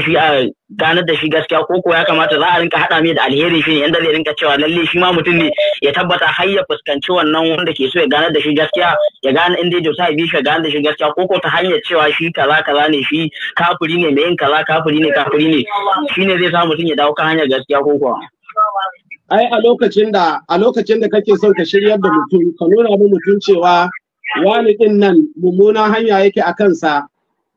shi a ganar da shi gaskiya ko ko ya kamata za a rinka haɗa mai da alheri shi ne yanda zai rinka cewa lalle shi ma mutum ne ya tabbata har ya fuskanci wannan wanda ke so ya ganar da shi gaskiya ya gane inda ya jota bi shi ya ganar da shi gaskiya ko ko ta hanyar cewa shi kaza kaza ne shi kafiri ne mai yin kaza kafiri ne kafiri ne shi ne zai sa mutum ya dawo kan hanyar gaskiya ko ko. ai a lokacin da a lokacin da kake son ka shiryar da mutum ka nuna mu mutum cewa wani din nan mummunan hanya yake a kansa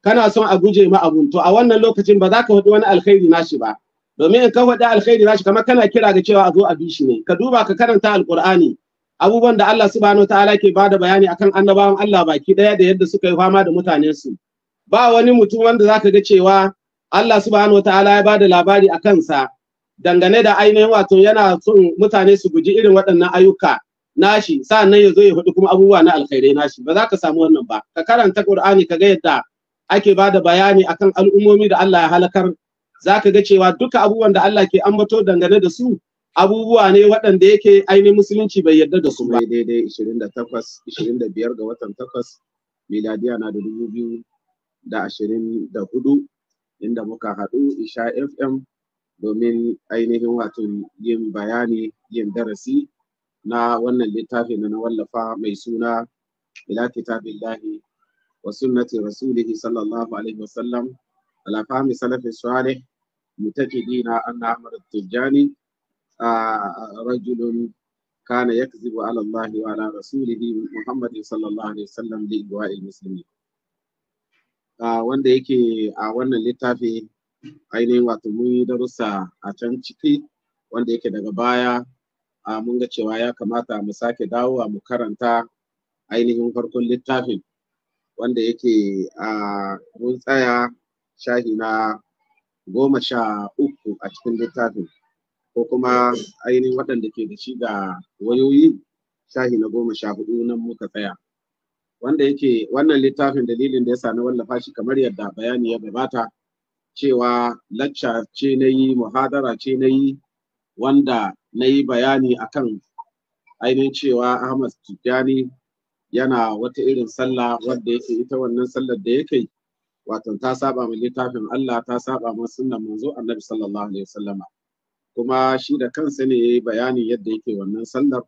kana son a guje ma abun to a wannan lokacin ba za ka faɗi wani alkhairi nashi ba domin in ka faɗi alkhairi nashi kamar kana kira ga cewa a zo a bi shi ne ka duba ka karanta alqur'ani abubuwan da Allah subhanahu ta'ala ke bada bayani akan annabawan Allah baki daya da yadda suka yi fama da mutanen su ba wani mutum wanda zaka ga cewa Allah subhanahu ta'ala ya bada labari akan sa dangane da ainihin wato yana son mutane su guji irin waɗannan ayyuka nashi sa'annan ya zo ya faɗi kuma abubuwa na alkhairai nashi ba za ka samu wannan ba ka karanta Qur'ani ka ga yadda ake bada bayani akan al'ummomi da Allah ya halakar zaka ga cewa duka abubuwan da Allah ke ambato dangane da su abubuwa ne waɗanda yake ainihin musulunci bai yarda da su ba. Daidai 28, 25 ga watan 8 miladiya na da 2024 inda muka haɗu Isha FM domin ainihin wato yin bayani yin darasi na wannan littafi na wallafa mai suna ila kitabillahi وسنة رسوله صلى الله عليه وسلم على فهم سلف الصالح متجدين أن أحمد التجاني رجل كان يكذب على الله وعلى رسوله محمد صلى الله عليه وسلم لإغواء المسلمين wanda yake a wannan littafi ainihin wato mun yi darussa a can ciki wanda yake daga baya mun ga cewa ya kamata mu sake dawowa mu karanta ainihin farkon littafin wanda yake a mun tsaya shahi na goma sha uku a cikin littafin ko kuma ainihin waɗanda ke da shi ga wayoyi shahi na goma sha hudu nan muka tsaya wanda yake wannan littafin dalilin da ya sami wallafa shi kamar yadda bayani ya gabata cewa lacca ce na yi muhadara ce na yi wanda na yi bayani akan ainihin cewa ahmad tijjani yana wata irin sallah wadda yake ita wannan sallar da yake wato ta saba ma littafin Allah ta saba ma sunnan manzo Annabi sallallahu alaihi wasallama kuma shi da kansa ne yayi bayanin yadda yake wannan sallar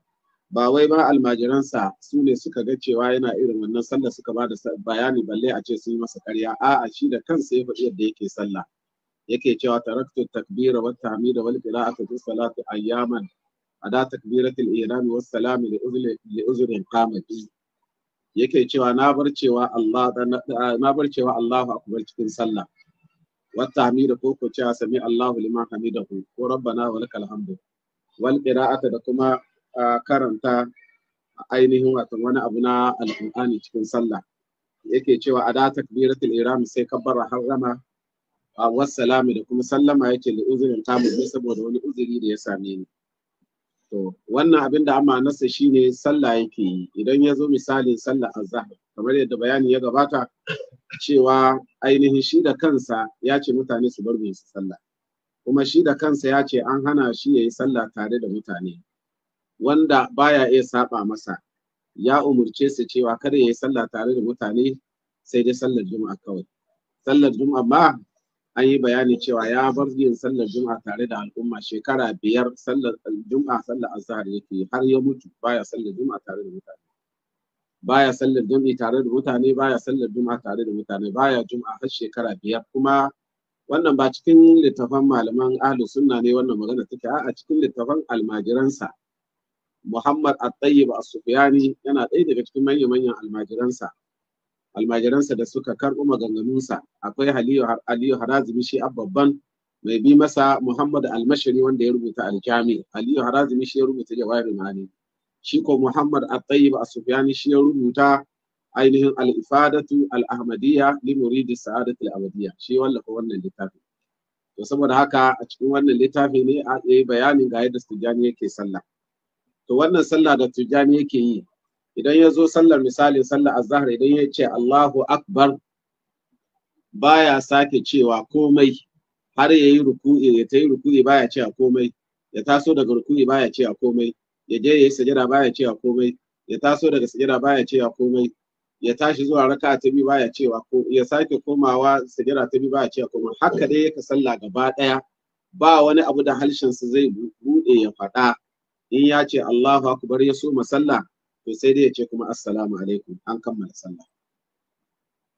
ba wai ba almajiransa su ne suka ga cewa yana irin wannan sallar suka ba da bayani balle a ce sun yi masa ƙarya a'a shi da kansa ya faɗi yadda yake sallah yake cewa taraktu takbira wa tahmida wal qira'atu fi salati ayyaman ada takbiratul ihram was salam li uzrin qamati yake cewa na bar cewa Allah na bar cewa Allahu akbar cikin sallah wata hamida ko ko cewa sami Allahu liman hamidahu ko rabbana wa lakal hamdu wal qira'ata da kuma karanta ainihin wato wani abu na alqur'ani cikin sallah yake cewa ada takbiratul ihram sai kabbara harrama wa salami da kuma sallama yake li uzurin tamu saboda wani uzuri da ya same ni to wannan abin da amma nasa ne sallah yake yi idan ya zo misalin sallah azhar kamar yadda bayani ya gabata cewa ainihin shi da kansa ya ce mutane su bar su sallah kuma shi da kansa ya ce an hana shi ya yi sallah tare da mutane wanda baya iya saba masa ya umurce su cewa kada ya yi sallah tare da mutane sai dai sallar juma'a kawai sallar juma'a ba an yi bayani cewa ya bar yin sallar juma'a tare da al'umma shekara biyar sallar juma'a sallar azhar yake har ya mutu baya sallar juma'a tare da mutane baya sallar jami'i tare da mutane baya sallar juma'a tare da mutane baya juma'a har shekara biyar kuma wannan ba cikin littafan malaman ahlus sunna ne wannan magana take a cikin littafan almajiransa Muhammad At-Tayyib As-Sufyani yana ɗaya daga cikin manyan manyan almajiransa almajiransa da suka karɓi maganganunsa akwai aliyu harazimi shi babban mai bi masa muhammad almashiri wanda ya rubuta aljami aliyu harazimi shi ya rubuta jawahir mani shi ko muhammad at-tayyib sufyani shi ya rubuta ainihin al-ifadatu al-ahmadiyya sa'adat al shi wallafa wannan littafin to saboda haka a cikin wannan littafi ne a yi bayanin ga yadda tijjani yake sallah to wannan sallah da tijjani yake yi idan ya zo sallar misali sallar azhar idan ya ce Allahu akbar baya sake cewa komai har ya yi ruku'i ya ta yi ruku'i baya cewa komai ya taso daga ruku'i baya cewa komai ya je ya yi sajada baya cewa komai ya taso daga sajada baya cewa komai ya tashi zuwa raka ta biyu baya cewa ko ya sake komawa sajada ta biyu baya cewa komai haka dai yake sallah gaba daya ba wani abu da halshen su zai bude ya faɗa in ya ce Allahu akbar ya so masalla to sai dai ya ce kuma assalamu alaikum an kammala sallah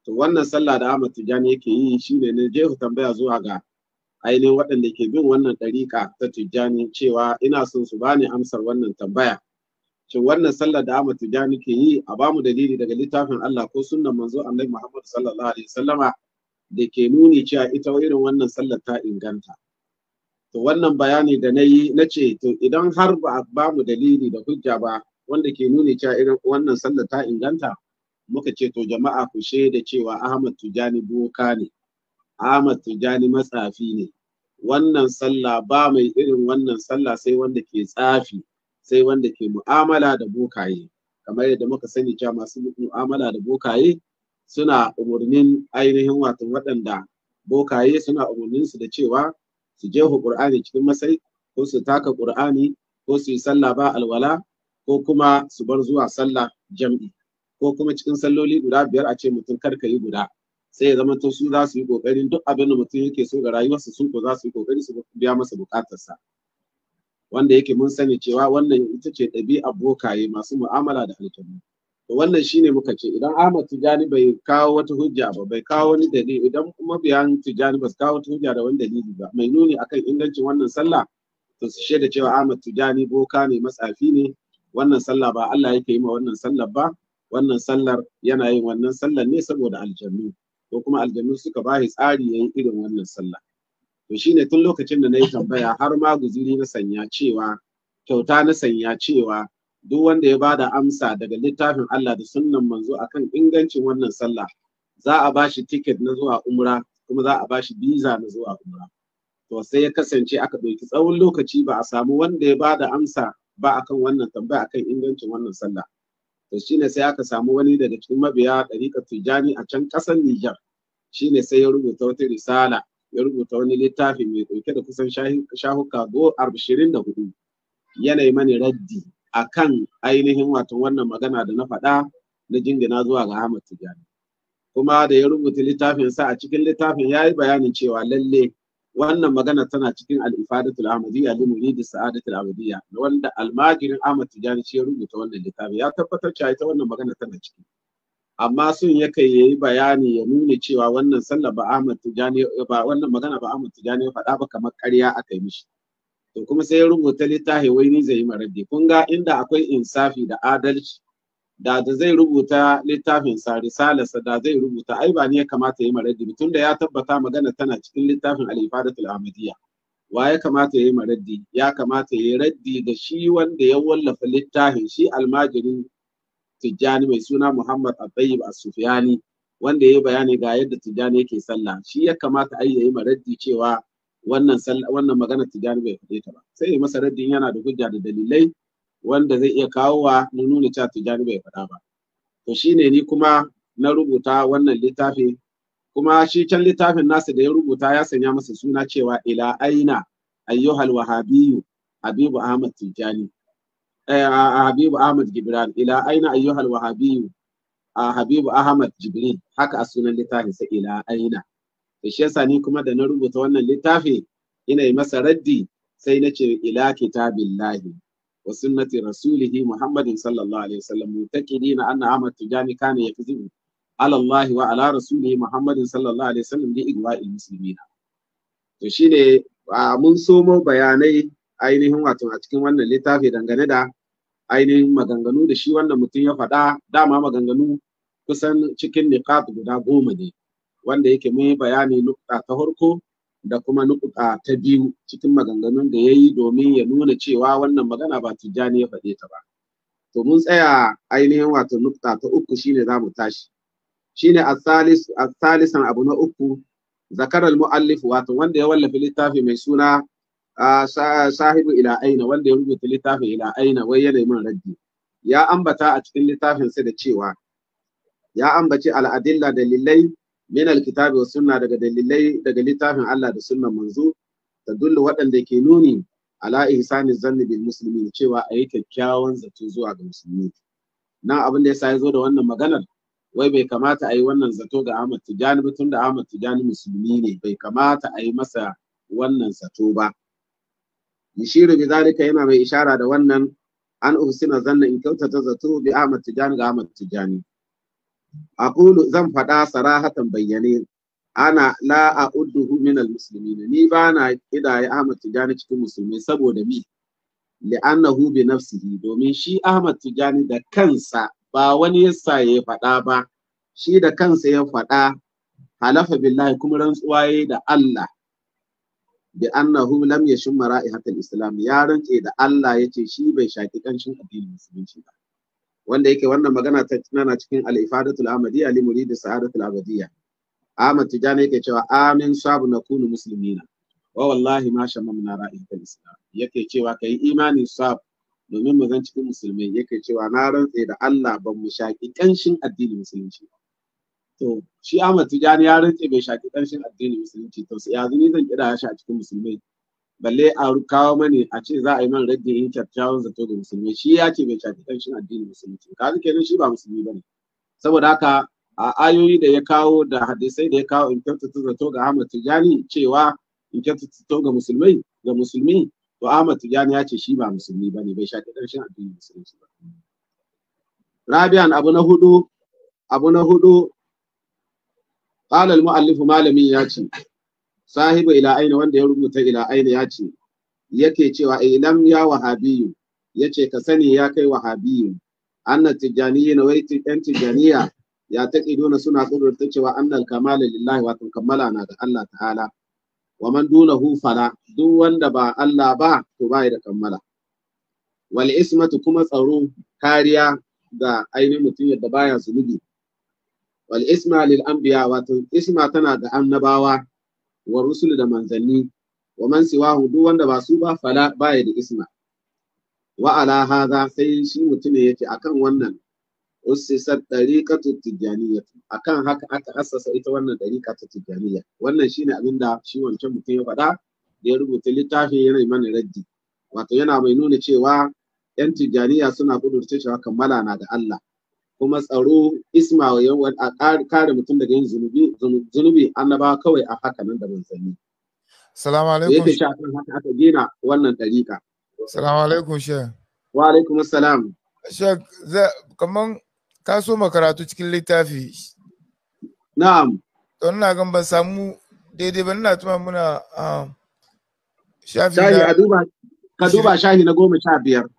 to wannan sallah da Ahmad Tijjani yake yi shine ne jehu tambaya zuwa ga ainihin waɗanda ke bin wannan ɗariƙa ta Tijjani cewa ina son su bani amsar wannan tambaya shin wannan sallar da Ahmad Tijjani ke yi a bamu dalili daga littafin Allah ko sunnan manzo Annabi Muhammad sallallahu alaihi wasallama da ke nuni cewa ita irin wannan sallar ta inganta to wannan bayani da na yi na ce to idan har ba a bamu dalili da hujja ba wanda ke nuni cewa irin wannan sallar ta inganta muka ce to jama'a ku shaida cewa Ahmad Tijani boka ne Ahmad Tijani matsafi ne wannan sallah ba mai irin wannan sallah sai wanda ke tsafi sai wanda ke mu'amala da bokaye kamar yadda muka sani cewa masu mu'amala da bokaye suna umarnin ainihin wato waɗanda bokaye suna umurnin su da cewa su je qur'ani cikin masai ko su taka qur'ani ko su yi sallah ba alwala ko kuma su bar zuwa sallah jam'i ko kuma cikin salloli guda biyar a ce mutum kar ka yi guda sai ya zama to su za su yi kokari duk abin da mutum yake so ga rayuwarsa su ko za su yi kokari su biya masa bukatarsa wanda yake mun sani cewa wannan ita ce ɗabi'a bokaye masu mu'amala da aljanna to wannan shine muka ce idan Ahmad Tijani bai kawo wata hujja ba bai kawo wani dalili idan kuma bayan Tijani ba kawo wata hujja da wani dalili ba mai nuni akan ingancin wannan sallah to su shaida cewa Ahmad Tijani boka ne matsafi ne wannan sallah ba Allah yake yi ma wannan sallar ba wannan sallar yana yin wannan sallar ne saboda aljannu ko kuma aljannu suka ba shi tsari yayin irin wannan sallah to shine tun lokacin da na yi tambaya har ma guziri na sanya cewa kyauta na sanya cewa duk wanda ya bada amsa daga littafin Allah da sunnan manzo akan ingancin wannan sallah za a ba shi ticket na zuwa umra kuma za a ba shi visa na zuwa umra to sai ya kasance aka ɗauki tsawon lokaci ba a samu wanda ya bada amsa ba a kan wannan tambaya akan ingancin wannan sallah to shine sai aka samu wani daga cikin mabiya ɗariƙar tijani a can ƙasar Nijar shine sai ya rubuta wata risala ya rubuta wani littafi mai ɗauke da kusan shahuka go arbishirin da hudu yanayi mani raddi akan ainihin wato wannan magana da na faɗa na jingina zuwa ga Ahmad Tijani kuma da ya rubuta littafin sa a cikin littafin ya yi bayanin cewa lalle wannan magana tana cikin al-ifadatul ahmadiyya li muridi sa'adatul amadiyya wanda almajirin Ahmad Tijani shi ya rubuta wannan littafi ya tabbatar cewa ita wannan magana tana ciki amma sun yake yayi bayani ya nuna cewa wannan sallah ba Ahmad Tijani ba wannan magana ba Ahmad Tijani ya faɗa ba kamar ƙarya aka yi mishi to kuma sai ya rubuta littafi wai ni zai yi maraddi kun ga inda akwai insafi da adalci da da zai rubuta littafin sa risalarsa da zai rubuta ai ba ni ya kamata ya maraddi tun da ya tabbata magana tana cikin littafin al-ifadatul ahmadiyya wa ya kamata ya yi maraddi ya kamata ya yi raddi ga shi wanda ya wallafa littafin shi almajirin tijjani mai suna muhammad abayyib as-sufyani wanda ya yi bayani ga yadda tijjani yake sallah shi ya kamata ai ya maraddi cewa wannan wannan magana tijjani bai faɗe ta ba sai ya masa raddin yana da hujja da dalilai wanda zai iya kawowa na nuna cewa tijjani bai faɗa ba to shine ni kuma na rubuta wannan littafi kuma shi can littafin nasa da ya rubuta ya sanya masa suna cewa ila aina ayyuhal wahabiyu habibu ahmad tijjani eh, habibu ahmad gibran ila aina ayyuhal wahabiyu habibu ahmad jibril haka a sunan littafin sai ila aina to shi yasa ni kuma da na rubuta wannan littafi ina yi masa raddi sai na ce ila kitabillahi وسنة رسوله محمد صلى الله عليه وسلم متكئين أن أحمد تجاني كان يكذب على الله وعلى رسوله محمد صلى الله عليه وسلم لإغواء المسلمين to shine mun somo bayanai ainihin wato a cikin wannan littafi dangane da ainihin maganganu da shi wannan mutum ya faɗa dama maganganu kusan cikin niqat guda goma ne wanda yake mai bayani nukta ta farko da kuma nukuta ta biyu cikin maganganun da ya yi domin ya nuna cewa wannan magana ba tijjani ya faɗe ta ba to mun tsaya ainihin wato nukuta ta uku shine za mu tashi shine asalisan abu na uku zakarar mu'allif wato wanda ya wallafa littafi mai suna sahibu ila aina wanda ya rubuta littafin ila aina wai yana min raddi ya ambata a cikin littafinsa da cewa ya ambaci al'adilla dalilai min alkitabi wa sunna daga dalilai daga littafin Allah da sunnan manzo tadullu waɗanda ke nuni ala ihsani zanni bil muslimin cewa ayi kyakkyawan zato zuwa ga musulmi nan abin da yasa ya zo da wannan maganar wai bai kamata a yi wannan zato ga Ahmad Tijani ba tunda Ahmad Tijani musulmi ne bai kamata a yi masa wannan zato ba yushiru bi zalika yana mai ishara da wannan an uhsina zanna in kyautata zato bi Ahmad Tijani ga Ahmad Tijani aqulu zan faɗa sarahatan bayyane ana la a'udduhu min almuslimin ni ba na kidaye Ahmad Tijani cikin musulmai saboda mi li'annahu bi nafsihi domin shi Ahmad Tijani da kansa ba wani yasa ya faɗa ba shi da kansa ya faɗa halafa billahi kuma rantsuwa yayi da Allah bi annahu lam yashum mara'ihatul islam ya rantse da Allah yace shi bai shaki kanshin addinin musulunci ba wanda yake wannan magana ta tunana cikin al-ifadatul ahmadiyya li muridi sa'adatul abadiyya Ahmad Tijani yake cewa amin sabu na kunu muslimina wa wallahi ma shamamna ra'ayatul islam yake cewa kai imani sabu domin mu zan cikin musulmai yake cewa na rantse da Allah ban mu shaki kanshin addini musulunci to shi Ahmad Tijani ya rantse bai shaki kanshin addini musulunci to sai yanzu ni zan kira shi a cikin musulmai balle a kawo mani a ce za a yi man rage yin kyakkyawan zato ga musulmi shi ya ce bai shafi kanshin addini musulmi. ka zuke shi ba musulmi ba ne. saboda haka a ayoyi da ya kawo da hadisai da ya kawo in kyautata zato ga Ahmad Tijani cewa in kyautata zato ga musulmai ga musulmi to Ahmad Tijani ya ce shi ba musulmi ba ne. bai shafi kanshin addini musulmi ba Rabi'an abu na hudu abu na hudu muallif malami ya ce sahibu ila aina wanda ya rubuta ila aina ya ce yake cewa ilam eh, ya wahabiyu ya ce ka sani ya kai wahabiyu anna tijaniyi na wai yan tijaniya ya ta dona suna kudurta cewa annal kamala lillahi wato kammala na da Allah ta'ala wa man hu fala duk wanda ba Allah ba to bai da kammala wal ismatu kuma tsaro kariya ga ainihin mutum yadda baya zunubi wal isma lil anbiya wato isma tana ga annabawa wa rusulu da manzanni wa man siwahu duk wanda ba su ba fala baya da isma wa ala hadha sai shi mutum yake akan wannan ussisat tariqatu tijaniyya akan haka aka assasa ita wannan ta tijaniyya wannan shine abinda shi wancan mutum ya faɗa da ya rubuta littafin yana mana raddi wato yana mai nuna cewa yan tijaniya suna gudurce cewa kammala na da Allah kuma tsaro isma a kare mutum daga yin zunubi zunubi annabawa kawai a haka nan da manzanni salamu alaikum yake sha kan haka aka gina wannan dariƙa salamu alaikum shi wa alaikum salam. kaman ka so makaratu cikin littafi na'am to ina gan ban samu daidai ba ina tuma muna shafi shahi a duba ka duba shahi na goma sha biyar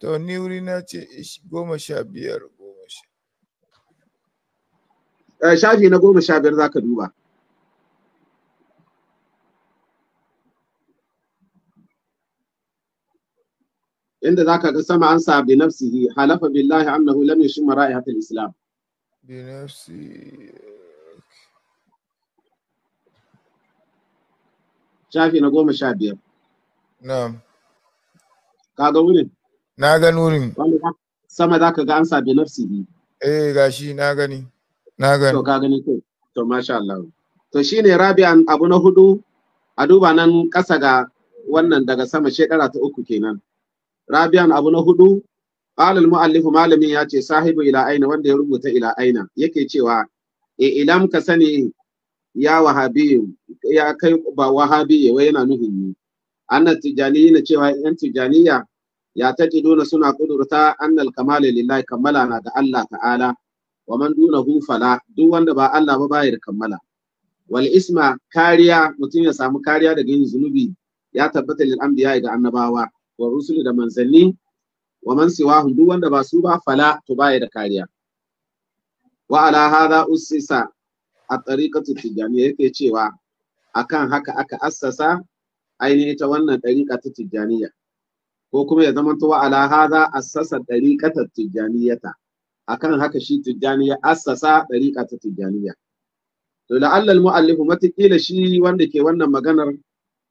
to ni wuri na ce goma sha biyar Eh, shafi na goma sha biyar za ka duba inda za ka ga sama an sa bi nafsihi halafa billahi annahu lam yushim ra'ihatul islam bi nafsi shafi na goma sha biyar na'am ka ga wurin na ga wurin sama za ka ga an sa bi nafsihi eh gashi na gani na gani to masha Allah to shine rabi'an abu na hudu a duba nan ƙasa ga wannan daga sama shekara ta uku kenan rabi'an abu na hudu alal mu'allifu malamin ya ce sahibu ila aina wanda ya rubuta ila aina yake cewa e ilam ka sani ya kai ba wahabi wai yana nuhin ni annat tijaniyina cewa yan tijaniya ya taqiduna suna kudurta annal kamala lillahi kamala na da Allah ta'ala wa man hu, fala duk wanda ba Allah ba baya da kammala wal isma kariya mutum ya samu kariya daga yin zunubi ya tabbata lil anbiya da annabawa wa rusuli da manzanni wa man siwahu duk wanda ba su ba fala to baya da kariya wa ala hadha ussisa a tariqatu tijaniya yake cewa akan haka aka assasa ainihin ita wannan tariqa tijaniya ko kuma ya zama to wa ala hadha assasa tariqatu tijaniyata akan haka shi tijjani ya assasa ɗariƙa ta tijjaniya to la'allal mu'allifu matakila shi wanda ke wannan maganar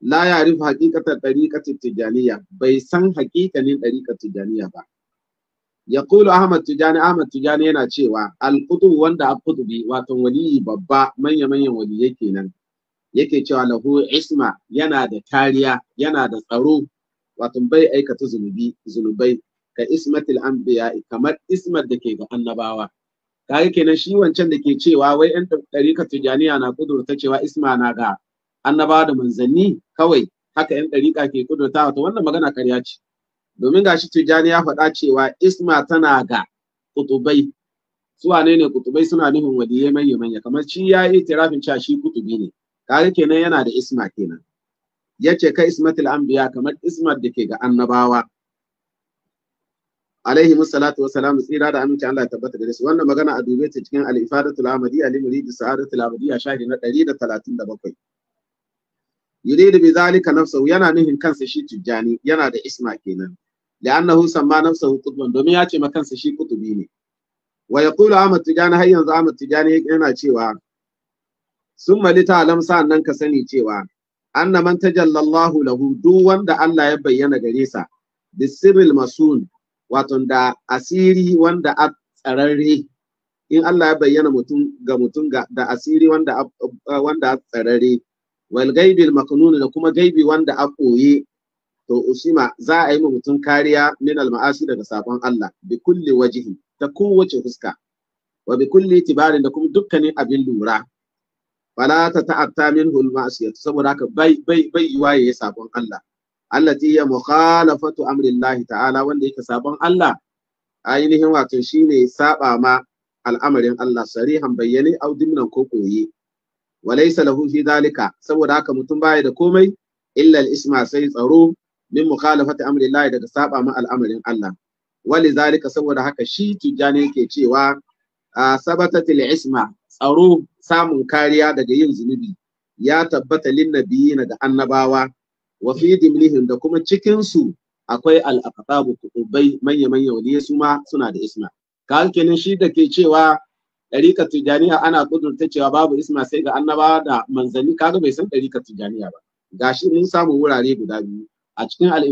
la yarifu haqiqatan ta tijjaniya bai san haƙiƙanin ta tijjaniya ba yaqulu ahmad Tijjani! ahmad Tijjani yana cewa al-qutub wanda al-qutubi wato waliyi babba manya manyan yake kenan yake cewa lahu isma yana da kariya yana da tsaro wato bai aikata zunubi zunubai ka ismatil anbiya kamar ismar da ke ga annabawa kage kenan shi wancan da ke cewa wai yan ɗarika tijaniya na kudurta cewa isma na ga annabawa da manzanni kawai haka yan ɗarika ke kudurta to wannan magana karya ce domin gashi tijani ya faɗa cewa isma tana ga kutubai su wane ne kutubai suna nufin waliye manya manya kamar shi ya yi tirafin cewa shi kutubi ne kage kenan yana da isma kenan yace kai ismatul anbiya kamar ismat da ke ga annabawa alaihi musallatu wassalam tsira da aminci Allah ya tabbata gare su wannan magana a dube ta cikin al-ifadatul ahmadiyya li muridi sa'adatul ahmadiyya shahi na 137 yuridu bi zalika nafsuhu yana nuhin kansa shi tijjani yana da isma kenan li'annahu samma nafsuhu qutban domin ya ce ma kansa shi qutubi ne wa yaqulu ahmad tijjani har yanzu ahmad tijjani yana cewa summa lita'lam sa'annan ka sani cewa anna man tajallallahu lahu duk wanda Allah ya bayyana gare sa bisirril masun wato da asiri wanda a tsararre in Allah ya bayyana mutum ga mutum da asiri wanda a tsararre wal gaibil maknun da kuma gaibi wanda a koye to usima za a yi mutum kariya min al ma'asi daga sabon Allah bi kulli wajhi ta kowace fuska wa bi kulli tibarin da kuma dukkanin abin lura fala ta ta'atta min al saboda haka bai yi bai yiwa yayi sabon Allah allati ya mukhalafatu amrillahi ta'ala wanda yake sabon Allah ainihin wato shine saba ma al'amarin Allah sarihan bayyane au dimnan ko koyi walaysa lahu fi dalika saboda haka mutum baya da komai illa al-isma sai tsaro min mukhalafati amrillahi daga saba ma al'amarin Allah wali zalika saboda haka shi tijjani yake cewa sabatatil isma tsaro samun kariya daga yin zunubi ya tabbata lin nabiyina da annabawa wa fi dimlihim da kuma cikinsu akwai al-aqtabu manya manya Wani su ma suna da isma ka kenan shi da ke cewa ɗarikar tijaniya ana ta cewa babu isma sai ga Annaba da manzanni kaga bai san ɗarikar tijaniya ba Ga shi mun samu wurare guda biyu a cikin al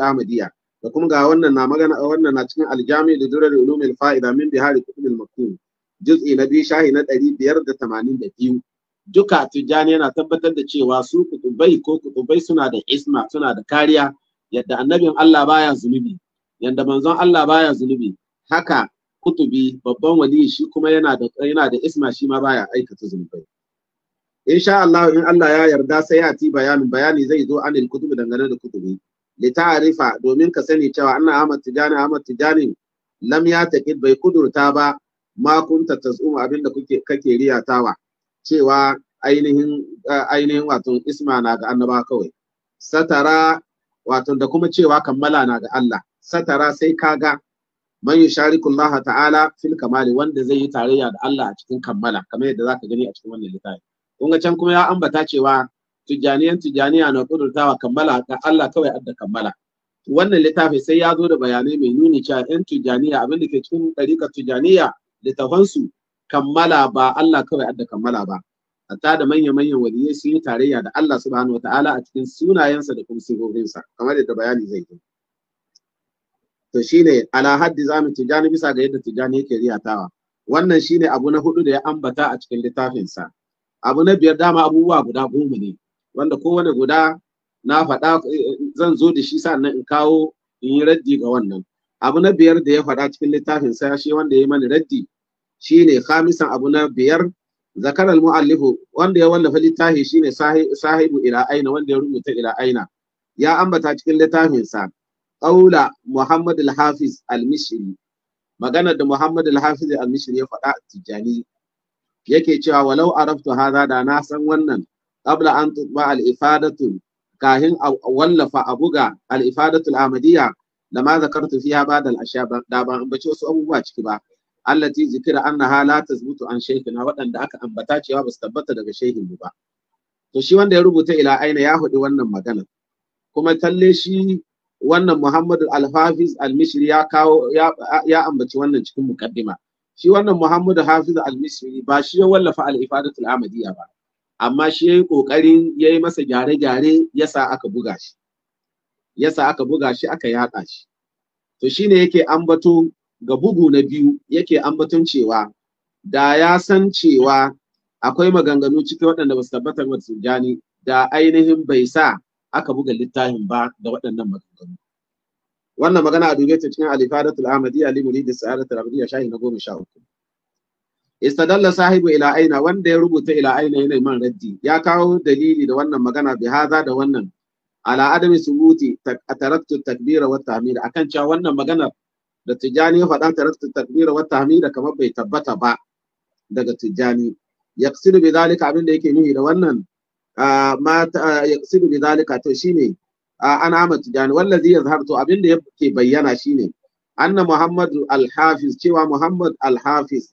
amadiya da kuma ga wannan na magana wannan na cikin aljami da durar ulumul fa'ida min bihari kutubul maktub juz'i na biyu shahi na 582 duka tijjani yana tabbatar da cewa su kutubai ko kutubai suna da isma suna da kariya yadda annabin Allah baya zunubi yadda manzon Allah baya zunubi haka kutubi babban wali shi kuma yana da yana da isma shi ma baya aikata zunubai insha Allah in Allah ya yarda sai ya ti bayanin bayani zai zo anil kutubi dangane da kutubi li ta'rifa domin ka sani cewa anna Ahmad Tijani Ahmad Tijani lam ya taqid bai kudurta ba ma kunta tazum abinda kake riyatawa cewa ainihin eh, ainihin wato isma na ga annaba kawai satara wato da kuma cewa kammala na ga Allah satara sai kaga man yusharikul Allah ta'ala fil kamali wanda zai yi tarayya da Allah a cikin kammala kamar yadda zaka gani a cikin wannan littafi kun ga can kuma ya ambata cewa tijjaniyan tujaniya na kudurtawa kammala ga Allah kawai adda kammala wannan littafi sai ya zo da bayanai mai nuni cewa yan tujaniya abin da ke cikin ɗarikar tujaniya littafansu kammala ba Allah kawai adda kammala ba hatta da manyan manyan waliyai sun yi tarayya da Allah subhanahu wataala a cikin sunayensa da kuma sifofinsa kamar yadda bayani zai yi to shine ala haddi zamu tijani bisa ga yadda tijani yake riyatawa wannan shine abu na hudu da ya ambata a cikin littafinsa abu na biyar dama abubuwa guda goma ne wanda kowane guda na faɗa zan zo da shi sannan in kawo in yi raddi ga wannan abu na biyar da ya faɗa cikin littafin sa shi wanda ya yi mani raddi shine khamisan abu na biyar zakar al-muallifu wanda ya wallafa littafi shine sahibu ila aina wanda ya rubuta ila aina ya ambata cikin littafinsa qaula muhammad al magana da muhammad al-hafiz al ya faɗa tijani yake cewa walau araftu hadha da na san wannan qabla an tutba Alifadatu, kahin wallafa a buga al-ifadatu al-amadiyya lama zakartu fiha ba da ashaba da ba ambace wasu abubuwa ciki ba allati zikira annaha la tazbutu an shaykhina waɗanda aka ambata cewa ba su tabbata daga shehin mu ba to shi wanda ya rubuta ila aina ya hudi wannan magana kuma talle shi wannan Muhammadu Al-Hafiz Al-Mishri ya kawo ya ambaci wannan cikin mukaddima shi wannan Muhammadu Hafiz Al-Misri ba shi ya wallafa Al-Ifadatul Ahmadiyya ba amma shi yayi kokarin yayi masa gyare-gyare yasa aka buga shi yasa aka buga shi aka shi to shine yake ambato ga bugu na biyu yake ambaton cewa da ya san cewa akwai maganganu cikin waɗanda ba su tabbatar ba gani da ainihin bai sa aka buga littafin ba da waɗannan maganganu. Wannan magana a dube ta cikin Alifadatul Ahmadi Ali Muridi Sa'adat Rabiya shahi na goma sha uku. Istadalla sahibu ila aina wanda ya rubuta ila aina yana man raddi ya kawo dalili da wannan magana bi haza da wannan ala adami subuti a takbira wa tamir akan cewa wannan maganar da tijani ya faɗa tare da takbira wa tahmida kamar bai tabbata ba daga tijani yaqsidu bi zalika abin da yake nuhi da wannan ma yaqsidu bi zalika to shine an ama tijani wallazi yazhar to abin da yake bayyana shine anna muhammad al-hafiz cewa muhammad al-hafiz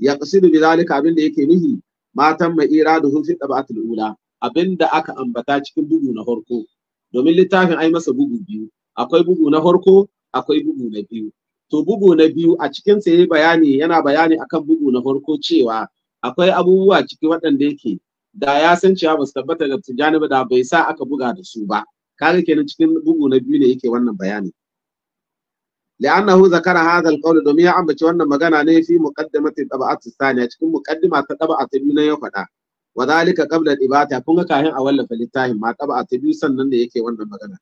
yaqsidu bi zalika abin da yake nuhi matan mai iraduhu fi dabatul ula abin da aka ambata cikin bugu na farko domin littafin ai masa bugu biyu akwai bugu na farko akwai bugu na biyu to bugu na biyu a cikin sa yayi bayani yana bayani akan bugu na farko cewa akwai abubuwa ciki waɗanda yake da ya san cewa ba su tabbata ga tijjani ba da bai sa aka buga da su ba kaga kenan cikin bugu na biyu ne yake wannan bayani لأنه ذكر هذا القول دومي عم بتشوفنا مجانا نه في مقدمة الطبعات الثانية تكون مقدمة الطبعة تبينا يفدا وذلك قبل الإباتة كون كاهن أول فلتاهم ما طبعة تبي سنن يكي ون مجانا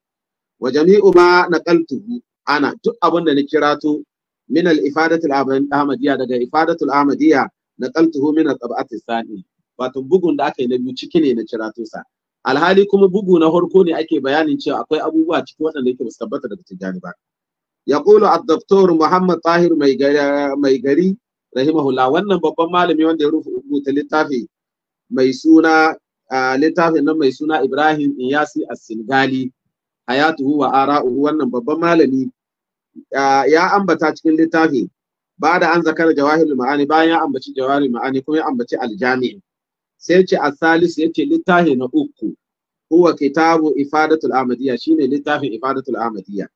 وجميع ما نقلته ana duk abin da na kirato min al-ifadatul ahmadiyya daga ifadatul ahmadiyya na qaltuhu min al-tabat sani wato bugun da aka yi na biyu ciki ne na kirato sa alhali kuma bugu na harko ne ake bayanin cewa akwai abubuwa cikin waɗanda yake basu tabbata daga tijani ba yaqulu ad-doktor muhammad tahir mai mai gari rahimahullah wannan babban malami wanda ya rubuta littafi mai suna littafin nan mai suna ibrahim iyasi as-singali hayatuhu wa ara'uhu wannan babban malami ya ambata cikin littafi ba da an zakar jawahirul ma'ani bayan ya ambaci jawahirul ma'ani kuma ya ambaci aljami sai ce asalis ce littafi na uku huwa kitabu ifadatul ahmadiyya shine littafin ifadatul jama'a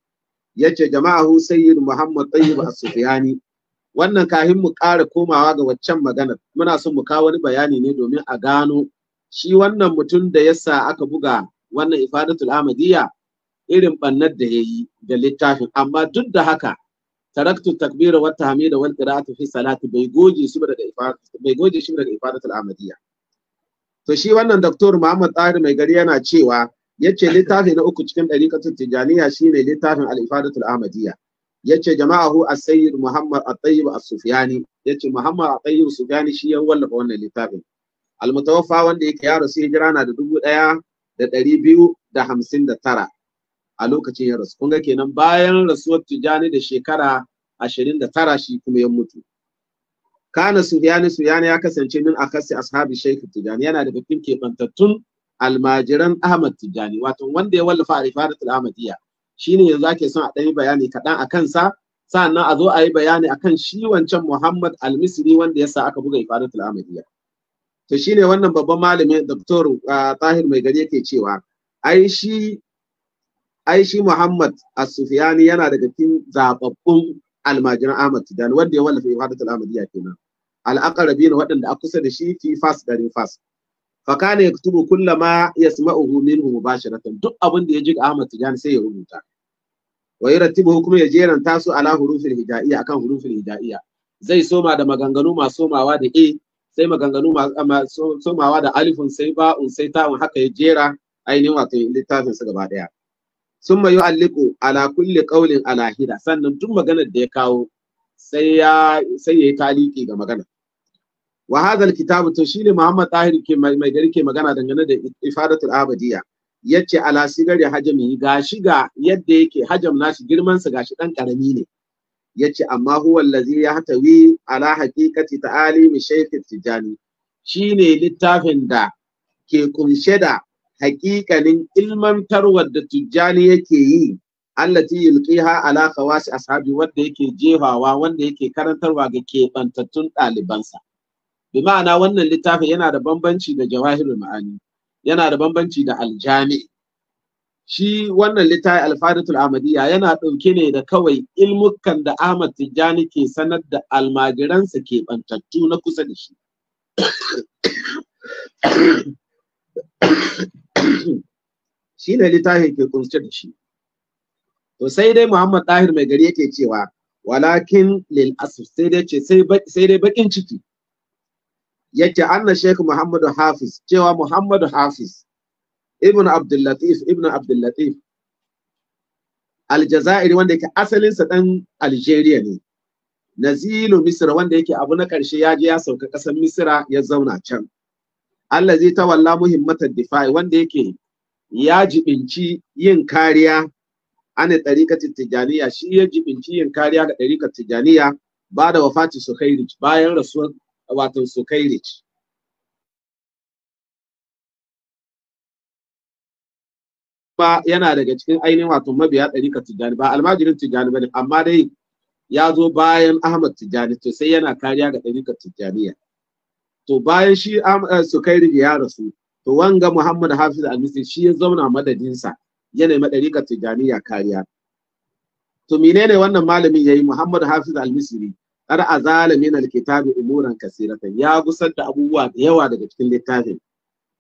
yace sai sayyid muhammad tayyib as-sufyani wannan kahin mu ƙara komawa ga waccan maganar muna son mu kawo wani bayani ne domin a gano shi wannan mutum da yasa aka buga wannan ifadatul amadiyya irin bannar da ya yi ga littafin amma duk da haka taraktu takbira wa tahmida wal qira'atu fi salati bai goge shi daga ifada bai shi ahmadiyya to shi wannan doktor Muhammad Tsari mai gari yana cewa yace littafi na uku cikin dariqatul tijaniya shine littafin al-ifadatul ahmadiyya yace hu as-sayyid Muhammad at-tayyib as-sufyani yace Muhammad at-tayyib sufyani shi ya wallafa wannan littafin al wanda yake ya rasu hijira na da dubu ɗaya da ɗari biyu da hamsin da tara a lokacin ya rasu kunga kenan bayan rasuwar tijani da shekara ashirin da tara shi kuma ya mutu kana sufyani sufyani ya kasance min a akasi ashabi Shaikh Tijjani yana da bikin kebantattun almajiran ahmad Tijjani, wato wanda ya wallafa arifadatul ahmadiyya ne yanzu ake son a ɗan bayani kaɗan a kansa sannan a zo a yi bayani a kan shi wancan muhammad al-misri wanda ya sa aka buga ifadatul ahmadiyya to ne wannan babban malamin Dr. Ah, tahir mai gari yake cewa ai shi ai shi Muhammad As-Sufyani yana daga cikin zababbun almajiran Ahmad Tijani wanda ya wallafa al Ahmadiyya kenan al-aqrabin waɗanda a kusa da shi fi fas garin fas fa kana yaktubu kullama yasma'uhu minhu mubasharatan duk abin da ya ji Ahmad Tijani sai ya rubuta wa yarattibuhu kuma ya jeran tasu ala hurufil hidayya akan hurufil hidayya zai soma da maganganu masu somawa da e sai maganganu masu somawa da alifun sai ba'un sai ta'un haka ya jera ainihin wato littafin su gaba daya sun mayu alliku ala kulli kaulin ala hida sannan duk maganar da ya kawo sai ya sai yayi taliki ga magana wa hadha alkitabu to shine Muhammad Tahir ke mai gari magana dangane da ifadatul abadiyya yace ala sigari hajami gashi ga yadda yake hajam nashi girman sa gashi dan karami ne yace amma huwa allazi yahtawi ala haqiqati ta'alimi shaykh tijani shine littafin da ke kunshe da haƙiƙanin ilmantarwar da tijjani yake yi allati yulqiha ala khawasi ashabi wanda yake jefawa wanda yake karantarwa ga kebantattun ɗalibansa bi ma'ana wannan littafin yana da bambanci da jawahirul ma'ani yana da bambanci da aljami shi wannan littafi alfadatul amadiya yana ɗauke ne da kawai ilmukan da ahmad tijjani ke sanar da almajiransa keɓantattu na kusa da shi shi ne littafin ke kunce da shi to sai dai muhammad dahir mai gari yake cewa walakin lil asr sai dai ce sai dai bakin ciki yake anna sheikh muhammadu hafiz cewa muhammadu hafiz ibn abdullatif ibn abdullatif aljazairi wanda yake asalinsa dan algeria ne nazilu misra wanda yake abu na karshe ya je ya sauka ƙasar misra ya zauna can Allah zai tawalla muhimmatar difa'i wanda yake ya jibinci yin kariya ana ɗarikatin tijaniya shi ya jibinci yin kariya ga ɗarikar tijaniya ba da wafati sukairich bayan rasuwar watan su ba yana daga cikin ainihin wato mabiya ɗarikar tijani ba almajirin tijani ba ne amma dai ya zo bayan ahmad tijani to sai yana kariya ga ɗarikar tijaniya to bayan shi eh, sukairi ya rasu to wanga muhammad hafiz alisi shi ya zauna madadinsa yanayi ma ɗarika tijaniya kariya to menene wannan malamin ya yi muhammad hafiz al-misri qad azala min al umuran kasiratan ya gusar da abubuwa da yawa daga cikin littafin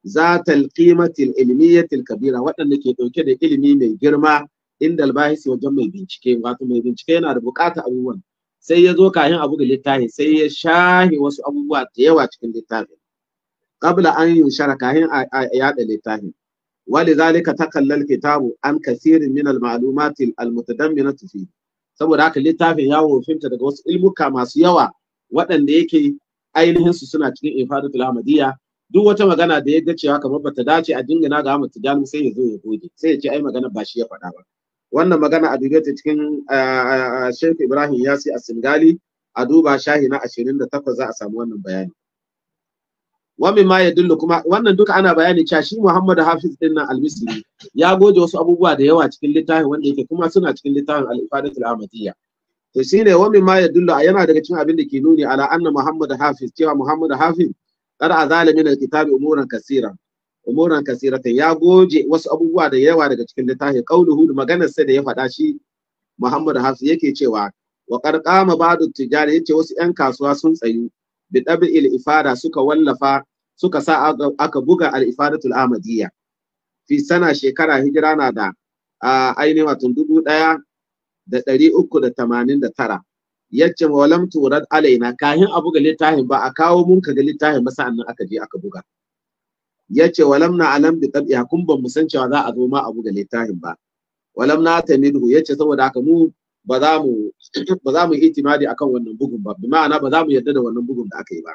zatal qimatil ilmiyatil kabira waɗanda ke ɗauke da ilimi mai girma inda albahisi wajen mai bincike wato mai bincike yana da buƙatar abubuwan sai ya zo kafin a buga littafin sai ya shahi wasu abubuwa da yawa cikin littafin qabla an yushara kafin a yada littafin ولذلك تقل الكتاب عن mina من المعلومات المتضمنة فيه saboda haka littafin ya wofinta daga wasu ilmuka masu yawa waɗanda yake ainihin su suna cikin ifadatul hamadiyya duk wata magana da ya ga cewa kamar bata dace a dingina ga Ahmad Tijani sai ya zo ya goge sai ya ce ai magana ba shi ya faɗa ba wannan magana a dubiyar ta cikin Sheikh Ibrahim Yasi a Singali a duba shahi na 28 za a samu wannan bayani wani ma ya kuma wannan duka ana bayani cewa shi Muhammad Hafiz din nan Al-Misri ya goje wasu abubuwa da yawa cikin littafin wanda yake kuma suna cikin littafin Al-Ifadatul Ahmadiyya to ne wani ma ya dillu yana daga cikin abin da ke nuni ala anna Muhammad Hafiz cewa Muhammad Hafiz qara zalimin al-kitab umuran kaseeran umuran kasiratan ya goje wasu abubuwa da yawa daga cikin littafi hudu maganar sa da ya faɗa shi Muhammad Hafiz yake cewa wa qarqama ba'du tijari yace wasu yan kasuwa sun tsayu bi dabil ifada suka wallafa suka sa aka buga al ifadatul amadiyya fi sana shekara hijira na da ainihin wato dubu ɗaya da ɗari uku da tamanin da tara yace walam turad alaina kahin a buga littafin ba a kawo mun ka ga littafin ba sa'annan aka je aka buga ya ce walam na alam bi tabi kun ban san cewa za a zo ma abu ga littafin ba walam na tamidhu ya ce saboda haka mu ba za mu ba za mu itimadi akan wannan bugun ba bi ma'ana ba za mu yarda da wannan bugun da aka yi ba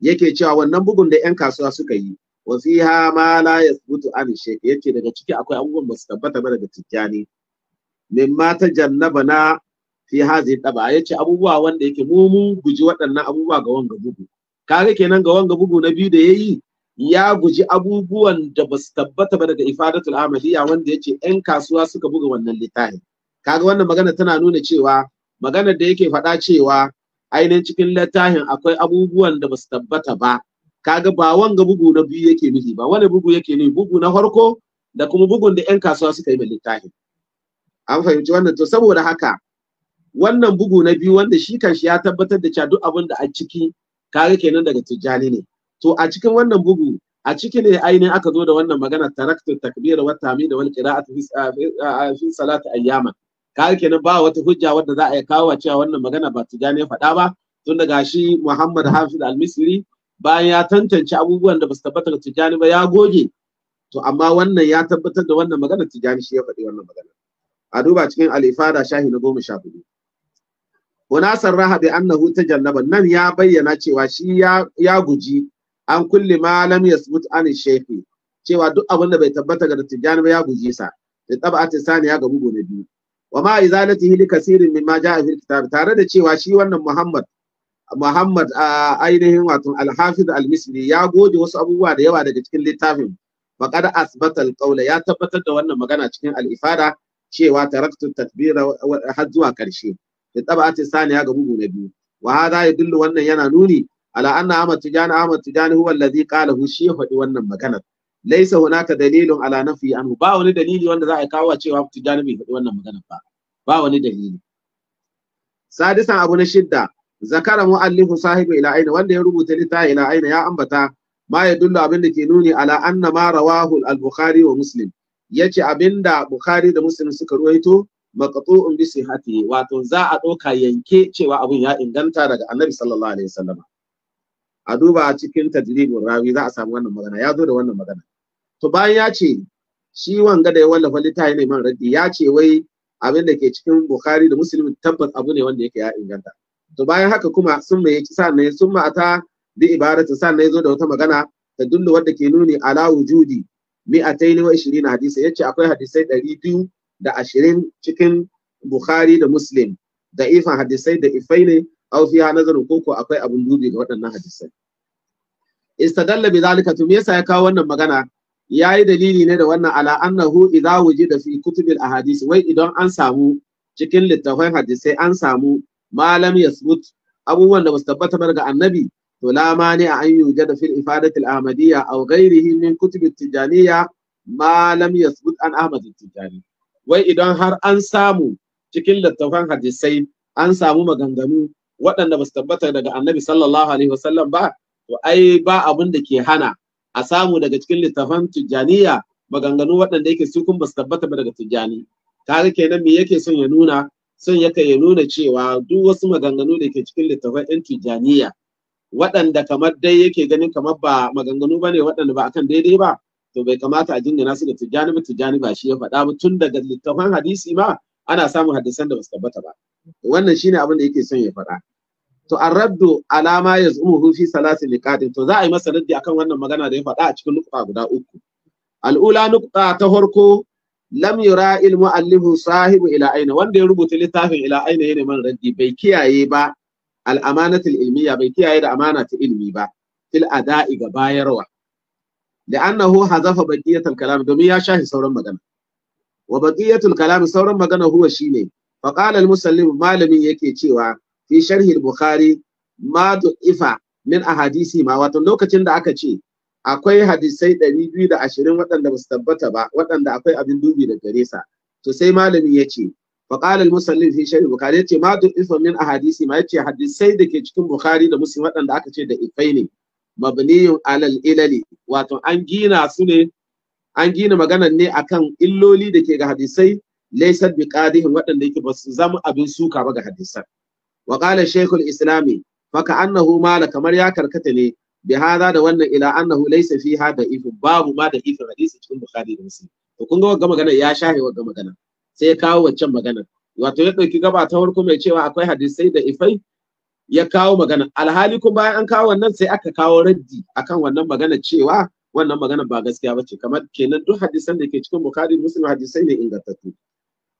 yake cewa wannan bugun da yan kasuwa suka yi wa fiha ma la yathbutu an shayk yace daga ciki akwai abubuwan ba su tabbata ba daga tijjani mimma tajannabana fi hazi taba. yace abubuwa wanda yake mu mu guji waɗannan abubuwa ga wanga bugu kaga kenan ga wanga bugu na biyu da ya yi? ya guji abubuwan da ba su tabbata ba daga ifadatul amaliya wanda yace yan kasuwa suka buga wannan littafin kaga wannan magana tana nuna cewa maganar da yake faɗa cewa ainihin cikin littafin akwai abubuwan da ba su tabbata ba kaga ba wanga bugu na biyu yake nufi ba wani bugu yake nufi bugu na farko da kuma bugun da yan kasuwa suka yi mai littafin an fahimci wannan to saboda haka wannan bugu na biyu wanda shi kanshi ya tabbatar da cewa duk abin da a ciki kaga kenan daga tijjani ne to a cikin wannan bugu a ciki ne ainihin aka zo da wannan magana taraktu takbir wa da wal qira'atu fi salati ayyaman kai kenan ba wata hujja wadda za a yi kawo cewa wannan magana ba tijani ya faɗa ba tun daga shi Muhammad Hafiz al-Misri bayan ya tantance abubuwan da ba su tabbatar tijani ba ya goge to amma wannan ya tabbatar da wannan magana tijani shi ya faɗi wannan magana a duba cikin al-ifada shahi na goma sha hudu hunasar raha bi annahu tajannaba nan ya bayyana cewa shi ya guji an kulle Malam lam yasbut an shaykhi cewa duk abin da bai tabbata ga tijani ba ya guje sa da tabati saniya ga bugu na biyu wa ma izalatihi li kasirin mimma jaa fil kitab tare da cewa shi wannan Muhammad Muhammad a ainihin wato al-Hafiz al-Misri ya goje wasu abubuwa da yawa daga cikin littafin faqad asbata al-qawla ya tabbatar da wannan magana cikin al-ifada cewa taraktu tatbira har zuwa karshe da tabati saniya ga bugu na biyu wa hada yadullu wannan yana nuni ala anna Ahmad Tijani Ahmad Tijani huwa allazi hu shi ya faɗi wannan maganar laisa hunaka dalilun ala nafi anhu ba wani dalili wanda za a kawo cewa Tijani bai faɗi wannan maganar ba ba wani dalili sadisan abu na shidda zakara mu'allifu sahibi ila aina wanda ya rubuta littafi ila aina ya ambata ma ya dullu abin da ke nuni ala anna ma rawahu al-bukhari wa muslim yace abinda bukhari da muslim suka ruwaito maqtu'un bi sihhati wato za a ɗauka yanke cewa abun ya inganta daga annabi sallallahu alaihi wasallam a duba cikin tajribin rawi za a samu wannan magana ya zo da wannan magana to bayan ya ce shi wanga da ya wallafa littafi ne man raddi ya ce wai abin da ke cikin bukhari da muslim tabbas abu ne wanda yake ya inganta to bayan haka kuma sun mai yake sannan sun ma ta bi ibaratu sannan ya zo da wata magana ta dullu wanda ke nuni ala wujudi mi'ataini wa ishirin hadisi yace akwai hadisai ɗari biyu da ashirin cikin bukhari da muslim da ifan hadisai da ifai ne aw nazaru nazarun ko ko akwai abun dubi ga waɗannan hadisai istadalla bi zalika to me yasa ya kawo wannan magana yayi dalili ne da wannan ala annahu idza wujida fi kutubil ahadisi. wai idan an samu cikin littafin hadisai an samu malam yasbut abubuwan da basu tabbata ba ga annabi to la mani a an yujada fil ifadatil ahmadiyya aw ghairihi min kutubit tijaniyya Malam yasbut an ahmad tijani wai idan har an samu cikin littafan hadisai an samu maganganu waɗanda ba su tabbata daga annabi sallallahu alaihi wasallam ba to ai ba abin da ke hana a samu daga cikin littafan tijjaniya maganganu waɗanda yake su kun ba su tabbata ba daga tijjani kaga kenan me yake son ya nuna son yake ya nuna cewa duk wasu maganganu da ke cikin littafan ɗin tijjaniya waɗanda kamar dai yake ganin kamar ba maganganu ba ne waɗanda ba akan daidai ba to bai kamata a jingina su da tijjani ba tijjani ba shi ya faɗa ba tun daga littafan hadisi ma ana samun hadisan da ba su tabbata ba wannan shine abin da yake son ya faɗa to arraddu alama ya zumu fi salasi liqatin to za a yi masa raddi akan wannan magana da ya faɗa a cikin nukta guda uku al'ula nukta ta farko lam yura ilmu allihu sahibu ila aina wanda ya rubuta littafin ila aina yana man raddi bai kiyaye ba al'amanatul ilmiya bai kiyaye da amana ta ilmi ba fil ada'i ga bayarwa da annahu hazafa baqiyatul kalam domin ya shahi sauran magana wa baqiyatul kalam sauran magana huwa shine fa qala al musallim malamin yake cewa fi sharhi bukhari ma ifa min ahadisi ma wato lokacin da aka ce akwai hadisai 220 waɗanda ba su tabbata ba waɗanda akwai abin dubi da gare sa to sai malami ya ce فقال المسلم في bukhari ya yace ma du'ifa min ahadisi ma ya ce hadisai da ke cikin bukhari da muslim waɗanda aka ce da Ifaini. ne mabniyun alal ilali wato an gina su ne an gina maganar ne akan illoli da ke ga hadisai laysa bi qadihin waɗanda yake ba su zama abin suka ba ga hadisan wa qala shaykhul islami fa annahu mala kamar ya karkata ne bi hada da wannan ila annahu laysa fi hada ifin babu ma da ifin hadisi cikin bukhari da muslim to kun ga magana ya shahe wannan magana sai ya kawo waccan magana wato ya dauki gaba ta farko mai cewa akwai hadisai da ifai ya kawo magana alhali kun bayan an kawo wannan sai aka kawo raddi akan wannan magana cewa wannan magana ba gaskiya bace kamar kenan duk hadisan da ke cikin bukhari muslim hadisai ne ingantattu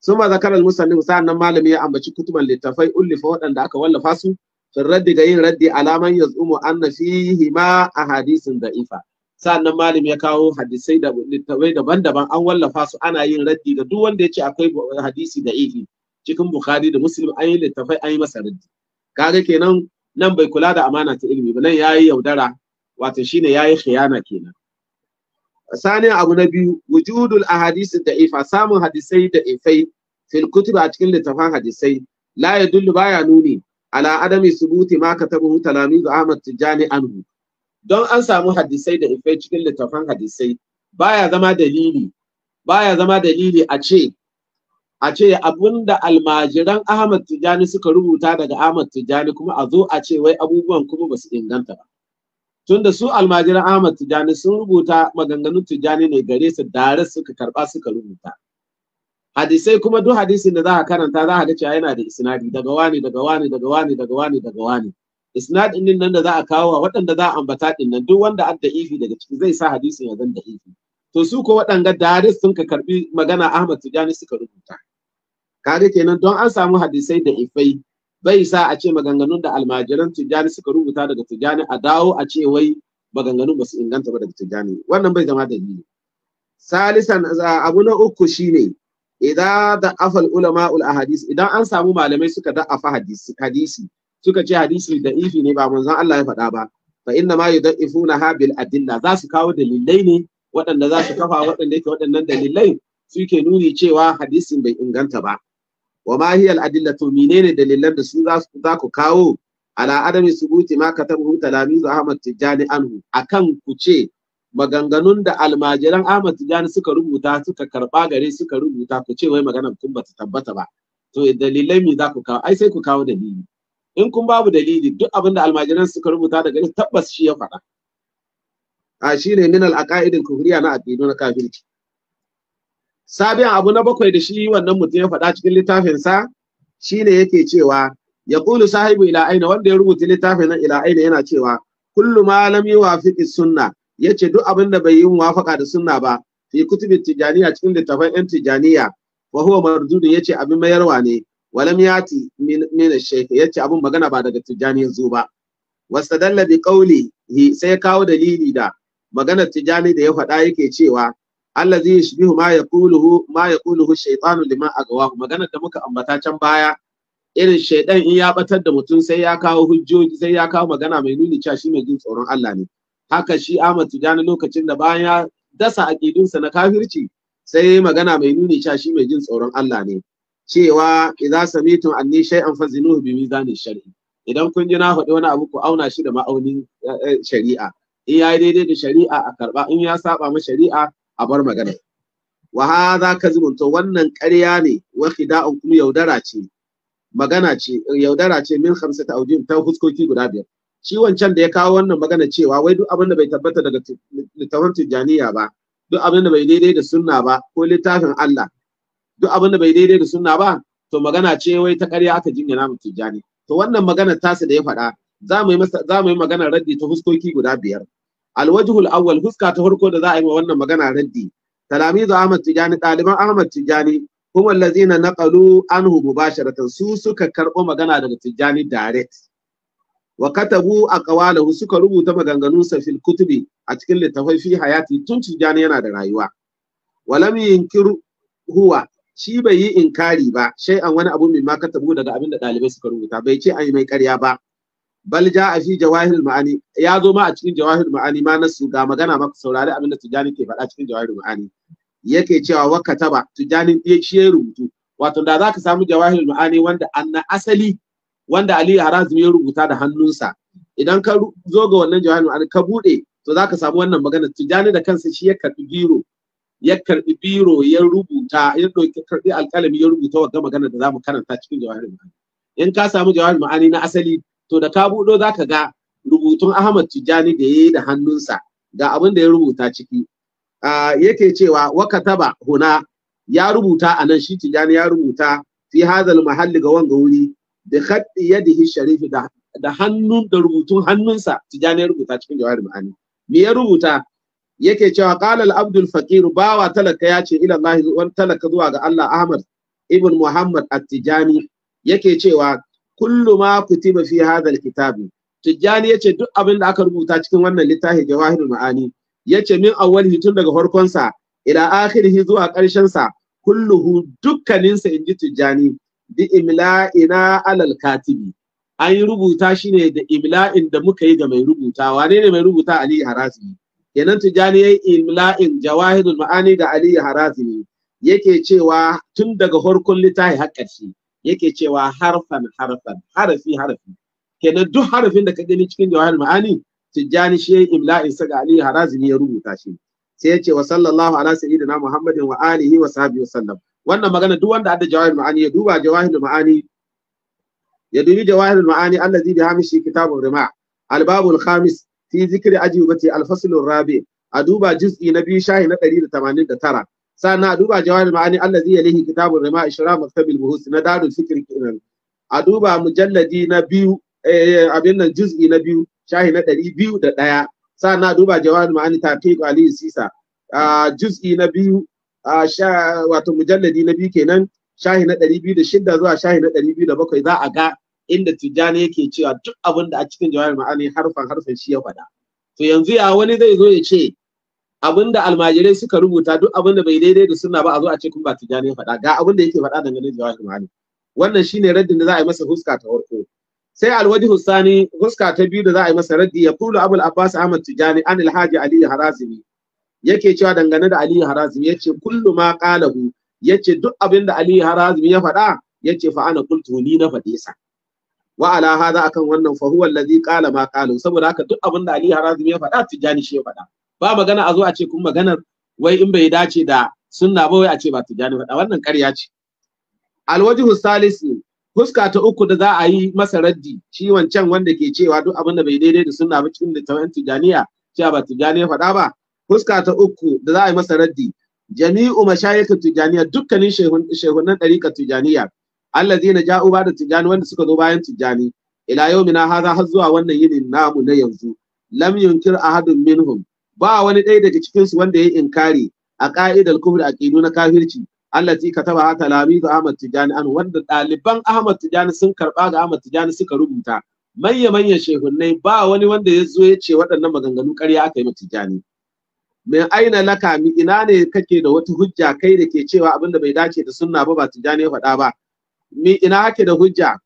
suma zakaral musannif sa'annan malami ya ambaci kutuban littafai ullifa waɗanda aka wallafa su fil raddi ga yin raddi alaman yazumu anna fihi ma ahadisin da'ifa sa'annan malami ya kawo hadisai da littafai daban-daban an wallafa su ana yin raddi ga duk wanda ya ce akwai hadisi da ifi cikin bukhari da muslim an yi littafai an yi masa raddi kaga kenan nan bai kula da amana ta ilimi ba nan yayi yaudara wato shine yayi khiyana kenan sani abu na biyu wujudul da da'ifa samun hadisai da'ifai fil kutub a cikin littafan hadisai la yadullu baya nuni ala adami subuti ma katabahu talamizu Ahmad Tijjani anhu don an samu hadisai da ifai cikin littafan hadisai baya zama dalili baya zama dalili a ce a ce abinda almajiran Ahmad Tijjani suka rubuta daga Ahmad Tijjani kuma a zo a ce wai abubuwan kuma ba su inganta ba Tun da su almajiran Ahmad Tijani sun rubuta maganganun Tijani ne gare su dare suka karba suka rubuta hadisai kuma duk hadisin da za ka karanta za ka ga cewa yana da isnadi daga wani daga wani daga wani daga wani daga wani isnadin din nan da za a kawo waɗanda za a ambata din nan duk wanda adda ifi daga ciki zai sa hadisin ya zan da ifi to su ko waɗanga dare sun ka karbi magana Ahmad Tijani suka rubuta kaga kenan don an samu hadisai da ifai bai sa a ce maganganun da almajiran tijjani suka rubuta daga tijjani a dawo a ce wai maganganun ba su inganta ba daga tijjani wannan bai zama dalili salisan abu na uku shine idan da afal ulama ul ahadis idan an samu malamai suka da afa hadisi suka ce hadisi da ifi ne ba manzon Allah ya faɗa ba fa inna ma yudaifuna ha bil adilla za su kawo dalilai ne waɗanda za su kafa waɗanda yake waɗannan dalilai suke nuni cewa hadisin bai inganta ba wa ma hiya al-adillatu menene dalilan da su za ku kawo ala adami subuti ma katabahu talamizu Ahmad Tijjani anhu akan ku ce maganganun da almajiran Ahmad Tijjani suka rubuta suka karba gare suka rubuta ku ce wai maganar kun ba ta tabbata ba to dalilai me za ku kawo ai sai ku kawo dalili in kun babu dalili duk abin da almajiran suka rubuta daga tabbas shi ya faɗa a shine min al aqaidin kufriya na addinu na kafirci sabiyan abu na bakwai da shi wannan mutum ya faɗa cikin littafinsa shine yake cewa ya kulu sahibu ila aina wanda ya rubuta littafin nan ila aina yana cewa kullu ma lam sunna yace duk abin da bai yi muwafaka da sunna ba fi kutubi tijaniya cikin littafin yan tijaniya wa huwa mardudun yace abin mayarwa ne walam yati min shaykh yace abin magana ba daga tijani yazo ba wastadalla bi qawli sai kawo dalili da magana tijani da ya faɗa yake cewa allazi yashbihu ma yaquluhu ma yaquluhu shaytanu lima agawahu magana da muka ambata can baya irin shaidan in ya batar da mutum sai ya kawo hujjoji sai ya kawo magana mai nuni cewa shi mai jin tsoron Allah ne haka shi Ahmad Tijani lokacin da bayan ya dasa aqidunsa na kafirci sai magana mai nuni cewa shi mai jin tsoron Allah ne cewa idza samitu anni shay'an fazinuhu bi mizani shar'i idan kun ji na faɗi wani abu ku auna shi da ma'aunin eh, eh, shari'a in ya daidai da shari'a a karba in ya saba ma shari'a a bar magana wa hadha kazibun to wannan ƙarya ne wa khida'un kuma yaudara ce magana ce yaudara ce min khamsata awjin ta huskoki guda biyar shi wancan da ya kawo wannan magana cewa wai duk abin da bai tabbata daga littafin tijaniya ba duk abin da bai daidai da sunna ba ko littafin Allah duk abin da bai daidai da sunna ba to magana ce wai ta ƙarya aka jingina mu tijani to wannan magana tasa da ya faɗa za mu yi magana raddi ta huskoki guda biyar alwajhul awwal fuska ta farko da za a yi wa wannan magana raddi talamizu ahmad tijani ɗaliban ahmad tijani kuma allazina naqalu anhu mubasharatan su suka karɓo magana daga tijani direct wa katabu aqwalahu suka rubuta sa fil kutubi a cikin littafai fi hayati tun tijani yana da rayuwa walam yinkiru huwa shi bai yi inkari ba shay'an wani abu mai daga abinda da ɗalibai suka rubuta bai ce an yi mai ƙarya ba bal a fi jawahir ma'ani ya zo ma a cikin jawahir ma'ani ma nasu ga magana maka saurari abinda da tijani ke faɗa cikin jawahir ma'ani yake cewa wa kataba tijani shi ya rubutu wato da zaka samu jawahir ma'ani wanda anna asali wanda Ali Harazmi ya rubuta da hannunsa idan ka zo ga wannan jawahir ma'ani ka bude to zaka samu wannan magana tijani da kansa shi ya karbi biro ya karbi biro ya rubuta ya dauki karbi alƙalami ya rubuta wannan magana da zamu karanta cikin jawahir ma'ani in ka samu jawahir ma'ani na asali to da ka buɗo za ka ga rubutun Ahmad Tijjani da ya yi da hannunsa ga abin da ya rubuta ciki yake cewa wakataba huna ya rubuta a nan shi Tijjani ya rubuta fi hadal mahalli ga wanga wuri da khatti yadihi sharifi da da hannun da rubutun hannunsa Tijjani ya rubuta cikin jawabin ma'ani me ya rubuta yake cewa qala abdul faqir bawa talaka ya ce ila Allah talaka zuwa ga Allah Ahmad ibn Muhammad at-Tijani yake cewa kullu ma kutiba fi hadha alkitabi tijjani yace duk abin da aka rubuta cikin wannan littafi jawahirul ma'ani yace min awwalihi tun daga farkon sa ila akhirihi zuwa karshen sa kulluhu dukkanin sa inji tijjani bi imla'ina alal katibi an yi rubuta shi ne da imla'in da muka yi ga mai rubuta wane ne mai rubuta ali harazimi kenan tijjani yayi imla'in jawahirul ma'ani ga ali harazimi yake cewa tun daga farkon littafi har karshe yake cewa harfan harfan harafi harafi kenan duk harafin da ka gani cikin jawahir ma'ani tijjani shi imla'in saga ga ali harazimi ya rubuta shi sai ya ce wa sallallahu ala sayyidina muhammadin wa alihi wa sahbihi sallam wannan magana duk wanda adda jawahir ma'ani ya duba jawahir ma'ani ya dubi jawahir ma'ani allazi bi hamishi kitabur rima albabul khamis fi zikri ajibati alfasl arabi a duba juz'i na biyu shahi na 189 sannan a duba jawahir ma'ani allazi yalihi kitabun rima ishra maktabil buhus na darul fikr kiran a duba mujalladi na biyu eh, abin nan juz'i na biyu shahi na ɗari biyu da ɗaya sannan a duba jawahir ma'ani taqiq ali sisa juz'i na biyu wato mujalladi na biyu kenan shahi na ɗari biyu da shida, zuwa shahi na ɗari biyu da bakwai za a ga inda tijjani yake cewa duk abin da a cikin jawahir ma'ani harfan harfan shi ya faɗa to yanzu ya wani zai zo ya ce abinda almajirai suka rubuta duk abinda bai daidai da sunna ba a zo a ce kun ba tijani faɗa ga abinda yake faɗa dangane da jawahir ma'ani wannan shine raddin da za a yi masa huska ta farko sai alwaji husani huska ta biyu da za a yi masa raddi ya kulu abul abbas ahmad tijani an alhaji ali harazimi yake cewa dangane da ali harazimi yace kullu ma qalahu yace duk abinda ali harazimi ya faɗa yace fa ana qultu ni na faɗe sa wa ala hada akan wannan fa huwa allazi qala ma qalu saboda haka duk abinda ali harazimi ya faɗa tijani shi ya faɗa ba magana a zo a ce kuma maganar wai in bai dace da sunna ba wai a ce ba tijani faɗa wannan ƙarya ce alwajihu salisu fuska ta uku da za a yi masa raddi shi wancan wanda ke cewa duk abin da bai daidai da sunna ba cikin littafin tijaniya cewa ba tijaniya faɗa ba fuska ta uku da za a yi masa raddi jami'u mashayikh tijaniya dukkanin shehunan ɗariƙar tijaniya allazina ja'u ba da tijani wanda suka zo bayan tijani ila yau mina haza har zuwa wannan yinin namu na yanzu lam yunkir ahadun minhum ba wani ɗaya daga cikin su wanda ya inkari a ka'idal a kidu na kafirci ka taba ha talamidu Ahmad Tijani an wanda ɗaliban Ahmad Tijani sun karɓa ga Ahmad Tijani suka rubuta manya manya shehunnai ba wani wanda ya zo ya ce waɗannan maganganu ƙarya aka yi ma Tijani mai aina laka mi ina ne kake da wata hujja kai da ke cewa abin da bai dace da sunna ba ba Tijani ya faɗa ba mi ina hake da hujja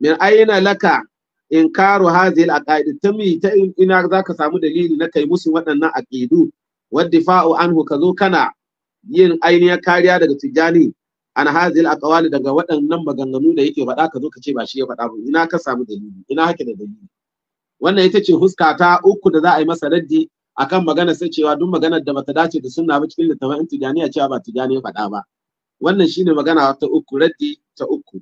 min aina laka In karu a aqaid ta mi ta ina za ka samu dalili na kai musu waɗannan aqidu waddifa'u anhu kazo kana yin ainihin kariya daga tijani an hadhihi a aqwali daga waɗannan maganganu da yake faɗa kazo ka ce ba shi ya faɗa ba ina ka samu dalili ina hake da dalili wannan ita ce huska ta uku da za a yi masa raddi akan magana sai cewa duk maganar da bata dace da sunna ba cikin littafin tijaniya cewa ba tijani ya faɗa ba wannan shine magana ta uku raddi ta uku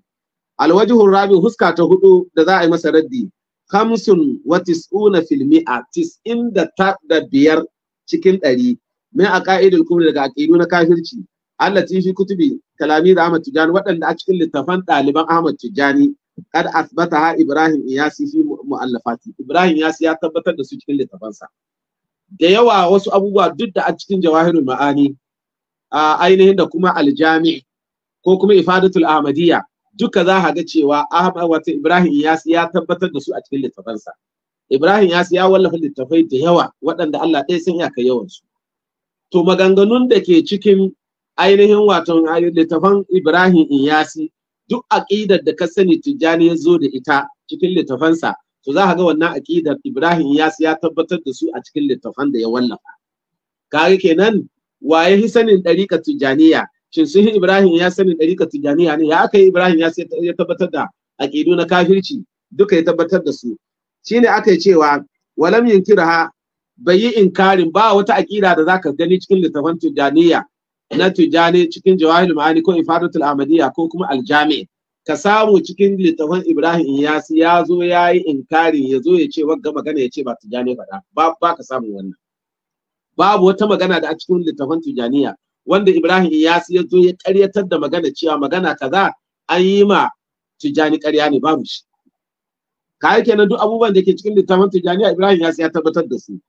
alwajihun rabi huska ta hudu da za a yi masa raddi hamsin wa tis'una fil mi'a tis'in da ta da biyar cikin ɗari min a ka'idul kufri daga aqidu na kafirci allati fi kutubi kalami da Ahmad Tijani waɗanda a cikin littafan ɗaliban Ahmad Tijani kad asbataha Ibrahim Iyasi fi mu'allafati Ibrahim Iyasi ya tabbatar da su cikin littafansa da yawa wasu abubuwa duk da a cikin jawahirul ma'ani a ainihin da kuma aljami ko kuma ifadatul ahmadiyya duka za ga cewa Ahmad Ibrahim Yasi ya tabbatar da su a cikin littafansa. Ibrahim Yasi ya wallafa littafai da yawa waɗanda Allah ɗaya san iyaka yawan su. To maganganun da ke cikin ainihin wato littafan Ibrahim yasi duk aƙidar da ka sani Tijjani ya zo da ita cikin littafansa to za ka ga wannan aƙidar Ibrahim Iyasi ya tabbatar da su a cikin littafan da ya wallafa. Kaga kenan waye yi sanin ɗariƙar Tijjaniya shin yi Ibrahim ya sani ɗarika tijaniya ne ya aka yi Ibrahim ya ya tabbatar da aqidu na kafirci duka ya tabbatar da su shine aka yi cewa walam Raha bai yi inkarin ba wata aqida da zaka gani cikin littafan tijaniya na tijani cikin jawahir ma'ani ko ifadatul ahmadiyya ko kuma aljami ka samu cikin littafan Ibrahim yasi ya zo ya yi inkari ya zo ya ce wagga magana ya ce ba tijani ba ba ka samu wannan babu wata magana da a cikin littafan tijaniya wanda Ibrahim ya ya zo ya ƙaryatar da magana cewa magana kaza an yi ma Tijjani ƙarya ne babu shi. Ka yake nan duk abubuwan da ke cikin littafin Tijjani Ibrahim ya ya tabbatar da su.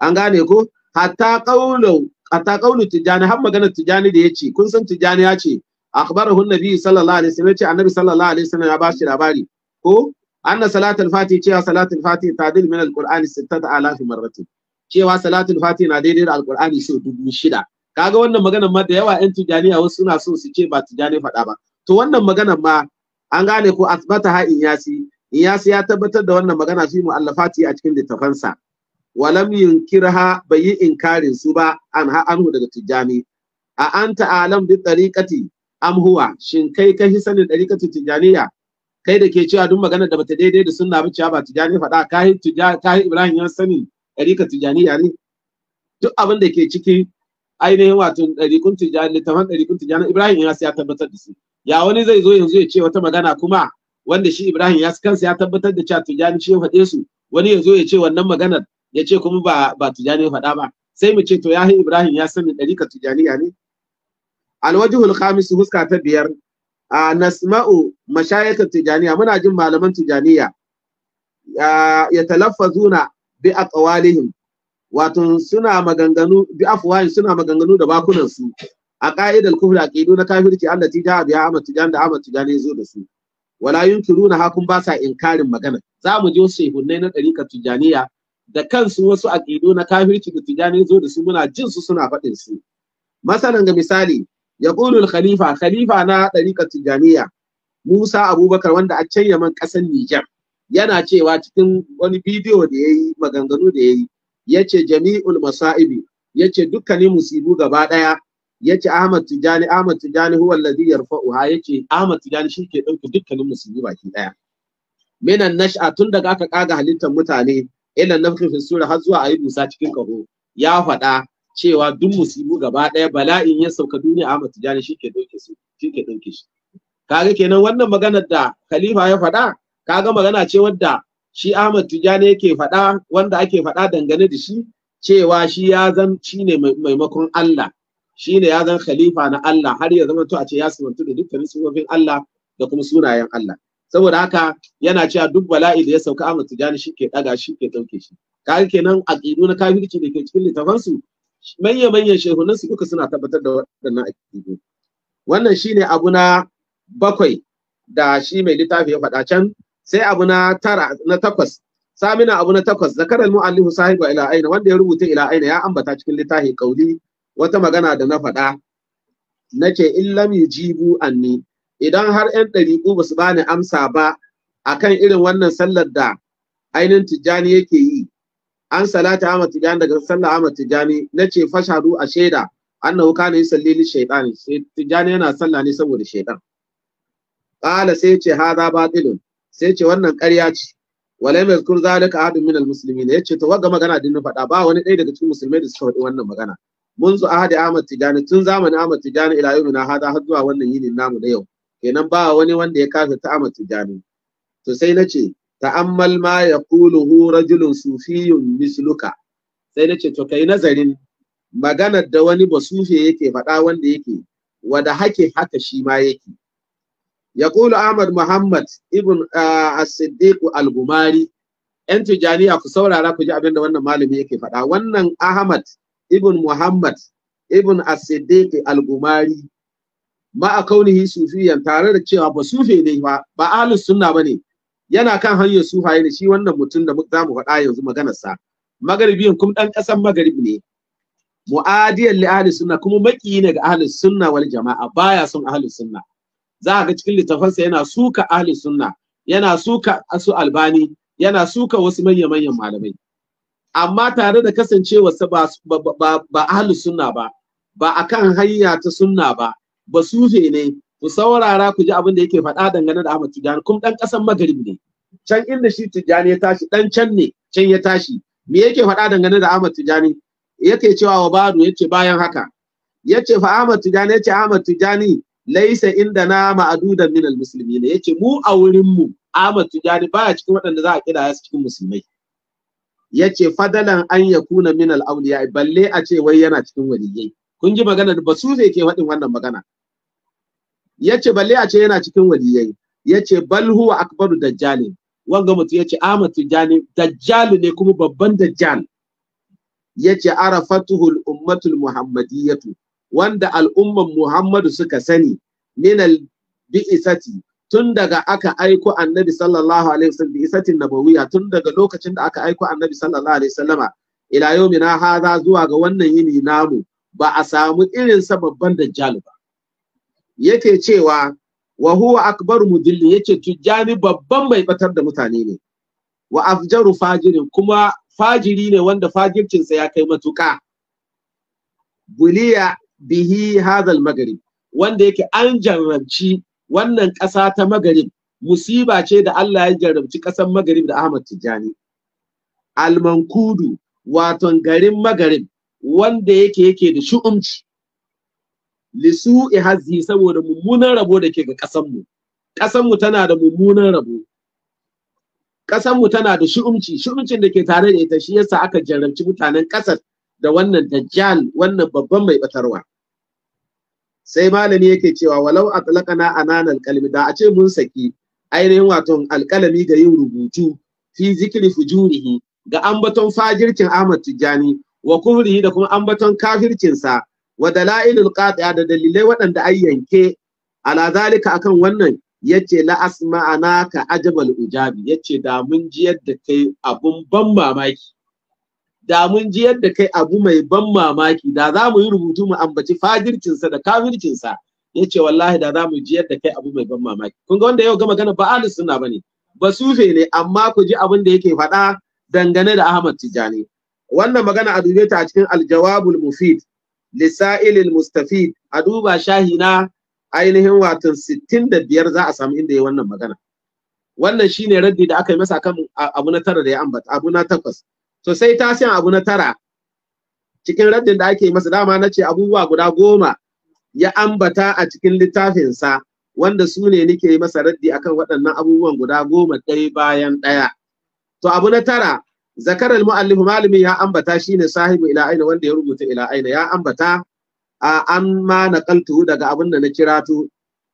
An gane ko? Hatta ƙaunar hatta ƙaunar Tijjani har magana Tijjani da ya ce kun san Tijjani ya ce akhbarahu nabi sallallahu alaihi wasallam ce annabi sallallahu alaihi wasallam ya ba shi labari ko anna salatul fati cewa salatul fati tadil min alqur'ani 6000 marratin cewa salatul fati na daidai da alqur'ani sau dubu kaga wannan maganar ma da yawa yan tijaniya wasu suna son su ce ba tijani faɗa ba to wannan maganar ma an gane ko asbata ha iyasi iyasi ya tabbatar da wannan magana fi mu'allafati a cikin littafansa walam yunkirha bai yi inkarin su ba an ha anhu daga tijani a anta alam bi tariqati am huwa shin kai kai sanin tariqati tijaniya kai da ke cewa duk maganar da bata daidai da sunna ba cewa ba tijani faɗa kai tijani kai ibrahim ya sani tariqati tijaniya ne duk abin da ke ciki ainihin wato ɗarikun tijani littafan ɗarikun tijani Ibrahim Inyas ya tabbatar da su ya wani zai zo yanzu ya ce wata magana kuma wanda shi Ibrahim Inyas kansa ya tabbatar da cewa tijani shi ya faɗe su wani ya zo ya ce wannan maganar ya ce kuma ba ba tijani ya faɗa ba sai mu ce to ya Ibrahim ya sanin ɗarikar tijaniya ne alwajihul khamis huska ta biyar a nasma'u mashayikar tijaniya muna jin malaman tijaniya ya talaffazuna bi aqwalihim wato suna maganganu bi suna maganganu da bakunan su a ƙa'idar kufr aqidu na kafirci Allah ti ta biya Ahmad Tijani da Ahmad Tijani zo da su wala yunkiruna hakun ba sa inkarin magana za mu je shehunnai na ɗarikar Tijaniya da kansu wasu aqidu na kafirci da Tijani zo da su muna jin su suna faɗin su masalan ga misali yaqulu khalifa khalifa na ɗarikar Tijaniya Musa Abubakar wanda a can yaman ƙasar Nijar yana cewa cikin wani bidiyo da ya yi maganganu da ya yi yace jami'ul masa'ibi yace dukkanin musibu gaba daya yace Ahmad Tijani Ahmad Tijani huwa alladhi ha yace Ahmad Tijani shi ke dauke dukkanin musibu baki daya minan nash'a tun daga aka kaga halittar mutane ila nafkhi fi sura har zuwa ayi busa cikin kaho ya faɗa cewa duk musibu gaba daya bala'in ya sauka duniya Ahmad Tijani shi ke dauke su shi ke dauke shi kaga kenan wannan maganar da khalifa ya faɗa kaga magana ce wadda shi Ahmad Tijani yake faɗa wanda ake faɗa dangane da shi cewa shi ya zan shi ne maimakon Allah shi ne ya zan khalifa na Allah har ya zama to a ce ya simantu da dukkanin sunofin Allah da kuma sunayen Allah saboda haka yana cewa duk bala'i da ya sauka Ahmad Tijani shi ke ɗaga shi ke ɗauke shi kaga kenan aqidu na kafirci da ke cikin su manya manyan shehunan su duka suna tabbatar da waɗannan aqidu wannan shine abu na bakwai da shi mai littafi ya faɗa can sai abu na tara na takwas samina abu na takwas zakar al-mu'allifu sahibu ila aina wanda ya rubuta ila aina ya ambata cikin littafi kauli wata magana da na faɗa nace in lam yujibu anni idan har yan ɗariƙu ba su bani amsa ba akan irin wannan sallar da ainin tijani yake yi an salata amma tijjani daga sallar amma tijjani nace fashadu a shaida annahu kana yusalli li shaytan tijjani yana sallah ne saboda shaytan qala sai ce hadha batilun sai ce wannan ƙarya ce walai mai kur zalika ahadun minal ne yace to waga magana din na faɗa ba wani ɗaya daga cikin musulmai da suka faɗi wannan magana Mun zu ahadi Ahmad Tijani tun zamanin Ahmad Tijani ila yau na hada har zuwa wannan yinin namu da yau kenan ba wani wanda ya kasa ta Ahmad Tijani to sai nace ta'ammal ma yaquluhu rajulun sufiyyun misluka sai nace to kai nazarin maganar da wani basufe yake faɗa wanda yake wada hake haka shi ma yake يقول أحمد محمد ابن الصديق الغماري ‘yan tijaniya ku saurara ku ji abinda da wannan malami yake faɗa wannan ahmad ibn muhammad ibn as-siddiq al-gumari ma a tare da cewa ba sufe ne ba ba ahlus sunna bane yana kan hanyar sufaye ne shi wannan mutum da mu mu faɗa yanzu maganarsa. sa magaribiyin kuma dan ƙasar magarib ne mu'adiyan li ahli kuma makiyi ne ga ahli sunna wal jama'a baya son ahli sunna za ga cikin littafansa yana suka ahli sunna yana suka su albani yana suka wasu manya-manyan malamai amma tare da kasancewa ba, ba, ba, ahli sunna ba ba akan hanya ta sunna ba ba sufe ne ku saurara ku ji abin da yake faɗa dangane da Ahmad Tijjani kuma dan ƙasar Maghrib ne can inda shi Tijjani ya tashi dan can ne can ya tashi me yake faɗa dangane da Ahmad Tijjani yake cewa wa Badu yace bayan haka yace fa Ahmad Tijjani yace Ahmad Tijjani laisa inda na ma'adudan minal musulmi ne yace mu a wurin mu Ahmad Tijani baya cikin waɗanda za a kira su cikin musulmai yace fadalan an yakuna minal awliya balle a ce wai yana cikin waliyai kun ji magana ba su zai ke faɗin wannan magana yace balle a ce yana cikin waliyai yace bal huwa akbaru dajjal wanga mutu yace Ahmad Tijani dajjal ne kuma babban dajjal yace arafatuhu al-ummatul muhammadiyatu wanda al'ummar Muhammadu suka sani minal bi'isati tun daga aka aiko annabi sallallahu alaihi wasallam bi'isatin nabawiyya tun daga lokacin da aka aiko annabi sallallahu alaihi wasallama ila na zuwa ga wannan yini namu ba a samu irin sa babban dajjal ba yake cewa wa huwa akbar mudilli yake tujjani babban mai batar da mutane ne wa afjaru fajirin kuma fajiri ne wanda fajircinsa ya kai matuka buliya bihi hadal magarib wanda yake an jarrabci wannan ƙasa ta magarib musiba ce da Allah ya jarrabci ƙasar magarib da Ahmad Tijjani almankudu waton garin magarib wanda yake yake da shu'umci lisu hazi saboda mummunan rabo da ke ga ƙasanmu ƙasanmu tana da mummunan rabo ƙasanmu tana da shu'umci shu'umcin da ke tare da ita shi yasa aka jarrabci mutanen ƙasar da wannan dajjal wannan babban mai batarwa sai malami yake cewa walau na ananar kalmi da a ce mun saki ainihin wato alkalami ga yin rubutu fi fi fujurihi ga ambaton fajircin Ahmad Tijjani wa kufrihi da kuma ambaton kafircinsa wa dalailul qati'a da dalilai waɗanda a yanke ala zalika akan wannan yace la asma'ana ka ajabal ujabi yace da mun ji yadda kai abun ban mamaki da mun ji yadda kai abu mai ban mamaki da za mu yi rubutu mu ambaci fajircinsa da kafircinsa ya ce wallahi da za mu ji yadda kai abu mai ban mamaki kun ga wanda yau ga magana ba suna sunna bane ba sufe ne amma ku ji abin da yake faɗa dangane da Ahmad Tijani wannan magana a dube ta a cikin aljawabul mufid lisa'ilil mustafid a duba shahi na ainihin watan 65 za a samu inda ya wannan magana wannan shine raddi da aka yi masa kan abu na tara da ya ambata abu na takwas so sai tasirin abu na tara cikin raddin da ake masa dama na ce abubuwa guda goma ya ambata a cikin littafinsa wanda su ne nike masa raddi akan waɗannan abubuwan guda goma ɗaya bayan ɗaya to abu na tara zakar al malamin malami ya ambata shine sahibu ila aina wanda ya rubuta ila aina ya ambata a an ma daga abin da na kirato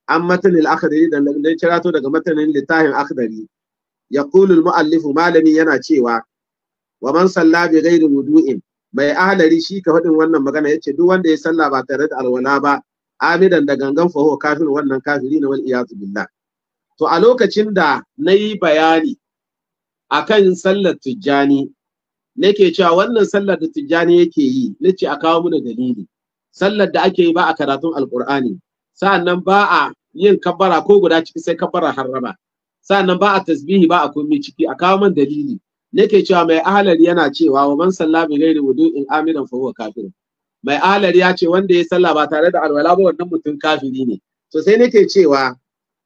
an matanin akhdari da na kirato daga matanin littafin akhdari yaqulu al-mu'allifu malami yana cewa wa man salla bi ghairi wudu'in mai ahlari shi ka faɗin wannan magana yace duk wanda ya salla ba tare da alwala ba amidan da gangan fa huwa kafir wannan kafiri ne wal iyad billah to a lokacin da nayi bayani akan sallar tijjani nake cewa wannan sallar da tijjani yake yi nace a kawo mana dalili sallar da ake yi ba a karatun alqur'ani sa'annan ba a yin kabbara ko guda ciki sai kabbara harrama sa'annan ba a tasbihi ba a komai ciki a kawo man dalili Nake cewa mai ahalar yana cewa wa man salla bi ghairi wudu'in amiran fa huwa kafir mai ahalar ya ce wanda ya salla ba tare da alwala ba wannan mutum kafiri ne to sai nake cewa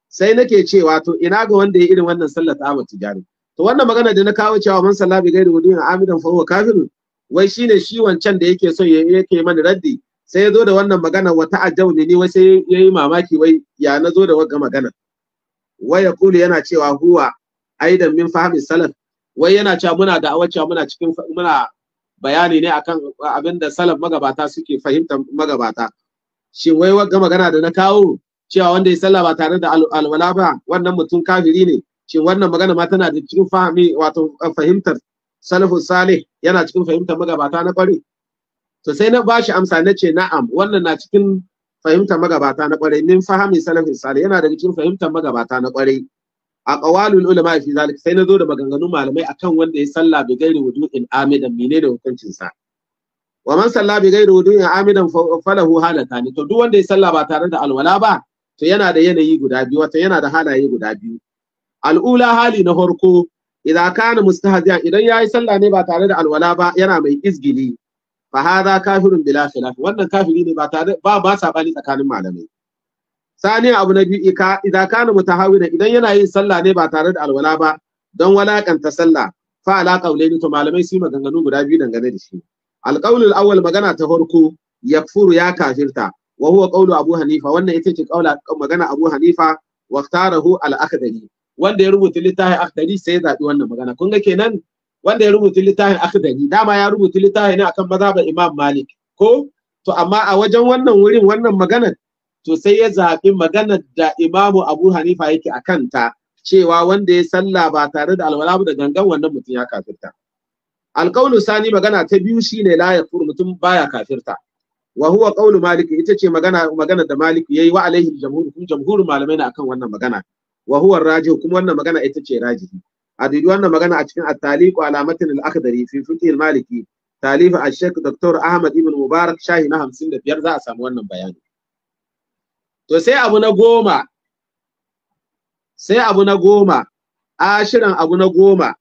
sai nake cewa to ina ga wanda ya irin wannan sallar ta amatu jari to wannan magana da na kawo cewa man salla bi ghairi wudu'in amiran fa huwa kafir wai shine shi wancan da yake so yake mani raddi sai ya zo da wannan magana wata ajau ne ni wai sai yayi mamaki wai ya na zo da wannan magana waya kulu yana cewa huwa aidan min fahmi salaf wai yana cewa muna da cewa muna cikin muna bayani ne akan abin da salaf magabata suke fahimtar magabata shin wai ga magana da na kawo cewa wanda ya sallah ba tare da alwala ba wannan mutum kafiri ne shin wannan magana ma tana da cikin fahimi wato fahimtar salafu salih yana cikin fahimtar magabata na kware to sai na bashi amsa na ce na'am wannan na cikin fahimtar magabata na kware min fahimi salafu salih yana daga cikin fahimtar magabata na kware aqwalul ulama fi zalik sai na zo da maganganun malamai akan wanda ya salla bi gairi wudu'in amidan mine da hukuncin sa wa man salla bi gairi wudu'in amidan falahu halatan to duk wanda ya salla ba tare da alwala ba to yana da yanayi guda biyu wato yana da halaye guda biyu al'ula hali na farko idan kana mustahzian idan yayi sallah ne ba tare da alwala ba yana mai izgili fa hadha kafirun bila khilaf wannan kafiri ne ba tare ba ba sabani tsakanin malamai sani abu na biyu idan kana mutahawina idan yana yin sallah ne ba tare da alwala ba don walakanta sallah fa ala qawlaini to malamai su maganganu guda biyu dangane da shi alqawlul awwal magana ta farko yakfuru ya kafirta wa huwa qawlu abu hanifa wannan ita ce qawla magana abu hanifa wa ikhtarahu al-akhdari wanda ya rubuta littafin akhdari sai ya zabi wannan magana kun ga kenan wanda ya rubuta littafin akhdari dama ya rubuta littafi ne akan mazhabar imam malik ko to amma a wajen wannan wurin wannan maganar to sai ya zaɓi maganar da imamu abu hanifa yake a kanta cewa wanda ya sallah ba tare da alwalabu da gangan wannan mutum ya kafirta alƙaulu sani magana ta biyu shine la mutum baya kafirta wa huwa qawlu ita ce magana magana da maliki yayi wa alaihi jamhur kuma jamhur malamai na akan wannan magana wa huwa rajih kuma wannan magana ita ce rajihi a didi wannan magana a cikin at-taliq ala matn al-akhdari fi fiqh al-maliki talifa al-shaykh dr ahmad ibn mubarak shahi na 55 za a samu wannan bayani to sai abu na goma sai abu na goma ashirin abu na goma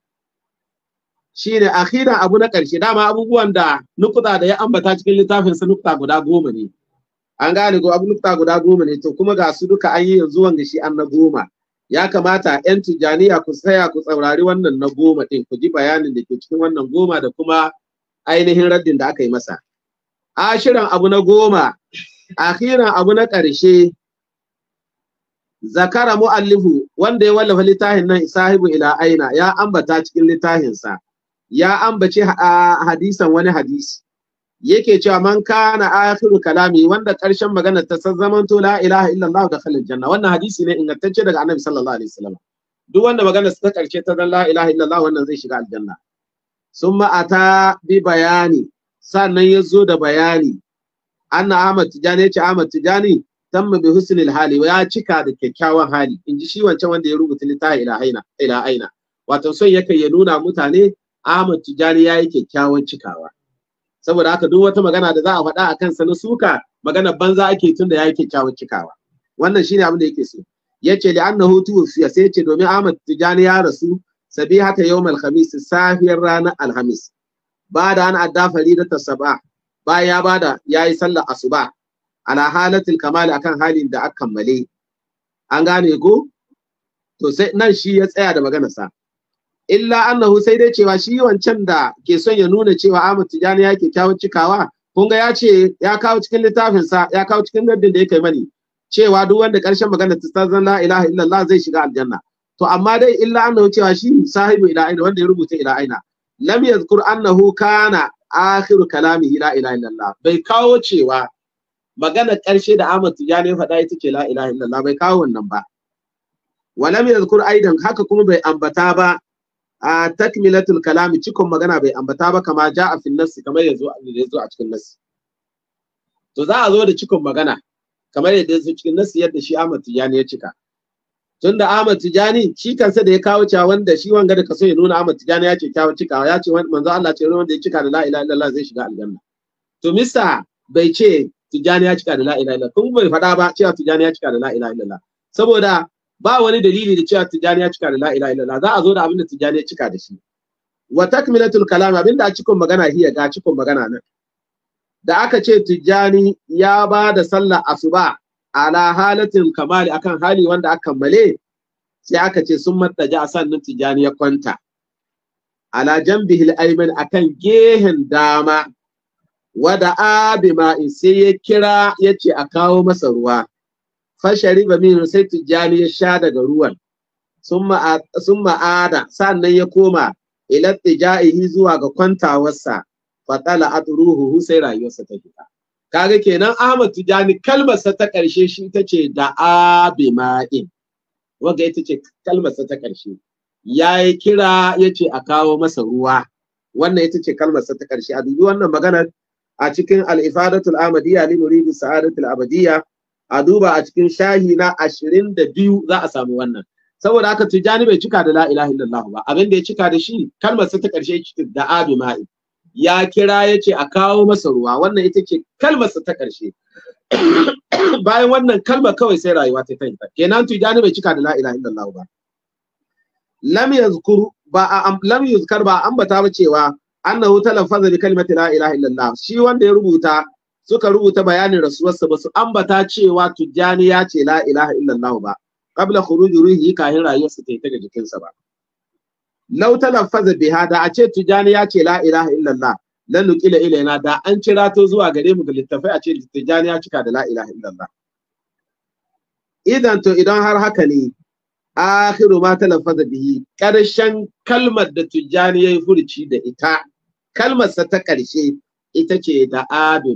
shi ne akhiran abu na ƙarshe dama abubuwan da nukuta da ya ambata cikin littafin su nukuta guda goma ne an gane ko abu nukuta guda goma ne to kuma ga su duka an yi yanzu wanda shi an na goma ya kamata yan tijjaniya ku saya ku tsaurari wannan na goma ɗin ku ji bayanin da ke cikin wannan goma da kuma ainihin raddin da aka yi masa ashirin abu na goma akhiran abu na ƙarshe zakara mu'allifu wanda ya wallafa littafin nan sahibu ila aina ya ambata cikin littafinsa ya ambace hadisan wani hadisi yake cewa man kana akhiru kalami wanda ƙarshen magana ta san zaman to la ilaha allah da khalil janna wannan hadisi ne ingantacce daga annabi sallallahu alaihi wasallam duk wanda magana ta ƙarshe ta dan la ilaha allah wannan zai shiga aljanna summa ata bi bayani sannan ya zo da bayani anna Ahmad Tijani yace Ahmad Tijani tamma bi husnil hali ya cika da kyakkyawan hali In ji shi wancan wanda ya rubuta littafi ila haina ila aina wato son yake ya nuna mutane Ahmad Tijani yayi kyakkyawan cikawa saboda haka duk wata magana da za a faɗa a kansa na suka magana banza ake tunda yi kyakkyawan cikawa wannan shine abin da yake so yace li annahu tuwfiya sai yace domin Ahmad Tijani ya rasu sabihata yawmal khamis safiyar ranar alhamis ba da an adda faridata sabah bayan ya bada ya yi sallar asuba ala halatil kamal akan halin da aka kammale an gane go to sai nan shi ya tsaya da maganar sa illa annahu sai dai cewa shi wancan da ke son ya nuna cewa Ahmad Tijani ya kyawun cikawa kun ga ya ce ya kawo cikin littafin sa ya kawo cikin gaddin da ya kai mani cewa duk wanda karshen magana ta zan la ilaha illallah zai shiga aljanna to amma dai illa annahu cewa shi sahibi ila aina wanda ya rubuta ila aina lam yazkur annahu kana akhiru kalamihi la ilaha illallah bai kawo cewa magana ƙarshe da Ahmad Tijani faɗa ita ce la ilaha illallah bai kawo wannan ba walam yadhkur aidan haka kuma bai ambata ba a takmilatul kalami cikon magana bai ambata ba kama ja'a fil nassi kamar yazo yazo a cikin nassi to za a zo da cikon magana kamar yadda yazo cikin nassi yadda shi Ahmad Tijani ya cika tunda Ahmad Tijani shi kansa da ya kawo cewa wanda shi wanga da kaso ya nuna Ahmad Tijani ya ce kyawun cikawa ya ce manzo Allah ce wanda ya cika da la ilaha illallah zai shiga aljanna to mista bai ce Tijani ya cika da la ilaha illallah kun bai faɗa ba cewa Tijani ya cika da la ilaha illallah saboda ba wani dalili da cewa Tijani ya cika da la ilaha illallah za a zo da abin da Tijani ya cika da shi wa takmilatul kalam abinda a cikin magana hiya ga cikin magana nan da aka ce Tijani ya ba da sallar asuba ala halatin kamali akan hali wanda aka kammale sai aka ce sun mattaja a sannan tijani ya kwanta ala jambihi al-ayman akan gehen dama wada abima sai ya kira ya ce a kawo masa ruwa fashari ba min sai tijjani ya sha daga ruwan sun ma'ada sannan ya koma ilar tija'ihi zuwa ga kwantawarsa fatala a ruhu sai rayuwarsa ta fita kaga kenan Ahmad Tijani sa ta ƙarshe shi ita ce da bi ma'in wanda ita ce ta ƙarshe ya yi kira ya ce a kawo masa ruwa wannan ita ce sa ta ƙarshe a dubi wannan maganar a cikin al-ifadatul amadiyya li muridi sa'adatul abadiyya a duba a cikin shahi na ashirin da biyu za a samu wannan saboda haka Tijani bai cika da la ilaha illallah ba abin da ya cika da shi sa ta karshe da bi ma'in ya kira ya ce a kawo masa ruwa wannan ita ce kalmarsa ta ƙarshe bayan wannan kalmar kawai sai rayuwa ta tayi kenan Jani bai cika da la ilaha illallah ba lam yazkur ba a lam yuzkar ba ambata ba cewa annahu talaffaza bi kalimati la ilaha illallah shi wanda ya rubuta suka rubuta bayanin rasuwarsa ba su ambata cewa tijani ya ce la ilaha illallah ba qabla khuruj ruhi kahin rayuwarsa ta ta ga jikinsa ba law talaffaza biha da a ce tijani ya ce la ilaha illallah lan nuqila ilaina da an kira to zuwa gare mu ga littafai a ce tijani ya cika da la ilaha illallah idan to idan har haka ne akhiru ma talaffaza bihi karshen kalmar da tijani yayi furuci da ita kalmar sa ta karshe ita ce da abi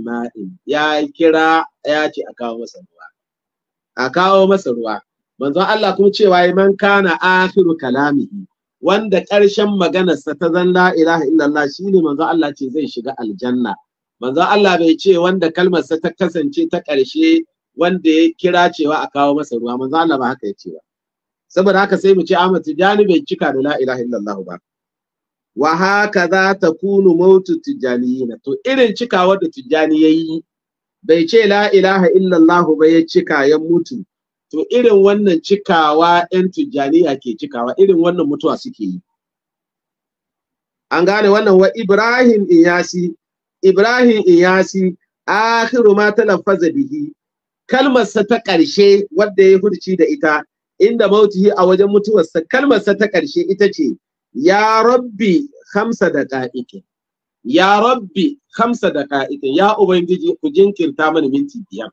ya kira ya ce a kawo masa ruwa a kawo masa ruwa manzon Allah kuma cewa man kana akhiru kalamihi wanda ƙarshen maganarsa ta zan la ilaha illallah shine manzo Allah ce zai shiga aljanna manzo Allah bai ce wanda kalmarsa ta kasance ta ƙarshe wanda ya kira cewa a kawo masa ruwa manzo Allah ba haka ya ce ba saboda haka sai mu ce Ahmad Tijani bai cika da la ilaha illallah ba wa haka za ta kunu mautu na? to irin cikawar da tijjani ya yi bai ce la ilaha illallah ba ya cika ya mutu to irin wannan cikawa yan tijjaniya ke cikawa irin wannan mutuwa suke yi an gane wannan wa ibrahim iyasi ibrahim iyasi akhiru ma talaffaza bihi kalmarsa ta ƙarshe wadda ya hurci da ita inda mautihi a wajen mutuwarsa kalmarsa ta ƙarshe ita ce ya rabbi hamsa da ƙa'iƙin ya rabbi hamsa da ƙa'iƙin ya ubangiji ku jinkirta mana minti biyar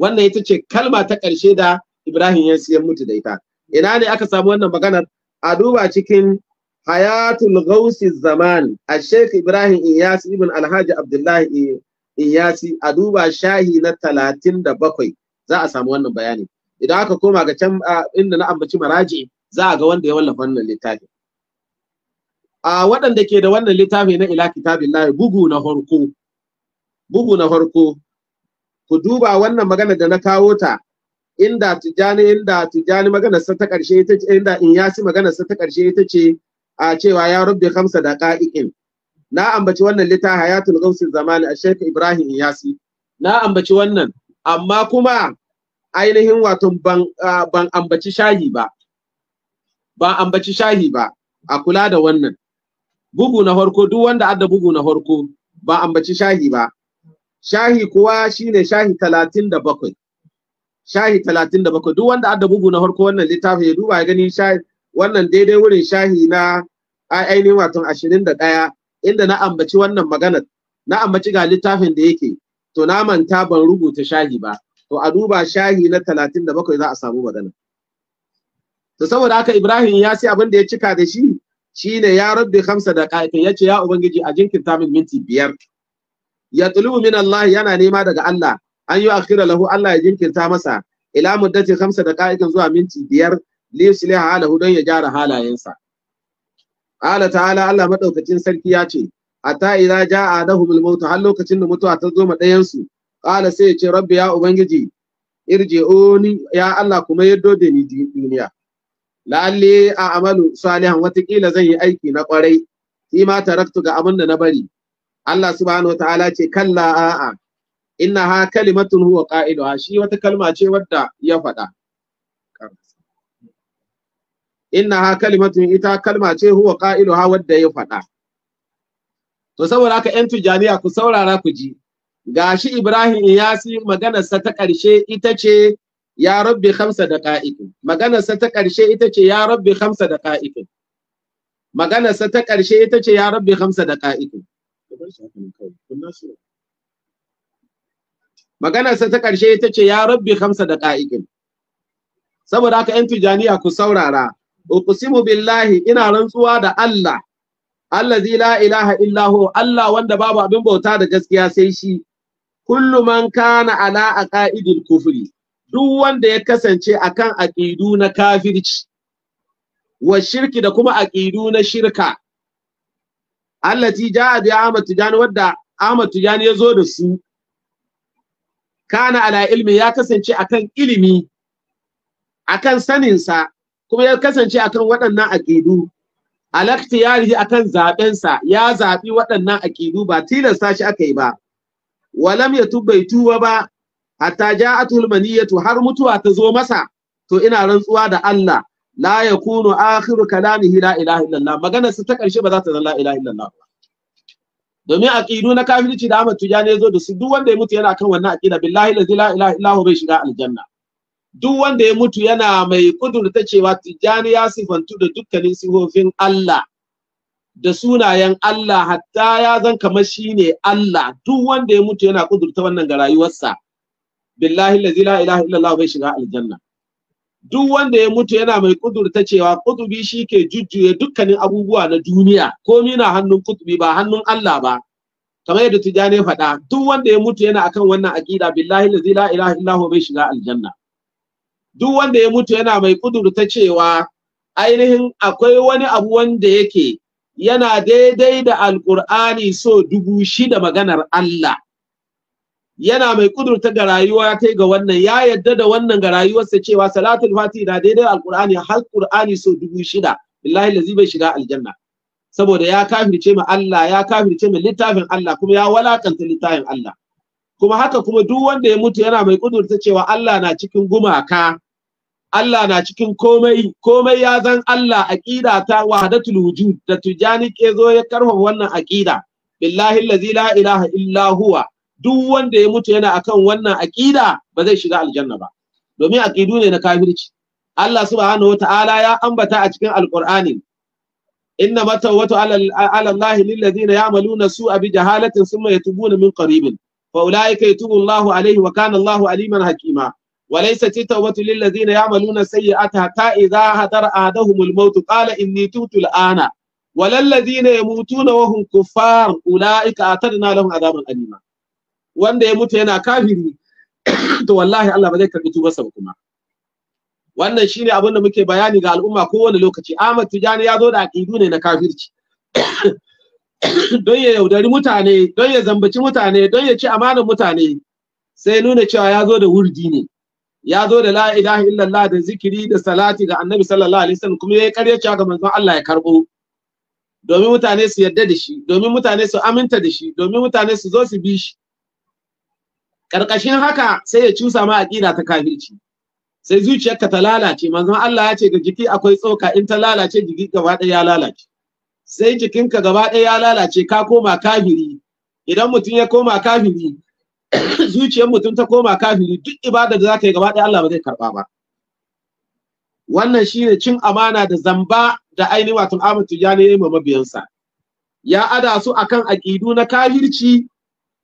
wannan ita ce kalma ta ƙarshe da Ibrahim ya siyan mutu da ita ina ne aka samu wannan maganar a duba cikin hayatul gausi zaman a Sheikh Ibrahim Iyasi ibn Alhaji Abdullahi Iyasi a duba shahi na talatin da bakwai za a samu wannan bayani idan aka koma ga can inda na ambaci maraji za a ga wanda ya wallafa wannan littafi a waɗanda ke da wannan littafin na ila kitabillahi bugu na farko bugu na farko ku duba wannan magana da na kawo ta inda tijani inda tijani magana sa ta ƙarshe ita ce inda in yasi magana sa ta ƙarshe ita ce a cewa ya rubbi khamsa da qa'iqin na ambaci wannan lita hayatul gausi zamani a shekha ibrahim yasi na ambaci wannan amma kuma ainihin wato ban ban ambaci shahi ba ban ambaci shahi ba a kula da wannan bugu na farko duk wanda adda bugu na farko ban ambaci shahi ba shahi kuwa shine shahi talatin da bakwai shahi talatin da bakwai duk wanda adda bugu na farko wannan littafi ya duba ya gani wannan daidai wurin shahi na ainihin watan ashirin da ɗaya inda na ambaci wannan maganar na ambaci ga littafin da yake to na manta ban rubuta shahi ba to a duba shahi na talatin da bakwai za a samu magana to saboda haka ibrahim ya sai abin da ya cika da shi shine ya rabbi khamsa da ƙa'ifa ya ce ya ubangiji a jinkirta min minti biyar Ya min Allah yana nema daga Allah an yi akhira lahu Allah ya jinkirta masa ila muddati khamsa da ka'ikan zuwa minti biyar li yusliha halahu don ya gyara halayensa qala ta'ala Allah madaukakin sarki ya ce ata idza ja'a dahumul maut har lokacin da mutuwa ta zo ma dayan su qala sai ya ce rabbi ya ubangiji irji'uni ya Allah kuma yaddo da ni duniya la'alli a amalu salihan watakila zan yi aiki na kwarai shi ma taraktu ga abin da na bari Allah subhanahu wataala ce kalla a'a inna ha kalimatun huwa qa'iduha shi wata kalma ce wadda ya faɗa inna ha kalimatun ita kalma ce huwa ha! wadda ya faɗa to saboda haka yan tijaniya ku saurara ku ji Ga shi Ibrahim Iyasi maganarsa ta ƙarshe ita ce ya rabbi khamsa da ka'ikin maganarsa ta ƙarshe ita ce ya rabbi khamsa da ka'ikin maganarsa ta ƙarshe ita ce ya rabbi khamsa da ka'ikin Maganarsa sa ta ƙarshe ita ce ya rabbi khamsa da qa'iqin saboda haka yan tijaniya ku saurara uqsimu billahi ina rantsuwa da Allah allazi la ilaha illa hu Allah wanda babu abin bauta da gaskiya sai shi kullu man kana ala aqaidil kufri duk wanda ya kasance akan aqidu na kafirci wa shirki da kuma aqidu na shirka allati ja'a da Ahmad Tijani wadda Ahmad Tijani ya da su kana ala ilmi ya kasance akan ilimi akan saninsa kuma ya kasance akan waɗannan aƙidu alaktiyarihi akan sa ya zaɓi waɗannan aƙidu ba tilasta shi aka yi ba walam ya bai tuba ba hatta ja'atul maniyatu har mutuwa ta zo masa to ina rantsuwa da Allah la yakunu akhiru kalamihi la ilaha illallah maganar sa ta karshe ba za ta zama la ilaha illallah domin aqidu na kafirci da Ahmad Tijani yazo da su duk wanda ya mutu yana kan wannan aqida billahi la ilaha illallah bai shiga aljanna duk wanda ya mutu yana mai kudurta cewa Tijani ya sifantu da dukkanin sifofin Allah da sunayen Allah hatta ya zan kamar shine Allah duk wanda ya mutu yana kudurta wannan ga rayuwarsa billahi la ilaha illallah bai shiga aljanna duk wanda ya mutu yana mai kudurta cewa kudubi shi ke jujjuye dukkanin abubuwa na duniya komi na hannun kudubi ba hannun Allah ba kamar yadda tijani faɗa duk wanda ya mutu yana akan wannan aqida billahi la ilaha illa bai shiga aljanna duk wanda ya mutu yana mai kudurta cewa ainihin akwai wani abu wanda yake yana daidai da alqur'ani so dubu shida maganar Allah yana mai kudurta ga rayuwa kai ga wannan ya yadda da wannan ga rayuwarsa cewa salatul fatih na daidai alqur'ani har qur'ani so dubu shida billahi lazi bai shiga aljanna saboda ya kafirce mu Allah ya kafirce mu littafin Allah kuma ya walakanta littafin Allah kuma haka kuma duk wanda ya mutu yana mai kudurta cewa Allah na cikin gumaka Allah na cikin komai komai ya zan Allah aqida ta wahdatul wujud da tujani ke zo ya karfafa wannan aqida billahi lazi la ilaha illa huwa duk wanda ya mutu yana akan wannan aƙida ba zai shiga aljanna ba domin aƙidu ne na kafirci Allah subhanahu wata'ala ya ambata a cikin alƙur'ani inna matawatu ala Allah lillazina ya'maluna su'a bi jahalatin thumma yatubuna min qaribin fa ulaika yatubu Allahu alayhi wa kana Allahu aliman hakima وليست التوبة للذين يعملون السيئات حتى إذا حضر أحدهم الموت قال إني تبت الآن وللذين يموتون وهم كفار أولئك أعتدنا لهم عذابا alima. wanda ya mutu yana kafiri to wallahi Allah ba zai karbi tubarsa ba kuma wannan shine abin da muke bayani ga al'umma kowane lokaci Ahmad Tijani ya zo da aqidu ne na kafirci don ya yaudari mutane don ya zambaci mutane don ya ci amanar mutane sai nuna cewa ya zo da wurdi ne ya zo da la ilaha illallah da zikiri da salati ga annabi sallallahu alaihi wasallam kuma ya karya cewa ga manzon Allah ya karbo domin mutane su yarda da shi domin mutane su aminta da shi domin mutane su zo su bi shi karkashin haka sai ya cusa ma aqida ta kafirci sai zuciyarka ta lalace manzon Allah ya ce ga jiki akwai tsoka in ta lalace jiki gaba ɗaya ya lalace sai jikinka gaba ɗaya ya lalace ka koma kafiri idan mutum ya koma kafiri zuciyar mutum ta koma kafiri duk ibada da zaka yi gaba ɗaya Allah ba zai karba ba wannan shine cin amana da zamba da ainihin wato Ahmad ya yi mabiyansa ya ada su akan aqidu na kafirci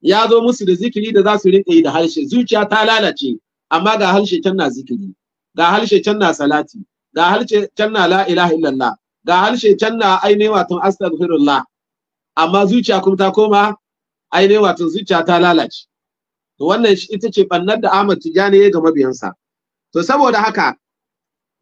ya zo musu da zikiri da za su rinka yi da harshe zuciya ta lalace amma ga harshe can na zikiri ga harshe can na salati ga harshe can na la ilaha illallah ga harshe can na ainihin watan astaghfirullah amma zuciya kuma ta koma ainihin watan zuciya ta lalace to wannan ita ce bannar da Ahmad Tijani ya ga mabiyansa to saboda haka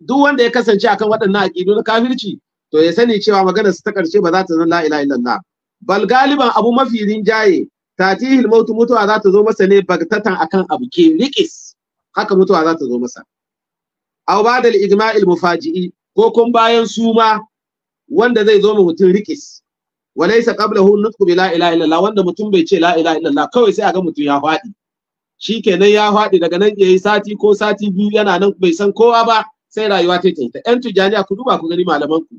duk wanda ya kasance akan waɗannan aƙidu na kafirci to ya sani cewa magana su ta ƙarshe ba za ta zan la ilaha illallah bal galiban abu mafi rinjaye tatihil mautu mutuwa za ta zo masa ne bagtatan akan abu ke liqis haka mutuwa za ta zo masa aw ba'da al-ijma'il mufaji'i ko kun bayan suma wanda zai zo mu mutum riqis walaysa qablahu nutqu bi la ilaha illallah wanda mutum bai ce la ilaha illallah kawai sai a ga mutum ya faɗi shikenan ya faɗi daga nan yayi sati ko sati biyu yana nan bai san kowa ba sai rayuwa ta taita yan tujaniya ku duba ku gani malaman ku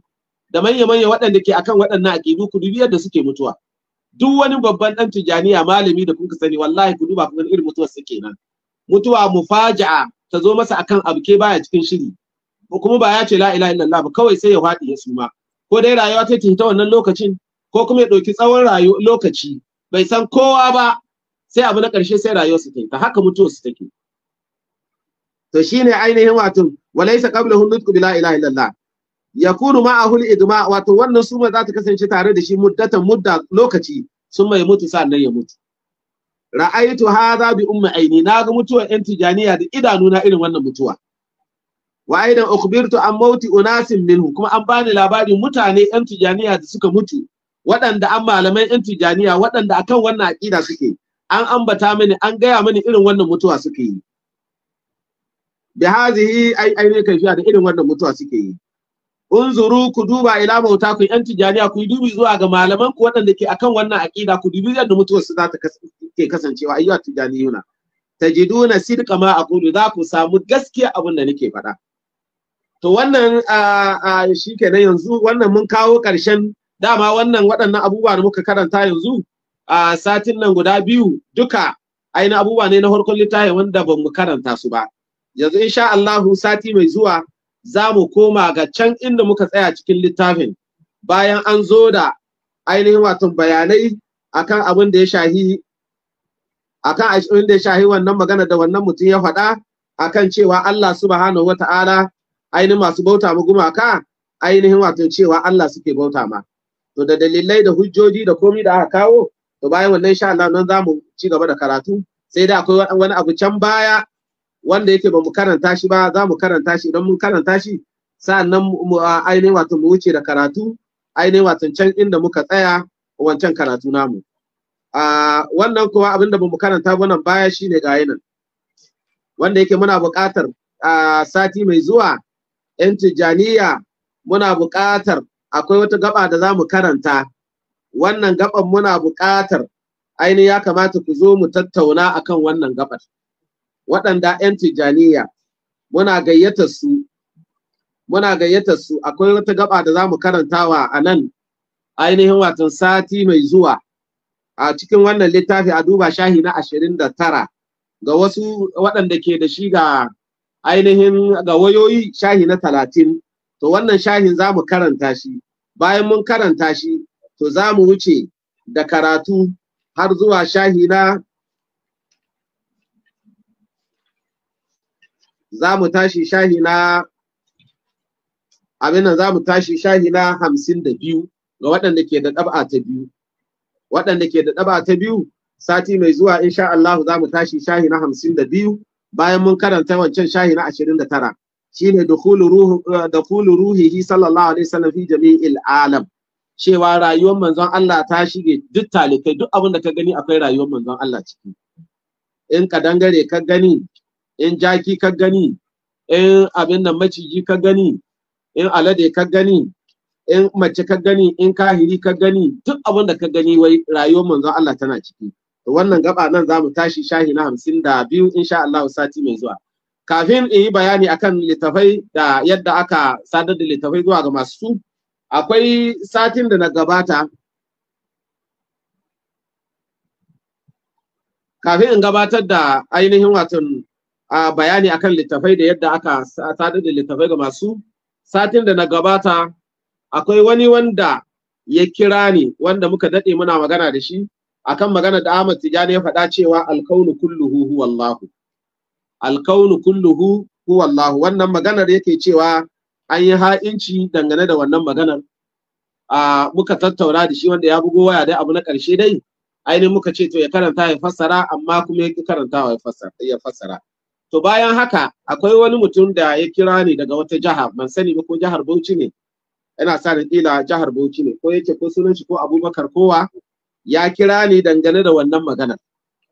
da manya manya waɗanda ke akan waɗannan aqidu ku dubi da suke mutuwa duk wani babban dan tijaniya malami da kuka sani wallahi ku duba kun irin mutuwar su nan. mutuwa mufaja'a ta zo masa akan abu ke baya cikin shiri kuma ba ya ce la ilaha illallah ba kawai sai ya faɗi ya suma ko dai rayuwa ta ta wannan lokacin ko kuma ya dauki tsawon rayuwa lokaci bai san kowa ba sai abu na ƙarshe sai rayuwa su ta haka mutuwa su take to shine ainihin wato walaysa qablahu nutqu bila ilaha illallah yakunu ma'ahul idma wato wannan suma za ta kasance tare da shi muddatan mudda lokaci sun mai mutu sannan ya mutu ra'aitu hadha bi umma aini ga mutuwar ɗan tijaniya da idanuna irin wannan mutuwa wa aina ukhbirtu an mauti unasin minhu kuma an bani labarin mutane yan tijaniya da suka mutu waɗanda an malamai yan tijaniya waɗanda akan wannan aqida suke an ambata mini an gaya mini irin wannan mutuwa suke yi bi hadhihi ai aini ne kaifiya da irin wannan mutuwa suke yi unzuru ku duba ila bauta ku yan tijaniya ku dubi zuwa ga malaman ku waɗanda ke akan wannan aqida ku dubi yadda mutuwar su za ta ke kasancewa ayyuka tijaniyuna tajiduna sidqa ma aqulu za ku samu gaskiya abin da nake faɗa to wannan shikenan yanzu wannan mun kawo ƙarshen dama wannan waɗannan abubuwa da muka karanta yanzu a satin nan guda biyu duka ainihin abubuwa ne na harkar littafi wanda ban mu karanta su ba yanzu insha Allahu sati mai zuwa za mu koma ga can inda muka tsaya cikin littafin bayan an zo da ainihin wato bayanai akan abin da ya shahi akan abin da ya shahi wannan magana da wannan mutum ya faɗa akan cewa Allah subhanahu wata'ala ainihin masu bauta mu gumaka ainihin wato cewa Allah suke bauta ma to da dalilai da hujjoji da komi da aka kawo to bayan wannan insha Allah nan zamu ci gaba da karatu sai da akwai wani abu can baya wanda yake ba mu karanta shi ba za mu karanta shi idan mun karanta shi sa'annan mu ainihin wato mu wuce da karatu ainihin wato can inda muka tsaya wancan karatu namu wannan kuma abin da mu karanta ba nan baya shine ga nan wanda yake muna buƙatar a sati mai zuwa yan tijaniya muna buƙatar akwai wata gaba da za mu karanta wannan gaban muna buƙatar ainihin ya kamata ku zo mu tattauna akan wannan gabar waɗanda 'yan tijaniya muna gayyatar su muna gayyatar su akwai wata gaba da zamu mu karantawa a nan ainihin watan sati mai zuwa a cikin wannan littafi a duba shahi na ashirin da tara ga wasu waɗanda ke da shi ga ainihin ga wayoyi shahi na talatin to wannan shahin zamu karanta shi bayan mun karanta shi to za mu wuce da karatu har zuwa shahi na za mu tashi shahi na abin nan za mu tashi shahi na hamsin da biyu ga waɗanda ke da ɗaba ta biyu waɗanda ke da ɗaba ta biyu sati mai zuwa insha Allah za mu tashi shahi na hamsin da biyu bayan mun karanta wancan shahi na ashirin da tara shine dukulu eh, ruhihi sallallahu alaihi wasallam fi jami'il alam cewa rayuwar manzon Allah ta shige duk talikai duk abin da ka gani akwai rayuwar manzon Allah ciki in ka dangare ka gani in jaki ka gani in abin nan maciji ka gani in alade ka gani in mace ka gani in kahiri ka gani duk abin da ka gani wai rayuwar manzon Allah tana ciki wannan gaba nan za mu tashi shahi na hamsin da biyu insha Allah sati mai zuwa kafin in yi bayani akan litafai da yadda aka sadar da littafai zuwa ga masu akwai satin da na gabata kafin in gabatar da ainihin watan a bayani akan littafai da yadda aka sadar da littafai ga masu satin da na gabata akwai wani wanda ya kira ni wanda muka dade muna magana da shi akan magana da Ahmad Tijani ya faɗa cewa alkaunu kulluhu huwallahu alkaunu kulluhu huwallahu wannan maganar yake cewa an yi ha'inci dangane da wannan maganar a muka tattauna da shi wanda ya bugo waya dai abu na ƙarshe dai ainihin muka ce to ya karanta ya fassara amma kuma ya karanta ya fassara to bayan haka akwai wani mutum da ya kira ni daga wata jaha ban sani ba ko jahar Bauchi ne yana sa ni kila jahar Bauchi ne ko yake ko sunan shi ko Abubakar kowa ya kira ni dangane da wannan magana.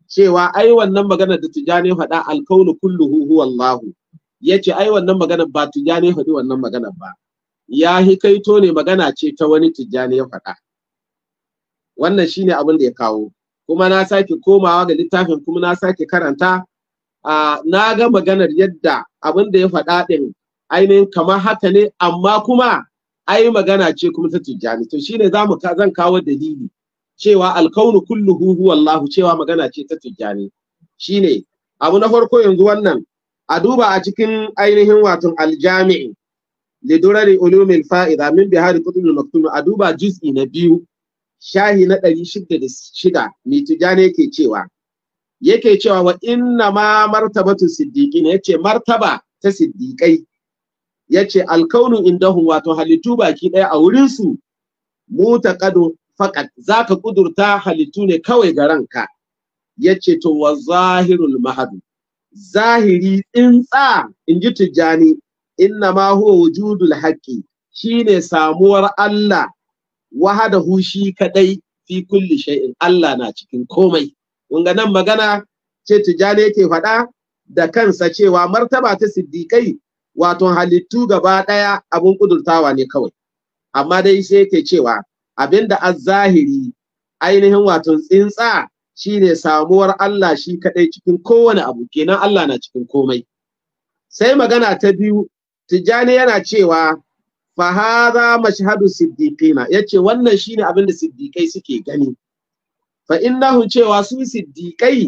cewa ai wannan magana da Tijjani faɗa alkaunu kulluhu huwallahu yace ai wannan magana ba tijani faɗi wannan magana ba ya hikaito ne magana ce ta wani Tijjani ya faɗa wannan shine abin da ya kawo kuma na sake komawa ga littafin kuma na sake karanta na ga maganar yadda abin da ya faɗa ɗin ainihin kamar haka ne amma kuma ai magana ce kuma ta tijjani to shine za mu zan kawo dalili cewa alkaunu kulluhu Wallahu, cewa magana ce ta tijjani shine abu na farko yanzu wannan a duba a cikin ainihin watan aljami'i lidurari ulumil fa'ida min bihari kutubul maktum a duba juz'i na biyu shahi na ɗari shida da shida. mai tijjani yake cewa yake cewa wa inna ma martabatu siddiqin yace martaba ta siddiqai yace alkaunu indahum wato halittu baki daya a wurin su mutaqadu faqat zaka kudurta halittu ne kawai ga ranka yace to wa zahirul mahadu zahiri tsintsa inji tijani inna ma huwa wujudul haqqi shine samuwar Allah wahadahu shi kadai fi kulli shay'in Allah na cikin komai Kunga nan magana ce tijjani yake faɗa da kansa cewa martaba ta siddiƙai wato halittu gaba ɗaya abin ƙudurtawa ne kawai. Amma dai sai yake cewa abinda az-zahiri ainihin wato tsintsa shine samuwar Allah shi kaɗai cikin kowane abu kenan Allah na cikin komai. Sai magana ta biyu Tijjani yana cewa fahaza mashhadu siddiqina yace wannan shine abin da siddiqai suke gani fa innahu cewa su siddiqai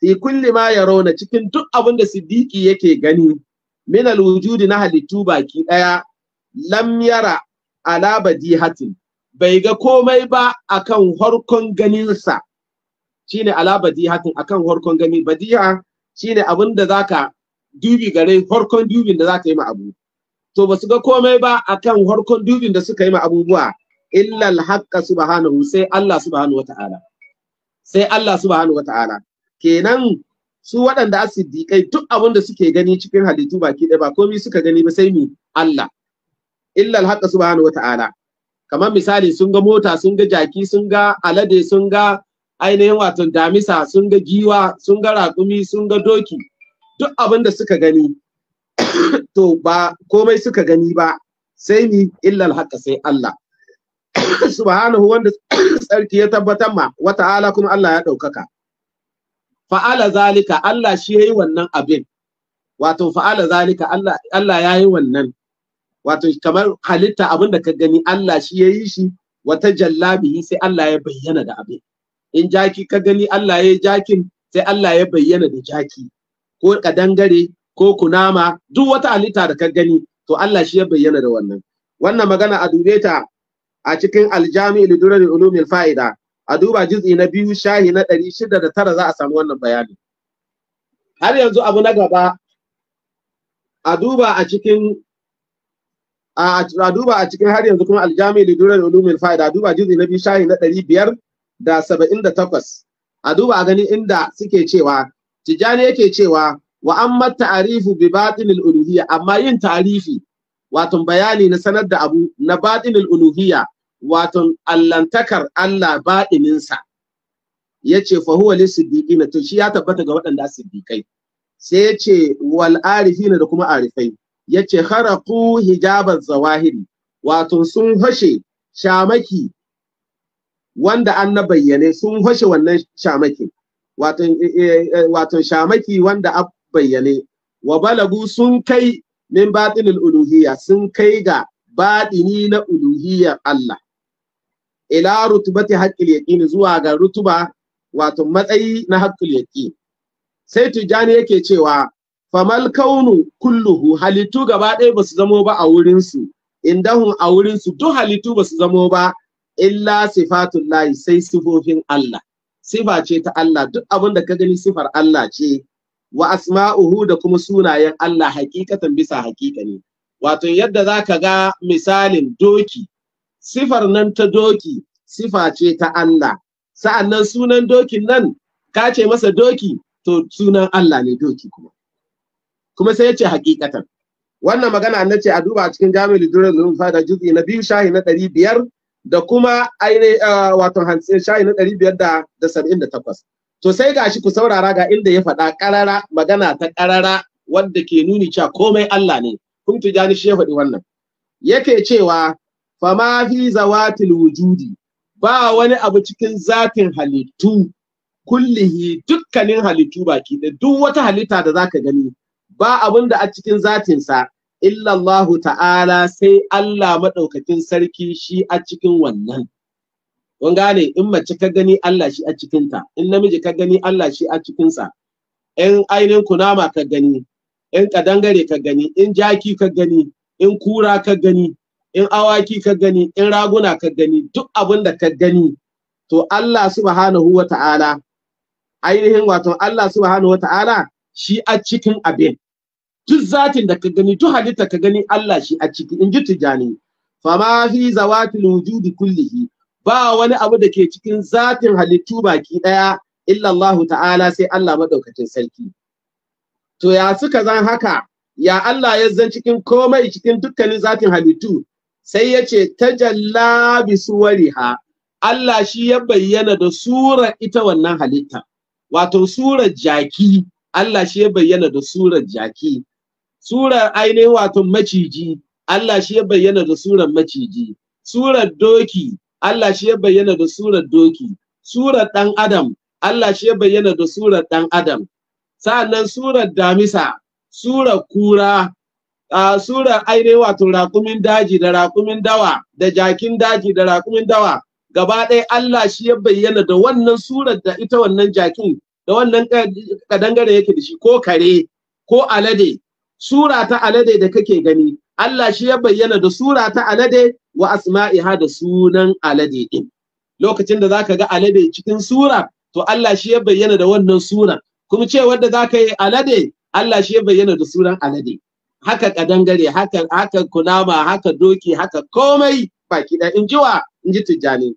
fi kulli ma yarawna cikin duk abin da siddiqi yake gani min alwujudi na halittu baki daya lam yara ala badihatin bai ga komai ba akan harkon ganinsa shine ala badihatin akan harkon gani badiha shine abin da zaka dubi gare harkon dubin da zaka yi ma abu to ba su ga komai ba akan harkon dubin da suka yi ma abubuwa illa alhaqqa subhanahu sai Allah subhanahu wata'ala sai Allah subhanahu wata'ala kenan su waɗanda asiddiƙai duk abin da suke gani cikin halittu baki ɗaya ba komai suka gani ba sai mi Allah illal haqqa subhanahu wata'ala kamar misali sun ga mota sun ga jaki sun ga alade sun ga ainihin wato damisa sun ga giwa sun ga raƙumi sun ga doki duk abin da suka gani to ba komai suka gani ba sai ni illal haka sai Allah subhanahu wanda tsarki ya tabbatar ma wa ta'ala kuma Allah ya ɗaukaka fa'ala zalika Allah shi yayi wannan abin wato fa'ala zalika Allah Allah yayi wannan wato kamar halitta abin da ka gani Allah shi yayi shi wata jallabi sai Allah ya bayyana da abin in jaki ka gani Allah ya yi jakin sai Allah ya bayyana da jaki ko kadangare ko kunama duk wata halitta da ka gani to Allah shi ya bayyana da wannan wannan magana a dube ta a cikin aljami lidurar ulumil fa'ida a duba juz'i na biyu shahi na ɗari shida da tara za a samu wannan bayani har yanzu abu na gaba a duba a cikin a duba a cikin har yanzu kuma aljami lidurar ulumil fa'ida a duba juz'i na biyu shahi na ɗari biyar da saba'in da takwas a duba a gani inda suke cewa tijani yake cewa wa amma ta'arifu bi batinil uluhiyya amma yin ta'arifi Watun bayani na sanar da abu na baɗinin uluhiyya watun allantakar Allah batininsa yace fa huwa lisiddiqin na shi ya tabbata ga waɗanda siddiqai sai yace wal arifin da kuma arifai ya ce haraku hijabar zawahiri watun sun hashe shamaki wanda an na bayyane sun hashe wannan shamaki watun eh, eh, eh, shamaki wanda a bayyane wa balagu sun kai min batilul uluhiyya sun kai ga baɗini na uluhiyyar Allah ila rutubati haqqil yaqin zuwa ga rutuba wato matsayi na haqqil yaqin sai tijani yake cewa famal kaunu kulluhu halittu gaba ɗaya ba su zamo ba a wurinsu indahun a wurinsu duk halittu ba su zamo ba illa sifatullahi sai sifofin Allah sifa ce ta Allah duk abin da ka gani sifar Allah ce wa asma'uhu da kuma sunayen Allah hakikatan bisa hakika ne wato yadda za ka ga misalin doki sifar nan ta doki sifa ce ta Allah Sa'an nan sunan dokin nan ka ce masa doki to sunan Allah ne doki kuma kuma sai yace hakikatan wannan magana an ce a duba a cikin jami'ul durrul fada juz'i na biyu shahi na ɗari biyar da kuma ainihin eh, wato hantsin shahi na ɗari biyar da saba'in da takwas to sai shi ku saurara ga inda ya faɗa ƙarara magana ta ƙarara wanda ke nuni cewa komai Allah ne kun tujani shi ya faɗi wannan yake cewa fama fi zawatil wujudi ba wani abu cikin zatin halittu kullihi dukkanin halittu baki da duk wata halitta da zaka gani ba abin da a cikin zatinsa illallahu ta'ala sai Allah madaukakin sarki shi a cikin wannan kun gane in mace ka gani Allah shi a cikinta in namiji ka gani Allah shi a cikinsa in ainihin kunama ka gani in kadangare ka gani in jaki ka gani in kura ka gani in awaki ka gani in raguna ka gani duk abin da ka gani to Allah subhanahu wa ta'ala ainihin wato Allah subhanahu wa ta'ala shi a cikin abin duk zatin da ka gani duk halitta ka gani Allah shi a ciki in ji tijani fama fi zawatil wujudi kullihi ba wani abu da ke cikin zatin halittu baki ɗaya illallahu ta'ala sai Allah madaukakin sarki. To ya suka zan haka, ya Allah ya zan cikin komai cikin dukkanin zatin halittu sai ya ce tajalla bi suwariha Allah shi ya bayyana da sura ita wannan halitta. Wato surar jaki, Allah shi ya bayyana da surar jaki. Surar ainihin wato maciji, Allah shi ya bayyana da surar maciji. Surar doki, Allah shi ya bayyana da surar doki surar ɗan adam Allah shi ya bayyana da surar ɗan adam sanan surar damisa surar kura a surar aire wato rakumin daji da rakumin dawa da jakin daji da raƙumin dawa gaba ɗaya Allah shi ya bayyana da wannan surar da ita wannan jakin da wannan kadangare yake da shi ko kare ko alade sura ta alade da kake gani Allah shi ya bayyana da sura ta alade wa asma'iha da sunan alade din lokacin da zaka ga alade cikin sura to Allah shi ya bayyana da wannan sura kuma ce wanda zaka yi alade Allah shi ya bayyana da sunan alade haka kadangare haka haka kunama haka doki haka komai baki da in jiwa in ji tijjani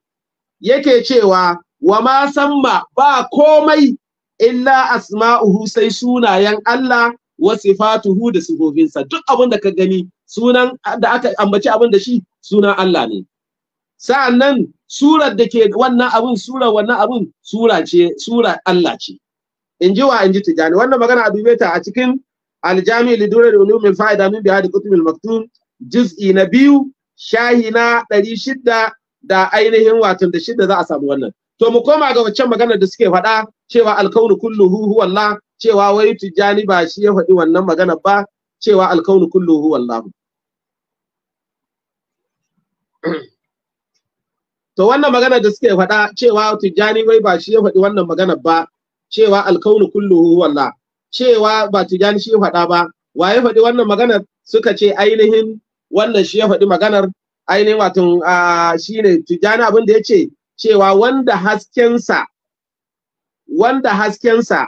yake cewa wa ma samma ba komai illa asma'uhu sai sunayen Allah wa sifatuhu da sifofinsa duk abin da ka gani sunan da aka ambaci abin da shi sunan Allah ne sa'annan surar da ke wannan abin surar wannan abin sura ce sura Allah ce in ji wa in ji tijani wannan magana a dube ta a cikin aljami lidurar min fa'ida min biya da kutubul maktum juz'i na biyu shahi na ɗari shidda da ainihin watan da shidda za a samu wannan to mu koma ga waccan maganar da suke faɗa cewa alkaunu kulluhu Allah cewa wai tijani ba shi ya faɗi wannan magana ba cewa alkaunu kullu huwa Allah to wannan magana da suke faɗa cewa tijjani wai ba shi ya faɗi wannan magana ba cewa alkaunu kullu huwa Allah cewa ba tijjani shi ya faɗa ba wa ya faɗi wannan maganar suka ce ainihin wannan shi ya faɗi maganar ainihin wato shi ne tijjani abin da ya ce cewa wanda haskensa wanda haskensa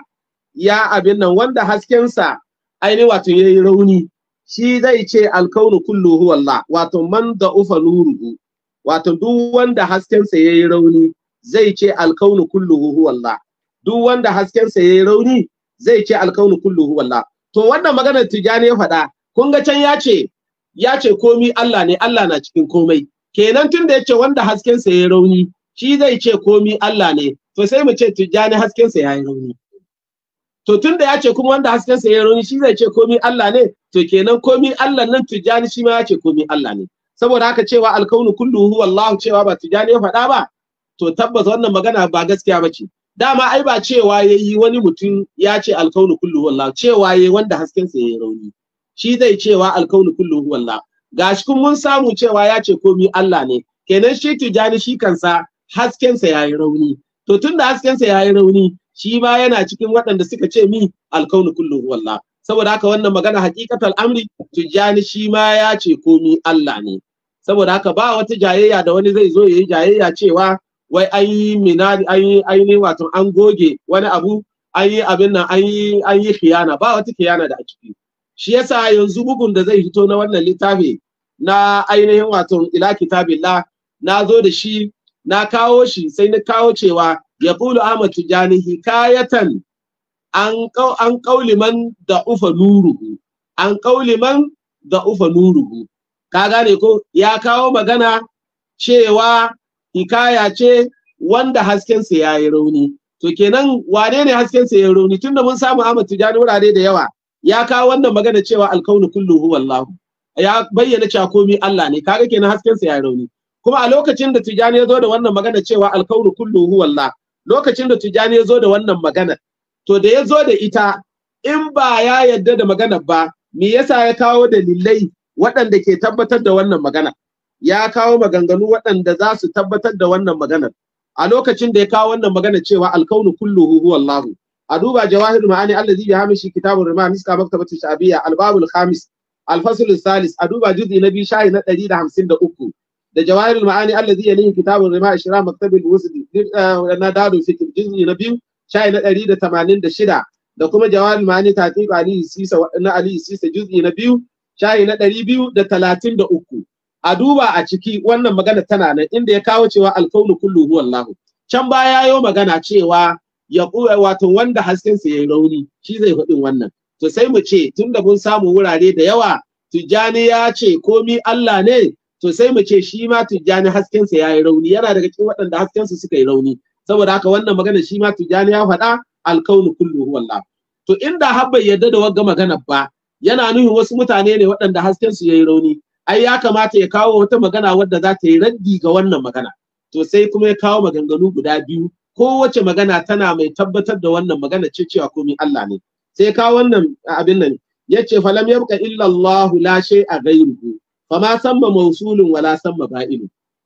ya abin nan wanda haskensa ainihin wato ya yi rauni shi zai ce alkaunu kullu huwa Allah wato man da ufa nuru, wato duk wanda haskensa yi rauni zai ce alkaunu kullu huwa Allah duk wanda haskensa yi rauni zai ce alkaunu kullu huwa Allah to wannan maganar tijani ya faɗa kun ga can ya ce ya ce komi Allah ne Allah na cikin komai kenan tun da ya ce wanda haskensa yi rauni shi zai ce komi Allah ne to sai mu ce tijani haskensa yi rauni to tun da ya ce kuma wanda hasken sa ya rauni shi zai ce komi Allah ne to kenan komi Allah nan tujani shi ma ya ce komi Allah ne saboda haka cewa alkaunu huwa wallahu cewa ba tujani ya faɗa ba to tabbas wannan magana ba gaskiya ba ce dama ai ba cewa yayi wani mutum ya ce alkaunu huwa wallahu cewa yayi wanda hasken sa ya rauni shi zai cewa alkaunu huwa wallahu gashi kun mun samu cewa ya ce komi Allah ne kenan shi tujani shi kansa hasken sa yayi rauni to tunda hasken sa yayi rauni shi ba yana cikin waɗanda suka ce mi alkaunu kullu wallah saboda haka wannan magana haƙiƙatar amri tujjani shi ma ya ce komi Allah ne saboda haka ba wata jayayya da wani zai zo yayi jayayya cewa wai an yi an yi ainihin wato an goge wani abu an yi abin nan an yi an khiyana ba wata khiyana da a ciki shi yasa yanzu bugun da zai fito na wannan littafi na ainihin wato ila kitabillah na zo da shi na kawo shi sai na kawo cewa yaqulu ahmad tijani hikayatan an qaw an qawli man da ufa nuruhu an qawli man da ufa nuruhu ka gane ko ya kawo magana cewa hikaya ce wanda haskensa ya yi rauni to kenan wane ne haskensa ya yi rauni tunda mun samu ahmad tijani wurare da yawa ya kawo wannan magana cewa alkaunu kullu huwa Allah ya bayyana cewa komai Allah ne kaga kenan haskensa ya yi rauni kuma a lokacin da Tijani ya zo da wannan magana cewa alkaunu kullu huwa Allah lokacin da tijani ya zo da wannan magana to da ya zo da ita in ba ya yadda da magana ba me yasa ya kawo dalilai waɗanda ke tabbatar da wannan magana ya kawo maganganu waɗanda za su tabbatar da wannan maganar a lokacin da ya kawo wannan magana cewa alkaunu kullu huwa Allah a duba jawahir ma'ani allazi bi hamishi kitabur rima niska maktabatu sha'biyya albabul khamis alfasl salis a duba juz'i na biyu shahi na 153 da jawahirul ma'ani allazi yalihi kitabun rima ishra maktabil wusdi eh, na dadu fikr jizni na biyu shayi na ɗari da tamanin da shida da kuma jawahirul ma'ani taqiq ali sisa na ali sisa jizni na biyu shayi na ɗari biyu da talatin da uku a duba a ciki wannan magana tana nan inda ya kawo cewa alkaunu kullu huwa Allah can baya yayo magana cewa ya wato wanda hasken sa yayi rauni shi zai faɗin wannan to sai mu ce tunda mun samu wurare da yawa tijani ya ce komi Allah ne to sai mu ce shi ma tijjani haskensa ya yi rauni yana daga cikin waɗanda haskensu suka yi rauni saboda haka wannan magana shi ma tijjani ya faɗa alkaunu kullu huwa Allah to inda habba bai yarda da wagga magana ba yana nuhin wasu mutane ne waɗanda haskensu ya yi rauni ai ya kamata ya kawo wata magana wadda za ta yi raddi ga wannan magana to sai kuma ya kawo maganganu guda biyu kowace magana tana mai tabbatar da wannan magana ce cewa komai Allah ne sai kawo wannan abin nan yace falam yabqa illa Allah la shay'a ghayruhu fa ma samma mausulun wala samma ba'ilu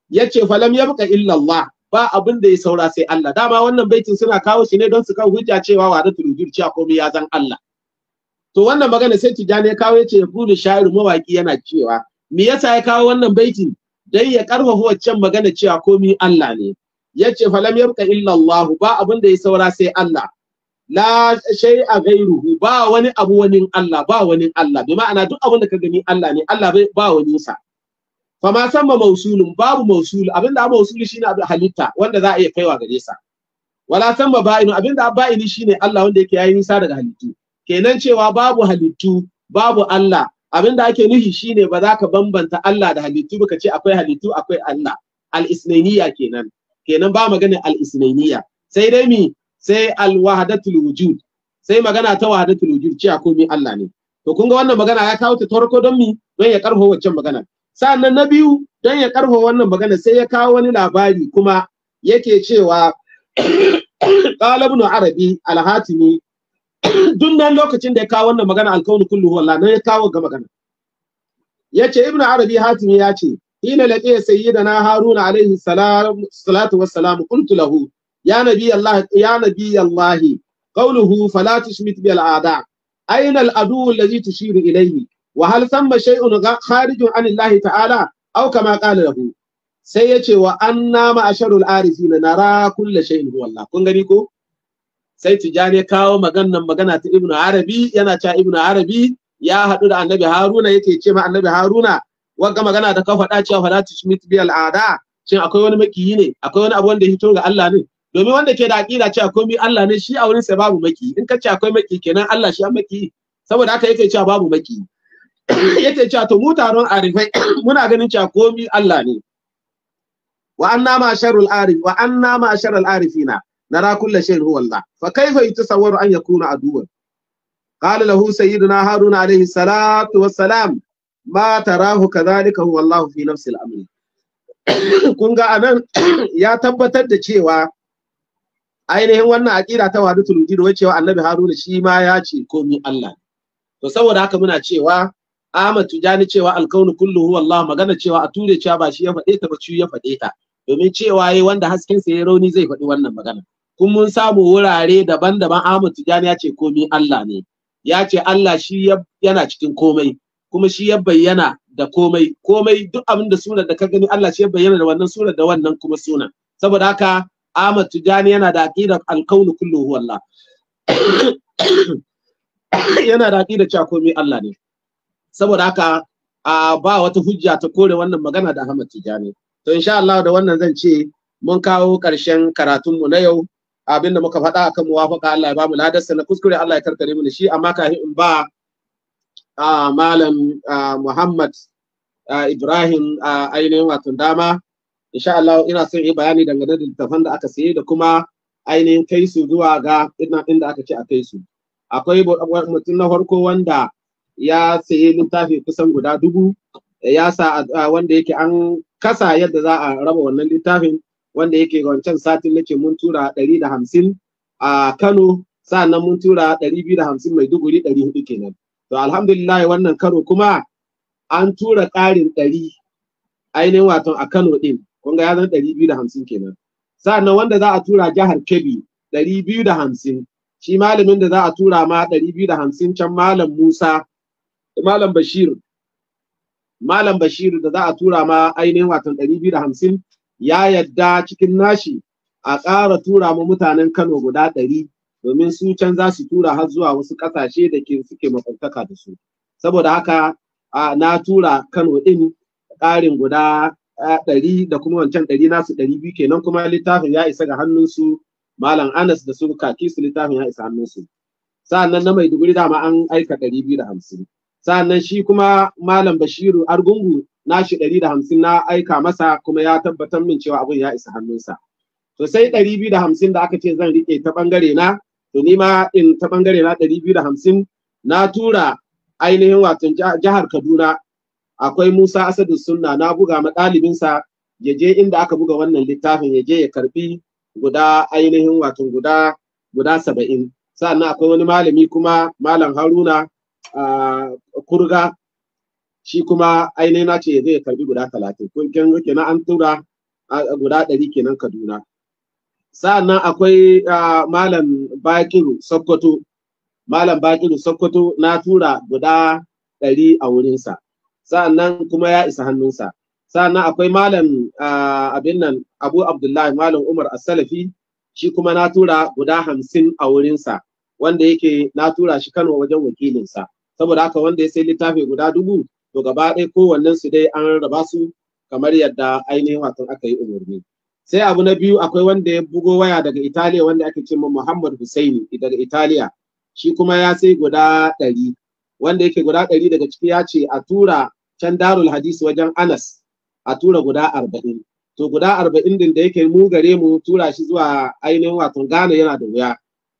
yace falam yabqa illa Allah ba abin da ya saura sai Allah dama wannan baitin suna kawo shi ne don su kawo hujja cewa wa da turujur cewa komai ya zan Allah to wannan magana sai tijani ya kawo yace yaqulu shairu mawaki yana cewa me yasa ya kawo wannan baitin dan ya karfafa waccan magana cewa komai Allah ne yace falam yabqa illa Allah ba abin da ya saura sai Allah la shay a gairuhu ba wani abu wani Allah ba wani Allah bi ma'ana duk abin da ka gani Allah ne Allah bai ba wani sa fa ma samma mausulun babu mausul abinda mausuli shine abin halitta wanda za a iya kaiwa gare sa wala samma ba'inu abinda ba'ini shine Allah wanda yake yayin sa daga halittu kenan cewa babu halittu babu Allah abinda ake nufi shine ba za ka bambanta Allah da halittu ba ka ce akwai halittu akwai Allah al isnaniyya kenan kenan ba magana al isnaniyya sai dai mi sai al wujud sai magana ta wahadatul wujud cewa komai Allah ne to kun ga wannan magana ya kawo ta tarko don mi don ya karho waccan magana sannan na biyu don ya karho wannan magana sai ya kawo wani labari kuma yake cewa qala ibn arabi al-hatimi dun nan lokacin da ya kawo wannan magana al kullu kulluhu na ya kawo ga magana yace ibn arabi hatimi yace ina laqiya sayyidana haruna alaihi salatu wassalam qultu lahu ya nabi Allah ya nabi Allah qawluhu fala tushmit bil a'da aina al adu alladhi tushiru ilayhi wa hal thamma shay'un kharijun an Allah ta'ala aw kama qala lahu sai yace wa anna ma'asharul arifina nara kull shay'in huwa Allah kun gani ko sai tijani kawo maganan magana ta ibnu arabi yana cewa ibnu arabi ya haɗu da annabi haruna yake ce ma annabi haruna wagga magana da ka faɗa cewa fala tushmit bil a'da shin akwai wani makiyi ne akwai wani abu wanda ya hito ga Allah ne domin wanda ke da aqida cewa komai Allah ne shi a wurin sa babu maki in ka ce akwai maki kenan Allah shi an maki saboda haka yake cewa babu maki yake cewa to mu taron arifai muna ganin cewa komai Allah ne wa anna ma sharul arif wa anna ma sharul arifina nara kullu shay'in huwa Allah fa kaifa yatasawwaru an yakuna aduwan قال له سيدنا هارون عليه الصلاة والسلام ما تراه كذلك هو الله في نفس الأمر kun ga anan ya tabbatar da cewa ainihin wannan aqida ta wahdatul wujud wai cewa annabi haruna shi ma ya ce komi Allah to saboda haka muna cewa Ahmad Tijani cewa alkaunu huwa Allah magana cewa a ture cewa ba shi ya faɗe ta ba shi ya faɗe ta domin cewa yayi wanda hasken sa ya rauni zai faɗi wannan magana kun mun samu wurare daban-daban Ahmad Tijani ya ce komi Allah ne ya ce Allah shi yana cikin komai kuma shi ya bayyana da komai komai duk abin da sunan da ka gani Allah shi ya bayyana da wannan sunan da wannan kuma sunan saboda haka Ahmad Tijani yana da aqidar alkaunu kullu huwa Allah yana da aqidar cewa komai Allah ne saboda haka ba wata hujja ta kore wannan magana da Ahmad Tijani to insha Allah da wannan zan ce mun kawo ƙarshen karatun mu na yau abinda muka faɗa akan muwafaqa Allah ya bamu ladarsa na kuskure Allah ya karkare mu da shi amma kafin in ba malam Muhammad Ibrahim ainihin wato dama insha Allah ina son yi bayani dangane da littafan da aka saye da kuma ainihin kai su zuwa ga inda aka ce a kai su akwai mutum na farko wanda ya sayi littafi kusan guda dubu ya sa wanda yake an kasa yadda za a raba wannan littafin wanda yake wancan satin nake mun tura ɗari da hamsin a Kano sa'annan mun tura ɗari biyu da hamsin mai duguri ɗari hudu kenan to alhamdulillah wannan karo kuma an tura ƙarin ɗari ainihin wato a Kano ɗin kun ga ya zan ɗari biyu da hamsin kenan sa'annan wanda za a tura jihar kebbi ɗari biyu da hamsin shi malamin da za a tura ma ɗari biyu da hamsin can malam musa malam bashir malam bashir da za a tura ma ainihin watan ɗari biyu da hamsin ya yadda cikin nashi a ƙara tura ma mutanen kano guda ɗari domin su can za su tura har zuwa wasu ƙasashe da ke suke makwabtaka da su saboda haka na tura kano ɗin ƙarin guda ɗari da kuma wancan ɗari nasu ɗari biyu kenan kuma littafin ya isa ga hannunsu malam anas da su kaki su littafin ya isa hannunsu sa'annan na mai maiduguri dama an aika ɗari biyu da hamsin sa'annan shi kuma malam bashiru argungu nashi ɗari da hamsin na aika masa kuma ya tabbatar min cewa abun ya isa hannunsa to sai ɗari biyu da hamsin da aka ce zan riƙe ta ɓangare na to ni ma in ta ɓangare na ɗari biyu da hamsin na tura ainihin wato jihar kaduna akwai Musa Asadu Sunna na buga ma ɗalibinsa ya je inda aka buga wannan littafin ya je ya karbi guda ainihin wato guda guda saba'in sannan akwai wani malami kuma malam haruna kurga shi kuma ainihin na ce zai karbi guda talatin kun kenan an tura guda ɗari kenan kaduna sannan akwai malam bakiru sokoto malam bakiru sokoto na tura guda ɗari a wurinsa sa'annan kuma ya isa hannunsa sa'annan akwai malam abin nan abu abdullahi malam umar as-salafi shi kuma na tura guda hamsin a wurinsa wanda yake na tura shi kano wajen wakilinsa saboda haka wanda ya sai littafi guda dubu to gaba ɗaya kowannen su dai an raba su kamar yadda ainihin watan aka yi umarni sai abu na biyu akwai wanda ya bugo waya daga italiya wanda ake ce muhammad husaini daga italiya shi kuma ya sai guda ɗari wanda yake guda ɗari daga ciki ya ce a tura can darul hadis wajen anas a tura guda arba'in to guda arba'in din da yake mu gare mu tura shi zuwa ainihin wato Ghana yana da wuya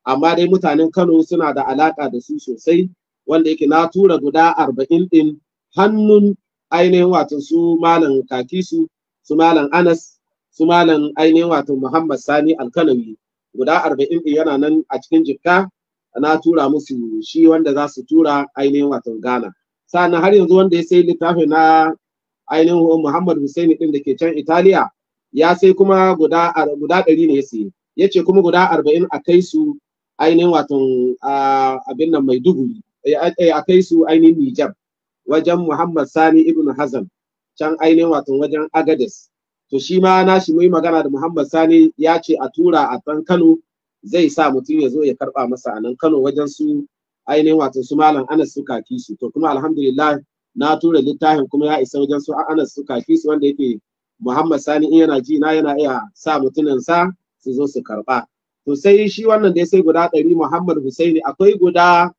amma dai mutanen Kano suna da alaka da su sosai wanda yake na tura guda arba'in din hannun ainihin wato su malam kakisu su malam Anas su malam ainihin wato Muhammad Sani Alkanawi guda arba'in din yana nan a cikin jikka na tura musu shi wanda za su tura ainihin wato Ghana sannan har yanzu wanda ya sayi littafi na ainihin Muhammad Hussein din da ke can Italiya ya sai kuma guda guda ɗari ne ya sayi ya kuma guda arba'in a kai su ainihin watan abin nan Maiduguri eh, eh, a kai su ainihin Nijar wajen Muhammad Sani ibn Hazan can ainihin watan wajen Agadez to shi ma na shi mai magana da Muhammad Sani ya ce a tura a kan Kano zai sa mutum ya zo ya karba masa a nan Kano wajen su ainihin wato su malam Anas suka kishi to kuma alhamdulillah na tura littafin kuma ya isa wajen su Anas suka kishi wanda yake Muhammad Sani in yana ji na yana iya sa mutunan sa su zo su karba to sai shi wannan dai sai guda ɗari Muhammad Husaini akwai guda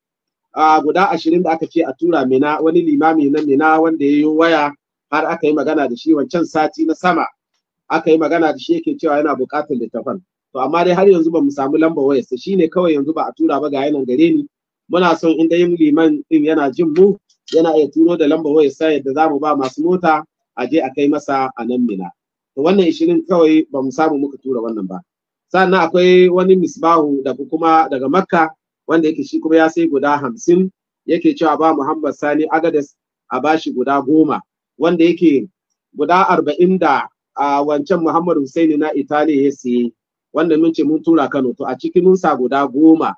guda ashirin da aka ce a tura mina wani limami na mina wanda ya yi waya har aka yi magana da shi wancan sati na sama aka yi magana da shi yake cewa yana buƙatar littafan to amma dai har yanzu ba mu samu lamba wayarsa shine kawai yanzu ba a tura ba ga yanan gare ni muna son in dai liman din yana jin mu yana iya turo da lamba waya sa yadda mu ba masu mota a je a kai masa a nan mina to wannan ishirin kawai ba mu samu muka tura wannan ba sannan akwai wani misbahu da kuma daga makka wanda yake shi kuma ya sai guda hamsin yake cewa ba muhammad sani agades a bashi guda goma wanda yake guda arba'in da a wancan muhammad husaini na italiya ya siye wanda mun ce mun tura kano to a cikin mun sa guda goma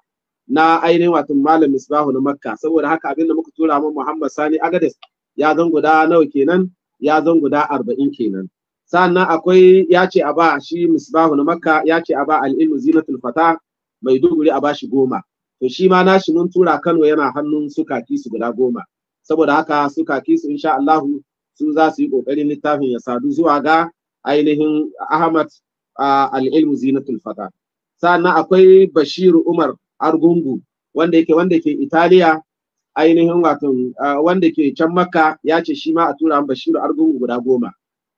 na ainihin wato malam misbahu na makka saboda haka abinda muka tura mu muhammad sani agades ya zan guda nawa kenan ya zan guda arba'in kenan sannan akwai ya ce a ba shi misbahu na makka ya ce a ba al'ilmu zinatul fata mai duguri a ba shi goma to shi ma nashi mun tura kano yana hannun sukaki su guda goma saboda haka sukaki su insha Allah su za su yi kokarin littafin ya sadu zuwa ga ainihin ahmad al'ilmu zinatul fata sannan akwai bashiru umar argungu wanda yake wanda ke italiya ainihin wato wanda ke can makka ya ce shi ma a tura bashiru argungu guda goma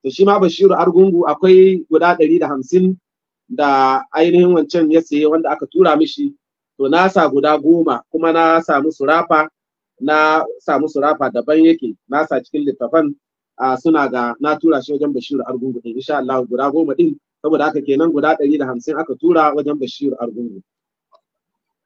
to shi ma bashiru argungu akwai guda ɗari da hamsin da ainihin wancan ya saye wanda aka tura mishi to na sa guda goma kuma na samu surafa na samu surafa daban yake na sa cikin littafan suna ga na tura shi wajen bashiru argungu din insha Allah guda goma din saboda haka kenan guda ɗari da hamsin aka tura wajen bashiru argungu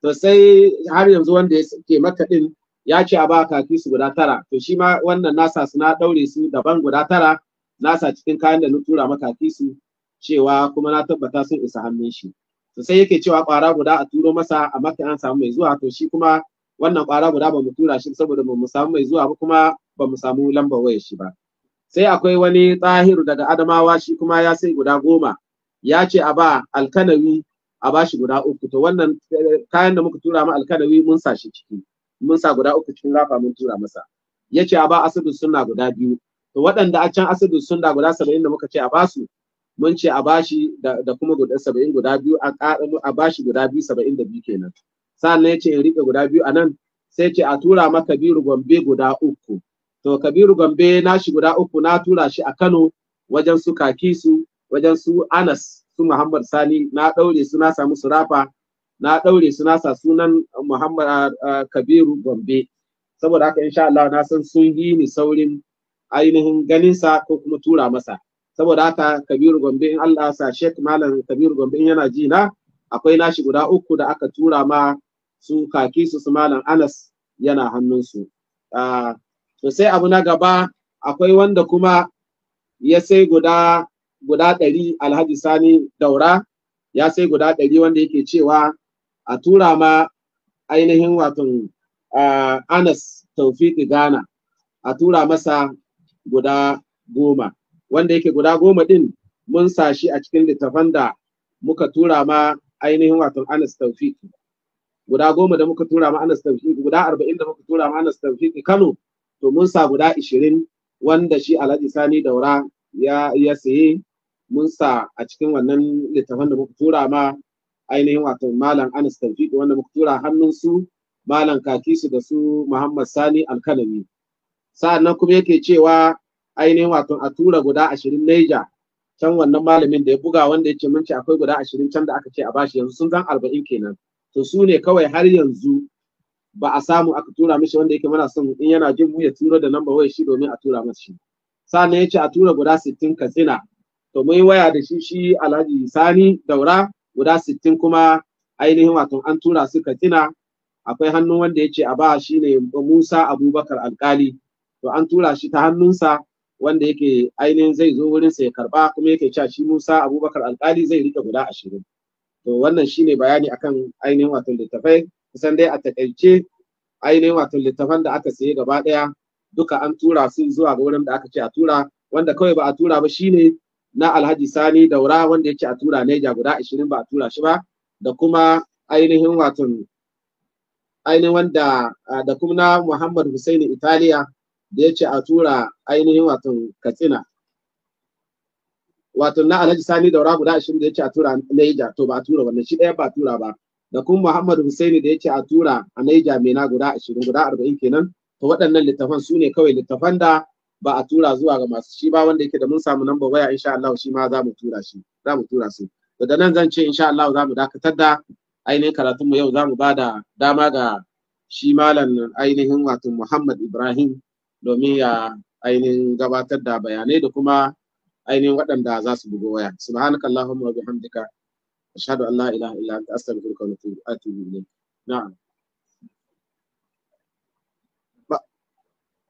to sai har yanzu wanda ya ke maka din ya ce a ba kaki su guda tara to shi ma wannan nasa su na daure su daban guda tara nasa cikin kayan da na tura maka su cewa kuma na tabbata sun isa hannun shi to sai yake cewa kwara guda a turo masa a maka an samu mai zuwa to shi kuma wannan kwara guda ba mu tura shi saboda ba mu samu mai zuwa ba kuma ba mu samu lambar wayar shi ba sai akwai wani tsahiru daga adamawa shi kuma ya sai guda goma ya ce a ba alkanawi a bashi guda uku to wannan eh, kayan da muka tura ma alkadawi mun sa shi ciki mun sa guda uku cikin rafa mun tura masa yace a ba asadu sunna guda biyu to waɗanda a can asadu sunna guda 70 da muka ce a basu mun ce a bashi da kuma guda 70 guda biyu a ƙara a bashi guda biyu 72 kenan sannan yace in rike guda biyu anan sai ce a tura ma Kabiru Gombe guda uku to Kabiru Gombe nashi guda uku na tura shi a Kano wajen su Kakisu wajen su Anas su Muhammad Sani na ɗaure su na samu surafa na ɗaure su na sunan Muhammad Kabiru Gombe saboda haka insha Allah na san sun yi ni saurin ainihin ganinsa ko kuma tura masa saboda haka Kabiru Gombe in Allah sa Sheikh Malam Kabiru Gombe in yana ji na akwai nashi guda uku da aka tura ma su kaki su su Malam Anas yana hannunsu to sai abu na gaba akwai wanda kuma ya sai guda guda ɗari alhaji sani daura ya sai guda ɗari wanda yake cewa a tura ma ainihin watan anas taufiki ghana a tura masa guda goma wanda yake guda goma ɗin mun sa shi a cikin littafan da muka tura ma ainihin watan anas taufiki guda goma da muka tura ma anas taufiki guda arba'in da muka tura ma anas taufiki kano to mun sa guda ishirin wanda shi alhaji sani daura ya ya saye mun sa a cikin wannan littafan da muka tura ma ainihin wato malam Anas Tawfiq wanda muka tura hannun su malam Kakisu da su Muhammad Sani Alkalami sa'annan kuma yake cewa ainihin wato a tura guda ashirin Naija can wannan malamin da ya buga wanda ya ce mun ce akwai guda ashirin can da aka ce a bashi yanzu sun zan arba'in kenan to su ne kawai har yanzu ba a samu aka tura mishi wanda yake muna son in yana jin mu ya tura da ba wai shi domin a tura masa shi sannan ya ce a tura guda sittin katsina to mun yi waya da shi shi alhaji sani daura guda sittin kuma ainihin wato an tura su katsina akwai hannun wanda ya ce a ba shi ne musa abubakar alkali to an tura shi ta hannunsa wanda yake ainihin zai zo wurin sa ya karba kuma yake cewa shi musa abubakar alkali zai rike guda ashirin to wannan shine bayani akan ainihin wato littafai kusan dai a takaice ainihin wato littafan da aka saye gaba daya duka an tura su zuwa ga wurin da aka ce a tura wanda kawai ba a tura ba shine na Alhaji Sani Daura wanda yake a tura Neja guda 20 ba a tura shi ba da kuma ainihin watan ainihin wanda da kuma na Muhammad Hussein Italiya da yake a tura ainihin watan Katsina wato na Alhaji Sani Daura guda 20 da yake a tura Neja to ba a tura wannan shi ɗaya ba a tura ba da kuma Muhammad Hussein da yake a tura a Neja Mena guda 20 guda 40 kenan to waɗannan littafan su ne kawai littafan da ba a tura zuwa ga masu shi ba wanda yake da mun samu nan waya insha Allah shi ma za mu tura shi za mu tura su daga nan zan ce insha Allah za mu dakatar da ainihin karatun mu yau za mu bada dama ga shi malam ainihin wato Muhammad Ibrahim domin ya ainihin gabatar da bayanai da kuma ainihin waɗanda za su bugo waya subhanakallahumma wa bihamdika ashhadu an la ilaha illa anta astaghfiruka wa atubu ilayk na'am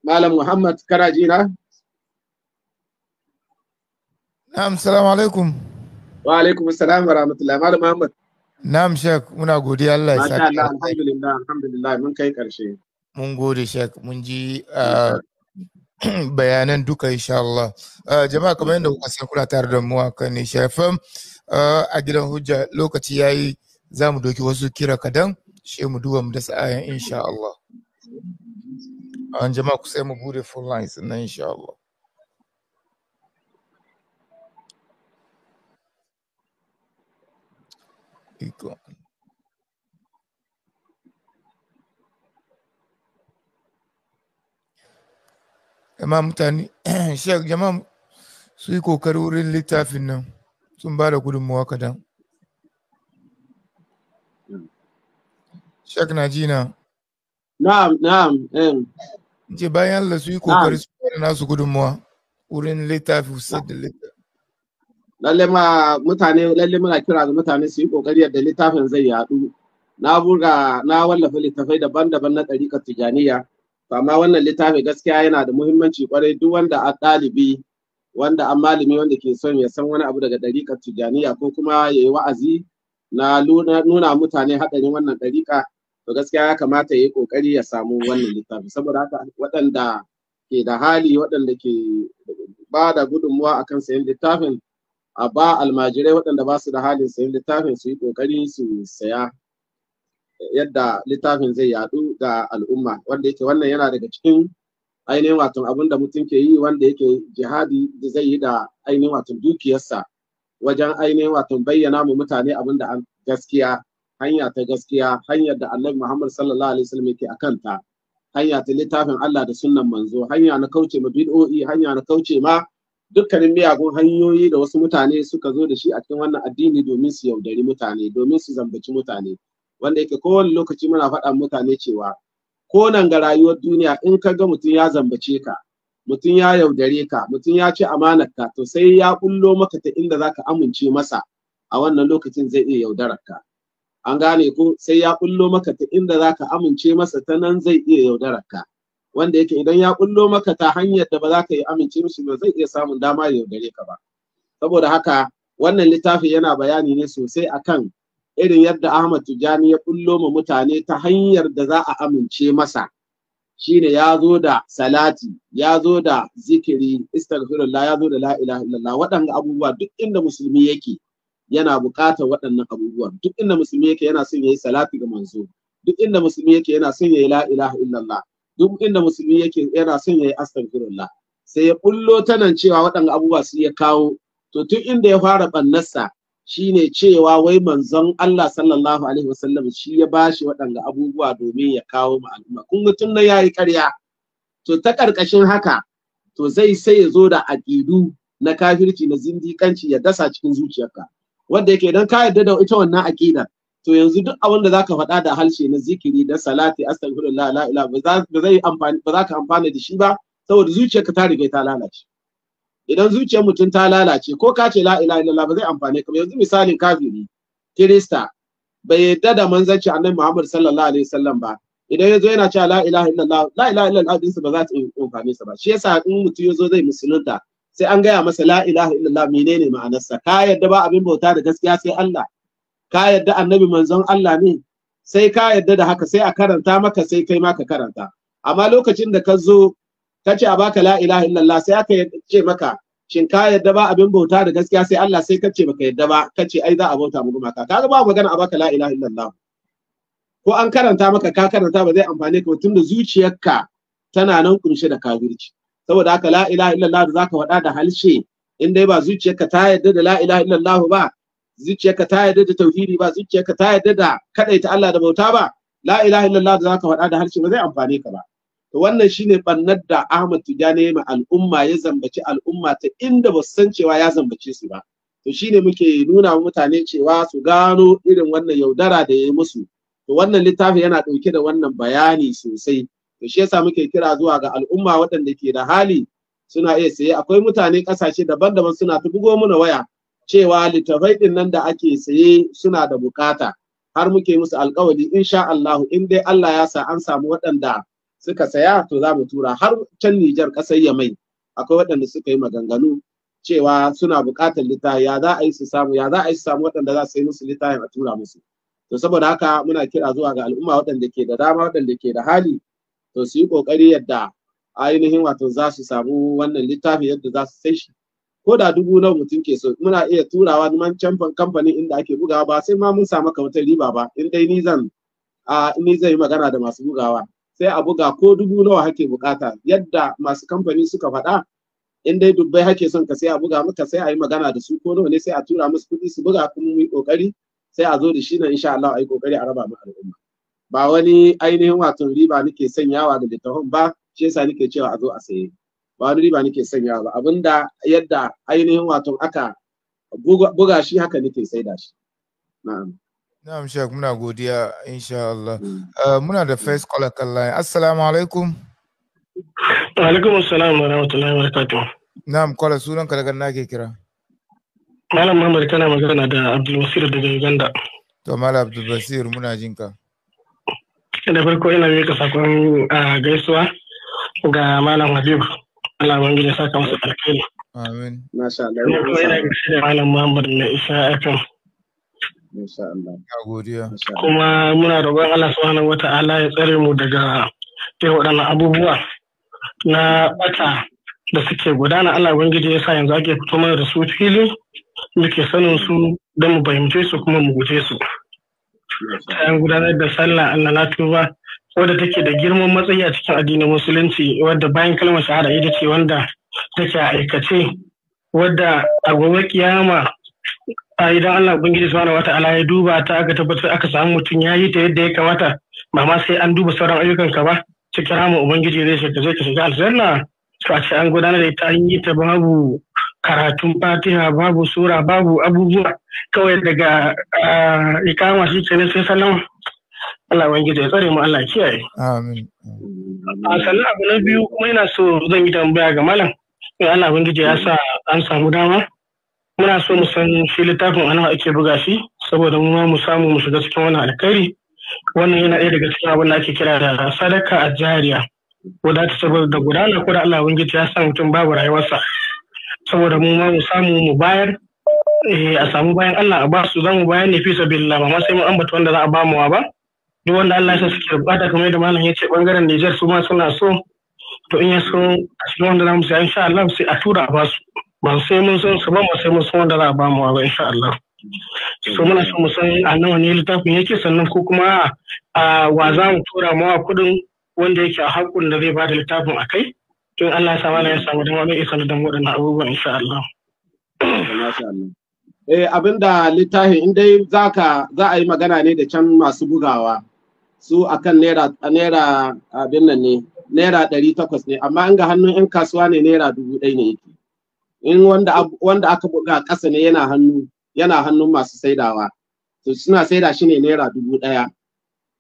Malam Muhammad Karajina. Na'am, salamu alaikum. Wa alaikum salam wa rahmatullahi Malam Muhammad. Na'am Sheikh, muna godiya Allah ya saka. Allah alhamdulillah, alhamdulillah mun kai karshe. Mun gode Sheikh, mun ji ah, bayanan duka insha Allah. Ah, jama'a kamar yadda kuka san kuna tare da mu akan ne shafin ah, a gidan hujja lokaci yayi za mu doki wasu kira kadan sai mu duba mu da sa'ayan insha Allah. an jama'a ku sai mu bude full lines nan insha Allah iko jama'a mutane shek jama'a su yi kokari wurin littafin nan sun ba da gudunmuwa kadan hmm. shek na Na, na'am na'am ce bayan Allah su yi kokari su kare nasu gudunmuwa wurin littafi su da littafi lalle ma mutane lalle muna kira da mutane su yi kokari yadda littafin zai yadu na buga na wallafa littafai daban-daban na ɗariƙar tijaniya amma wannan littafi gaskiya yana da muhimmanci kwarai duk wanda a ɗalibi wanda an malami wanda ke son ya san wani abu daga ɗariƙar tijaniya ko kuma ya yi wa'azi na nuna mutane haɗarin wannan ɗariƙa to gaskiya ya kamata ya yi kokari ya samu wannan littafi saboda haka waɗanda ke da hali waɗanda ke ba da gudunmuwa akan sayan littafin a ba almajirai waɗanda ba su da halin sayan littafin su yi kokari su saya yadda littafin zai yadu ga al'umma wanda yake wannan yana daga cikin ainihin wato abin da mutum ke yi wanda yake jihadi da zai yi da ainihin wato dukiyarsa wajen ainihin wato bayyana mu mutane abin da gaskiya hanya ta gaskiya hanyar da annabi muhammad sallallahu alaihi wasallam yake a kanta hanya ta littafin allah da sunnan manzo hanya na kauce ma bid'o'i hanya na kauce ma dukkanin miyagun hanyoyi da wasu mutane suka zo da shi a cikin wannan addini domin su yaudari mutane domin su zambaci mutane wanda yake kowane lokaci muna faɗa mutane cewa ko nan ga rayuwar duniya in ka ga mutum ya zambace ka mutum ya yaudare ka mutum ya ci amanar ka to sai ya kullo maka ta inda zaka amince masa a wannan lokacin zai iya yaudarar ka an gane ko sai ya kullo maka ta inda zaka amince masa ta nan zai iya yaudarar ka wanda yake idan ya kullo maka ta hanyar da ba za ka yi amince mishi ba zai iya samun dama ya yaudare ka ba saboda haka wannan littafi yana bayani ne sosai akan irin yadda Ahmad Tijani ya kullo ma mutane ta hanyar da za a amince masa shine ya zo da salati ya zo da zikiri istighfirullah ya zo da la ilaha illallah waɗanda abubuwa duk inda musulmi yake yana buƙatar waɗannan abubuwan duk inda musulmi yake yana son yayi salati ga manzo duk inda musulmi yake yana son yayi la ilaha illallah duk inda musulmi yake yana son yayi astaghfirullah sai ya bullo tanan cewa waɗannan abubuwa su ya kawo to tun inda ya fara bannarsa shine cewa wai manzon Allah sallallahu alaihi wasallam shi ya bashi waɗannan abubuwa domin ya kawo ma al'umma kun ga tun nan yayi ƙarya to ta ƙarƙashin haka to zai sai ya zo da aqidu na kafirci na zindikanci ya dasa cikin zuciyarka wanda yake dan ka yadda da ita wannan aqida to yanzu duk abin da zaka faɗa da harshe na zikiri da salati astaghfirullah la ilaha ba zai amfani ba zaka ka amfana da shi ba saboda zuciyarka ta riga ta lalace idan zuciyar mutum ta lalace ko ka ce la ilaha illallah ba zai amfane ka yanzu misalin kafiri kirista bai yadda da manzanci annabi Muhammad sallallahu alaihi wasallam ba idan yazo yana cewa la ilaha illallah la ilaha illallah dinsa ba za ta amfane sa ba shi yasa in mutum yazo zai musulunta sai an gaya masa la ilaha illallah menene ma'anarsa ka yadda ba abin bauta da gaskiya sai Allah ka yadda annabi manzon Allah ne sai ka yadda da haka sai a karanta maka sai kai ma ka karanta amma lokacin da ka zo ka ce a baka la ilaha illallah sai aka ce maka shin ka yadda ba abin bauta da gaskiya sai Allah sai ka ce baka yadda ba ka ce ai za a bauta muku maka kaga ba magana a baka la ilaha illallah ko an karanta maka ka karanta ba zai amfane ka tunda zuciyarka tana nan kunshe da kafirci saboda haka la ilaha illallah da ka wada da halshe in dai ba zuciyarka ta yarda da la ilaha illallah ba zuciyarka ta yarda da tauhidi ba zuciyarka ta yarda da kadaita Allah da bauta ba la ilaha illallah da ka wada da harshe ba zai amfane ka ba to wannan shine bannar da Ahmad Tijani ya al'umma ya zambaci al'umma ta inda ba san cewa ya zambace su ba to shine muke nuna wa mutane cewa su gano irin wannan yaudara da ya yi musu to wannan littafi yana dauke da wannan bayani sosai to shi yasa muke kira zuwa ga al'umma waɗanda ke da hali suna iya saye akwai mutane ƙasashe daban-daban suna ta bugo mana waya cewa littafai ɗin nan da ake saye suna da bukata har muke musu alƙawari, insha Allah in dai Allah ya sa an samu waɗanda suka saya to za mu tura har can Nijar ƙasar Yamai akwai waɗanda suka yi maganganu cewa suna buƙatar littafi ya za a yi su samu ya za a yi su samu waɗanda za su yi musu littafin a tura musu to saboda haka muna kira zuwa ga al'umma waɗanda ke da dama waɗanda ke da hali to su yi kokari yadda ainihin wato za su samu wannan littafi yadda za su sai shi ko da dubu nawa mutum ke so muna iya turawa man canfan kamfani inda ake bugawa ba sai ma mun samu ka riba ba in dai ni zan a ni zai magana da masu bugawa sai a buga ko dubu nawa hake bukata yadda masu kamfani suka faɗa in dai dubbai hake son ka sai a buga maka sai a yi magana da su ko nawa ne sai a tura musu kuɗi su buga kuma mu yi kokari sai a zo da shi na insha Allah a yi kokari a raba mu al'umma ba wani ainihin wato riba nake sanyawa da littafin ba shi yasa nake cewa a zo a saye ba wani riba nake sanyawa ba abinda yadda ainihin wato aka buga shi haka nake saida shi na'am na'am shek muna godiya insha Allah hmm. uh, muna da first caller kan line assalamu alaikum wa alaikum assalam wa rahmatullahi wa barakatuh na'am caller sunan ka daga nake kira malam Muhammad kana magana da Abdul wasir daga Uganda to malam Abdul wasir muna jinka da farko yana yi ka sakon gaisuwa ga malam habib Allah ban gida saka masa alkhairi amin masha Allah ne kuma yana gaishe da malam Muhammad na Isa FM masha Allah godiya kuma muna roƙon Allah subhanahu wata'ala ya tsare mu daga irin waɗannan abubuwa na bata da suke gudana Allah ubangiji ya sa yanzu ake fito mana da su fili muke sanin su don mu fahimce su kuma mu guje su bayan gudanar da sallah Allah na tuba wadda take da girman matsayi a cikin addinin musulunci wadda bayan kalmar shahada ita ce wanda take a aikace wadda a gobe kiyama a idan Allah ubangiji subhanahu wata'ala ya duba ta aka tabbatar aka samu mutum ya yi ta yadda ya kamata ba ma sai an duba sauran ayyukan ka ba cikin ramin ubangiji zai shiga zai shiga aljanna to a ce an gudanar da ita an yi ta babu karatun fatiha babu sura babu abubuwa kawai daga ikama shi ke sai salama Allah wani ya tsare mu Allah kiyaye. Amin. A sannan abu na biyu kuma ina so zan yi tambaya ga malam. In Allah wani ya sa an samu dama. Muna so mu san shi littafin ana ake buga shi saboda mu mu samu mu shiga cikin wannan alkari Wannan yana ɗaya daga cikin abin da ake kira da sadaka a jariya. Wadata saboda da gudana ko da Allah wani ya sa mutum babu rayuwarsa. saboda mu ma mu samu mu bayar eh, a samu bayan Allah a ba su za mu bayar ne fi sabilillah ba ma sai mun ambata wanda za a ba mu ba duk wanda Allah ya sa suke bukata kamar yadda malam ya ce bangaren Niger su ma suna so to in ya so a cikin wanda za mu sai insha Allah sai a tura a ba su ba sai mun san su ba mu sai mun san wanda za a ba mu ba insha Allah so muna so mu san a nawa ne littafin yake sannan ko kuma a wa za mu tura mawa kuɗin wanda yake a hakun da zai bada littafin a kai Tun Allah ya na ya samu don wani isa da waɗanda abubuwan insha Allah eh abinda littafin in dai za a yi magana ne da can masu bugawa su akan naira naira abin nan ne naira ɗari takwas ne amma an ga hannun yan kasuwa ne naira dubu ɗaya ne yake in wanda wanda aka buga ƙasa ne yana hannu yana hannun masu saidawa to suna saida shi ne naira dubu ɗaya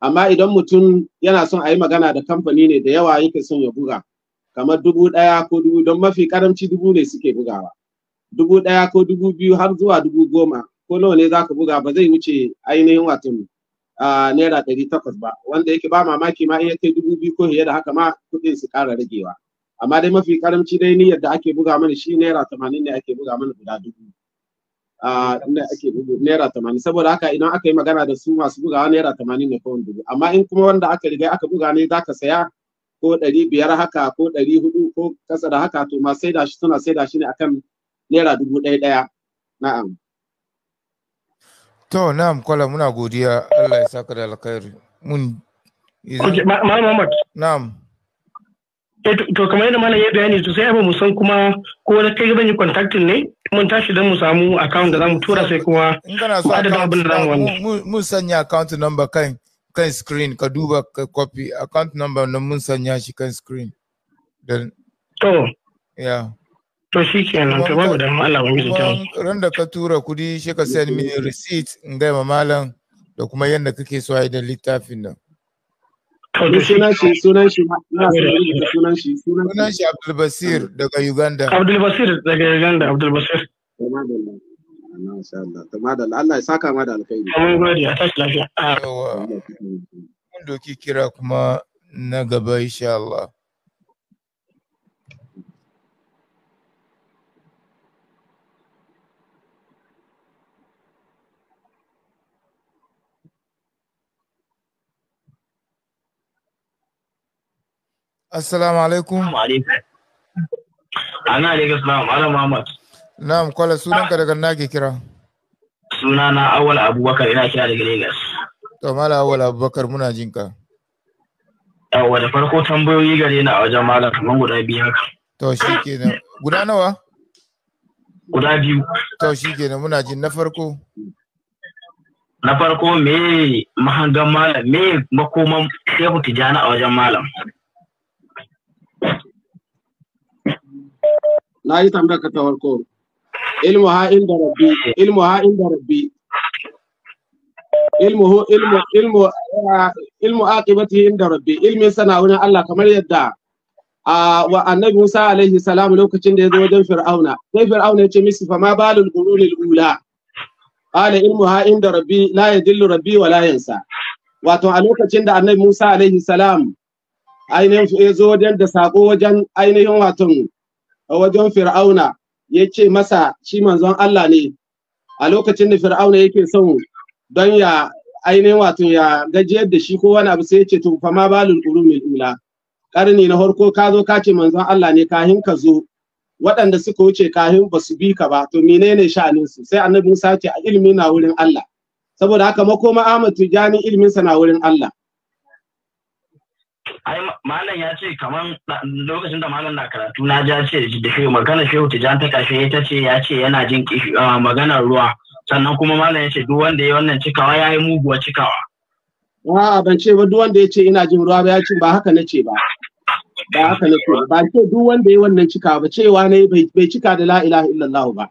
amma idan mutum yana son a yi magana da kamfani ne da yawa yake son ya buga kamar dubu ɗaya ko dubu don mafi karamci dubu ne suke bugawa dubu ɗaya ko dubu biyu har zuwa dubu goma ko nawa ne za ka buga ba zai wuce ainihin wato naira ɗari takwas ba wanda yake ba mamaki ma iya kai dubu biyu ko fiye da haka ma kuɗin su ƙara ragewa amma dai mafi karamci dai niyyar da ake buga mana shi naira tamanin ne ake buga mana guda dubu ake tamanin saboda haka idan aka yi magana da su masu bugawa naira tamanin ne kowane dubu amma in kuma wanda aka riga aka buga ne za ka saya ko ɗari biyar haka ko ɗari hudu ko kasa da haka to masu saida shi suna saida shi ne akan naira dubu ɗaya ɗaya na'am to na'am kwala muna godiya Allah ya saka da alkhairi mun Malam Muhammad. Na'am. to kamar yadda mana ya bayani to sai mu san kuma ko na kai zan yi contacting ne mun tashi don mu samu account da zamu tura sai kuma in kana adadin abin da zamu wannan mun sanya account number kan kan screen ka duba ka copy account number na mun sanya shi kan screen da to ya to shi kenan to babu da Allah mu ji ran da ka tura kudi shi ka send mini receipt in ga malam da kuma yanda kake so ai da littafin nan to sunan shi sunan shi sunan shi sunan shi Abdul Basir daga Uganda Abdul Basir daga Uganda Abdul Basir Allah masha Allah to madalla Allah ya saka ma da alkhairi amin gode a tashi lafiya mun doki kira kuma na gaba insha Allah Assalamu alaikum. Assalamu alaikum. Ana alaikum salam, Malam Muhammad. Na'am, kwala sunanka daga na ke kira. Suna na Awal Abubakar ina kira daga Legas. To mala Awal Abubakar muna jin ka. Yawwa da farko tambayoyi gare na a wajen malam kamar guda biyu haka. To shi kenan. Guda nawa? Guda biyu. To shi kenan muna jin na farko. Na farko me mahangan malam me makoman Shehu Tijjani a wajen malam. Na yi tambayar ka ta farko. Ilmu ilmuha inda rabbi ilmuha inda rabbi ilmuhu ilmu ilmu ah, ilmu aqibatihi inda rabbi ilmin sana wurin Allah kamar yadda ah, wa annabi Musa alaihi salam lokacin da ya zo wajen Fir'auna sai Fir'auna ya ce misi fa ma balul qurunil ula qala ha inda rabbi la yadillu rabbi wa la yansa wato a lokacin da annabi Musa alaihi salam ainihin ya zo wajen da sako wajen ainihin wato wajen Fir'auna ya ce masa shi manzon Allah ne a lokacin da fir'auna yake son don ya ainihin wato ya gajiyar da shi ko wani abu sai ya ce to fa ma balul urumil ula karni na harko ka zo ka ce manzon Allah ne kahin ka zo waɗanda suka wuce kahin ba su bi ka ba to menene sha'anin su sai annabi Musa ce a ilimi na wurin Allah saboda haka makoma Ahmad Tijani ilmin sa na wurin Allah ai malam ya ce kaman lokacin da malam na karatu na ja ce da shi magana shehu tijan ta kashe ita ce ya ce yana jin maganar ruwa sannan kuma malam ya ce duk wanda ya wannan cikawa ya yi muguwa cikawa. A'a ban ce ba duk wanda ya ce ina jin ruwa ba ya ce ba haka na ce ba. Ba haka na ce ba ce duk wanda ya wannan cikawa ba cewa ne bai cika da la ilaha illallah ba.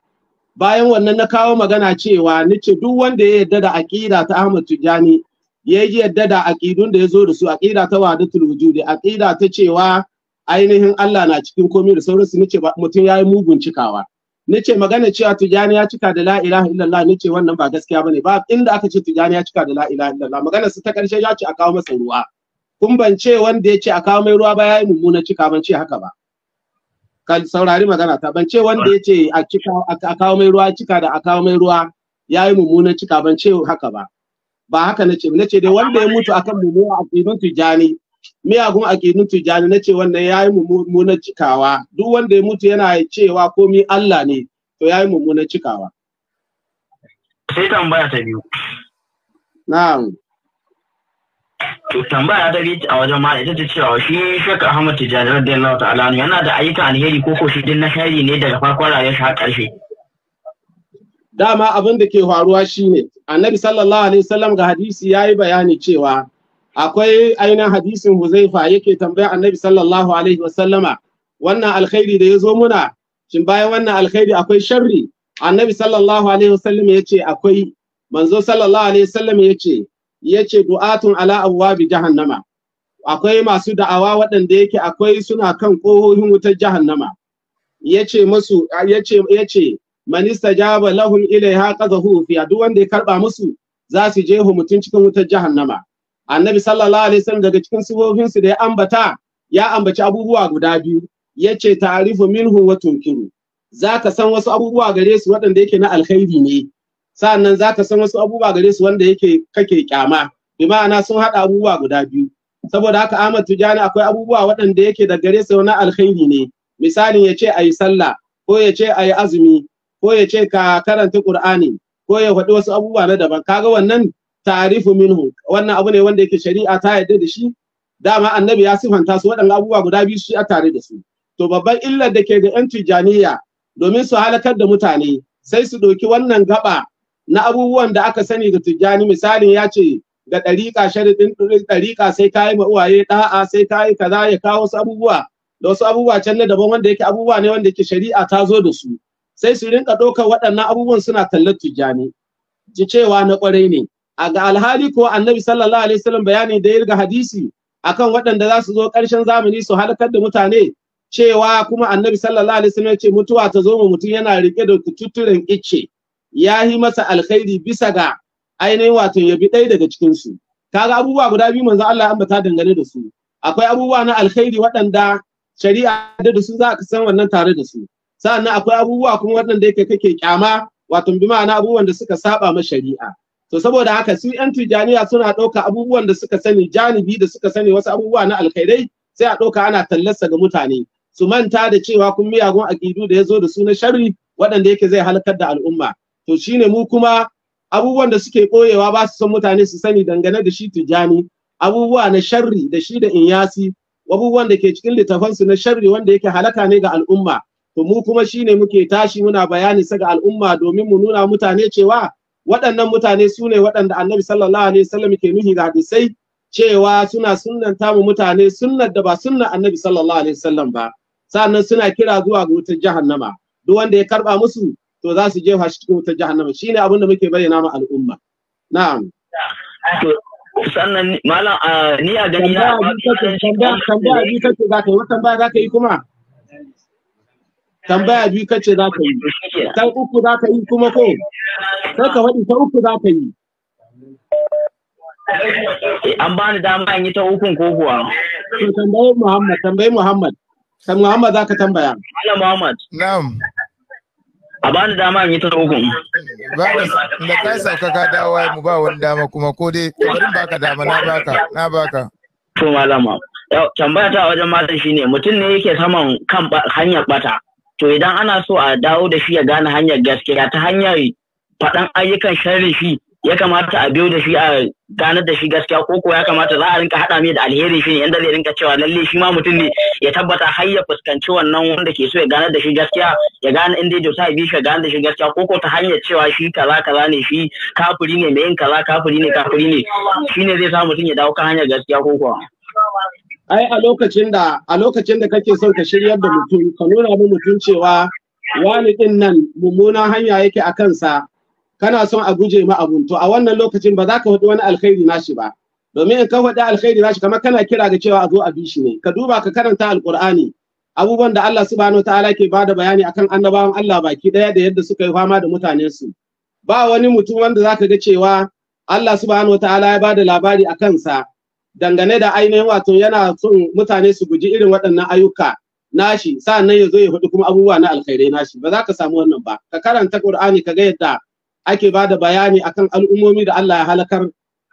Bayan wannan na kawo magana cewa ni ce duk wanda ya yarda da aƙida ta Ahmad Tijjani ya yi yadda da aƙidun da ya zo da su aƙida ta tulwuju da aƙida ta cewa ainihin Allah na cikin komai da sauransu nace mutum ya yi mugun cikawa nace magana cewa tujani ya cika da la ilaha illallah nace wannan ba gaskiya bane ba inda aka ce tujani ya cika da la ilaha illallah magana su ta karshe ya ce a kawo masa ruwa kun ban ce wanda ya ce a kawo mai ruwa ba ya yi mummuna cika ban ce haka ba kan saurari magana ta ban ce wanda ya ce a kawo mai ruwa cika da a kawo mai ruwa ya yi mummuna cika ban ce haka ba ba haka nace ba nace dai wanda ya mutu akan a aqidun tijani miyagun aqidun tijani nace wannan yayi mummunan cikawa duk wanda ya mutu yana cewa komi Allah ne to yayi mummunan cikawa sai tambaya ta biyu na'am to tambaya ta biyu a wajen mai ita ce cewa shi Sheikh Ahmad Tijani radiyallahu ta'ala yana da ayyuka alheri ko ko shi din na shari ne daga farkon rayuwar sa har karshe. dama abin da ke faruwa shine annabi sallallahu alaihi wasallam ga hadisi yayi bayani cewa akwai ainihin hadisin huzaifa yake tambaya annabi sallallahu alaihi wasallama wannan alkhairi da ya zo muna shin bayan wannan alkhairi akwai sharri annabi sallallahu alaihi wasallam ya ce akwai manzo sallallahu alaihi wasallam ya ce ya ce du'atun ala abwabi jahannama akwai masu da'awa waɗanda yake akwai suna kan ƙohohin wutar jahannama ya ce masu ya ce man istajaba lahum ilaiha qadahu fi duk wanda ya karba musu za su je hu mutun cikin wutar jahannama annabi sallallahu alaihi wasallam daga cikin sifofin su da ya ambata ya ambaci abubuwa guda biyu yace ta'rifu minhu wa tunkiru zaka san wasu abubuwa gare su wanda yake na alkhairi ne sa'annan zaka san wasu abubuwa gare su wanda yake kake kyama bi ma'ana sun hada abubuwa guda biyu saboda haka Ahmad Tijani akwai abubuwa waɗanda yake da gare su na alkhairi ne misalin yace ayi sallah ko yace ayi azumi ko ya ce ka karanta Qur'ani ko ya faɗi wasu abubuwa na daban kaga wannan ta'rifu minhu wannan abu ne wanda yake shari'a ta yadda da shi dama annabi ya sifanta su waɗannan abubuwa guda biyu shi a tare da su to babban illar da ke ga yan tijaniya domin su halakar da mutane sai su ɗauki wannan gaba na abubuwan da aka sani ga tijjani misalin ya ce ga ɗariƙa sharaɗin ɗariƙa sai ka yi uwaye ɗa'a sai ka yi kaza ya kawo wasu abubuwa da wasu abubuwa can na daban wanda yake abubuwa ne wanda yake shari'a ta zo da su sai su rinka ɗaukar waɗannan abubuwan suna kallon tijjani ji cewa na ƙwarai ne a ga alhali ko annabi sallallahu alaihi wasallam bayani da ya hadisi akan waɗanda za su zo ƙarshen zamani su halakar da mutane cewa kuma annabi sallallahu alaihi wasallam ya ce mutuwa ta zo mutum yana rike da tuturin icce ya yi masa alkhairi bisa ga ainihin wato ya bi ɗaya daga cikin su kaga abubuwa guda biyu manzo Allah ya ambata dangane da su akwai abubuwa na alkhairi waɗanda shari'a da su za ka san wannan tare da su nan akwai abubuwa kuma waɗanda yake kake kyama wato bi ma'ana abubuwan da suka saba ma shari'a to saboda haka su yan tijaniya suna ɗauka abubuwan da suka sani janibi da suka sani wasu abubuwa na alkhairai sai a ɗauka ana tallasta ga mutane su manta da cewa kun miyagun aƙidu da ya zo da su na sharri waɗanda yake zai halakar da al'umma to shine mu kuma abubuwan da suke ɓoyewa ba su son mutane su sani dangane da shi tijani abubuwa na sharri da shi da inyasi abubuwan da ke cikin littafansu na sharri wanda yake halaka ne ga al'umma to mu kuma shine muke tashi muna bayani saga al'umma domin mu nuna mutane cewa waɗannan mutane su ne waɗanda annabi sallallahu alaihi wasallam ke nuhi da hadisai cewa suna sunnan mu mutane sunnar da ba sunnar annabi sallallahu alaihi wasallam ba sannan suna kira zuwa ga wutar jahannama duk wanda ya karba musu to za su jefa shi cikin wutar jahannama shine abin da muke bayyana ma al'umma na'am sannan malam ah, ni a gani na tambaya bi kace yi wata za ka yi kuma tambaya biyu kace za ka yi ta uku za ka yi kuma ko sai ka faɗi ta uku za ka yi an bani dama in yi ta ukun ko kuwa to tambayi Muhammad tambayi Muhammad sai Muhammad za ka tambaya Malam Muhammad na'am a bani dama in yi ta ukun da kai sauka ka dawo mu ba wani dama kuma ko dai bari baka dama na baka na baka to malama tambaya ta wajen matan shine mutum ne yake saman kan hanyar bata to idan ana so a dawo da shi ya gane hanyar gaskiya ta hanyar faɗan ayyukan sharri shi ya kamata a biyo da shi a ganar da shi gaskiya ko ko ya kamata za a rinka haɗa mai da alheri shi ne yanda zai rinka cewa lalle shi ma mutum ne ya tabbata har ya fuskanci wannan wanda ke so ya ganar da shi gaskiya ya gane inda ya sa bi shi ya ganar da shi gaskiya ko ko ta hanyar cewa shi kaza kaza ne shi kafuri ne mai yin kaza kafuri ne kafuri ne shi ne zai sa mutum ya dawo kan hanyar gaskiya ko ko. ai a lokacin da a lokacin da kake son ka shiryar da mutum ka nuna mu mutum cewa wani din nan mummunan hanya yake a kansa kana son a guje ma abun to a wannan lokacin ba za ka faɗi wani alkhairi nashi ba domin in ka faɗi alkhairi nashi kamar kana kira ga cewa a zo a bi shi ne ka duba ka karanta alqur'ani abubuwan da Allah subhanahu wataala ke bada bayani akan annabawan Allah baki daya da yadda suka yi fama da mutanen su ba wani mutum wanda za ka ga cewa Allah subhanahu wataala ya bada labari a kansa dangane da ainihin wato yana son mutane su guji irin waɗannan ayyuka nashi nan ya zo ya faɗi kuma abubuwa na alkhairai nashi ba za ka samu wannan ba ka karanta qur'ani ka ga yadda ake ba da bayani akan al'ummomi da Allah ya halakar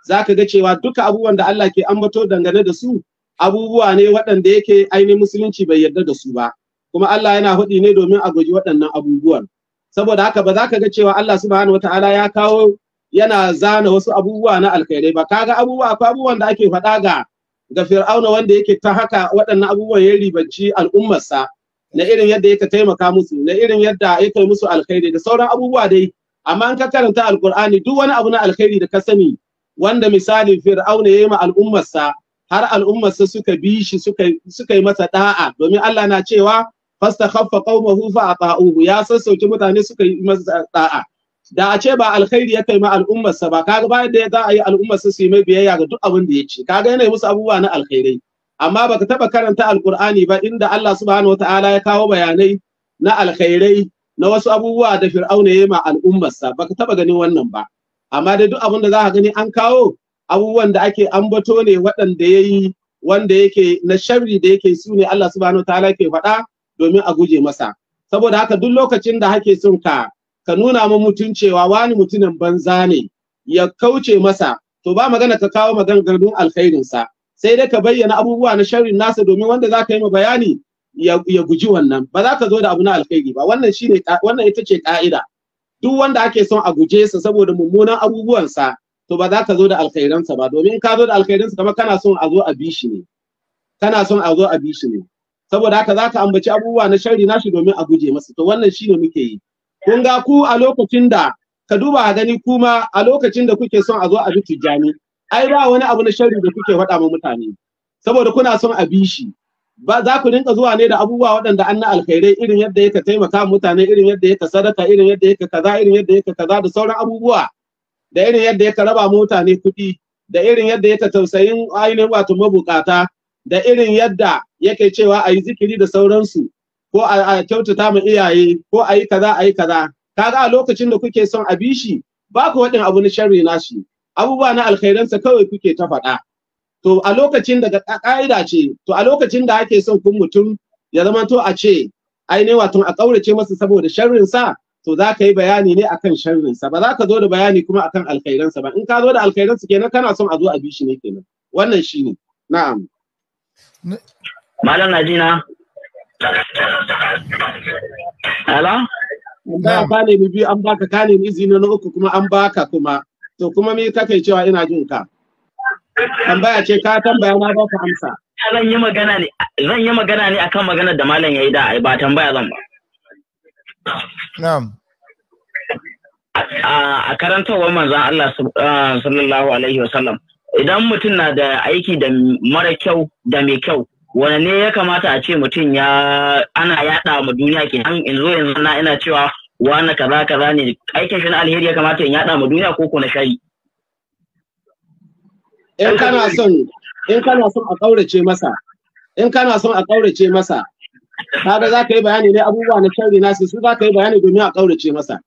za ka ga cewa duka abubuwan da Allah ke ambato dangane da su abubuwa ne waɗanda yake ainihin musulunci bai yarda da su ba kuma Allah yana faɗi ne domin a guji waɗannan abubuwan saboda haka ba za ka ga cewa Allah subhanahu wataala ya kawo yana zana wasu abubuwa na alkhairai ba kaga abubuwa akwai abubuwan da ake faɗa ga ga fir'auna wanda yake ta haka waɗannan abubuwan ya ribanci al'ummarsa na irin yadda yake taimaka musu na irin yadda yake musu alkhairi da sauran abubuwa dai amma an ka karanta alkur'ani duk wani abu na alkhairi da ka sani wanda misali fir'auna ya yi ma al'ummarsa har al'ummarsa suka bi shi suka suka yi masa da'a domin Allah na cewa fastakhaffa qaumahu fa ata'uhu ya sassauki mutane suka yi masa da'a da a ce ba alkhairi ya kai ma al'ummarsa ba kaga bayan da za a yi al'ummarsa su yi mai biyayya ga duk abin da ya ce kaga yana musu abubuwa na alkhairai amma baka taba karanta alkur'ani ba inda Allah subhanahu wataala ya kawo bayanai na alkhairai na wasu abubuwa da fir'auna ya yi ma al'ummarsa baka taba ganin wannan ba amma dai duk abin da za ka gani an kawo abubuwan da ake ambato ne waɗanda ya yi wanda yake na sharri da yake su ne Allah subhanahu wataala ke faɗa domin a guje masa saboda haka duk lokacin da hake son ka ka nuna ma mutum cewa wani mutumin banza ne ya kauce masa to ba magana ka kawo maganganun alkhairin sa sai dai ka bayyana abubuwa na sharrin nasa domin wanda za ka yi ma bayani ya, ya guji wannan ba za ka zo da abu na alkhairi ba wannan shine wannan ita ce ka'ida duk wanda ake son a guje sa saboda mummunan abubuwansa to ba za ka zo da sa ba domin ka zo da sa kamar kana son a zo a bi shi ne kana son a zo a bi shi ne saboda haka za ka ambaci abubuwa na sharri nashi domin a guje masa to wannan shine muke yi kun ga ku a lokacin da ka duba a gani kuma a lokacin da kuke son a zo a bi tijjani ai ba wani abu na sharri da kuke faɗa ma mutane saboda kuna son a bishi shi ba za ku rinka zuwa ne da abubuwa waɗanda an na alkhairai irin yadda yake taimaka mutane irin yadda yake sadaka irin yadda yake kaza irin yadda yake kaza da sauran abubuwa da irin yadda yake raba mutane kuɗi da irin yadda yake tausayin ainihin wato mabukata da irin yadda yake cewa a yi zikiri da sauransu ko a kyautata ma iyaye ko a yi kaza a yi kaza kaga a lokacin da kuke son a bishi ba ku waɗin abu na sharri na shi, abubuwa na alkhairansa kawai kuke ta faɗa to a lokacin daga ƙa'ida ce to a lokacin da ake son kun mutum ya zama to a ce ne wato a kaurace masa saboda sa, to za ka yi bayani ne akan sa, ba za ka zo da bayani kuma akan alkhairansa ba in ka zo da alkhairansa kenan kana son a zo a bi ne kenan wannan shine na'am malam najina ala ka ka ne biyu an baka ka nemi izini na uku kuma an baka kuma to kuma me kake cewa ina jin ka tambaya ce ka tambaya na ba ka amsa zan yi magana ne zan yi magana ne akan maganar da malam yi da ba tambaya zan ba na'am a karantarwar manzon Allah sallallahu alaihi wasallam idan mutum na da aiki da mara kyau da mai kyau wane ne ya kamata a ce mutum ya ana yada ma duniya ke in zo yanzu na ina cewa wani kaza kaza ne aikin shi na alheri ya kamata in yaɗa ma duniya ko na shari in kana son in kana son a kaurace masa in kana son a kaurace masa kaga za ka yi bayani ne abubuwa na shari na su za ka yi bayani domin a kaurace masa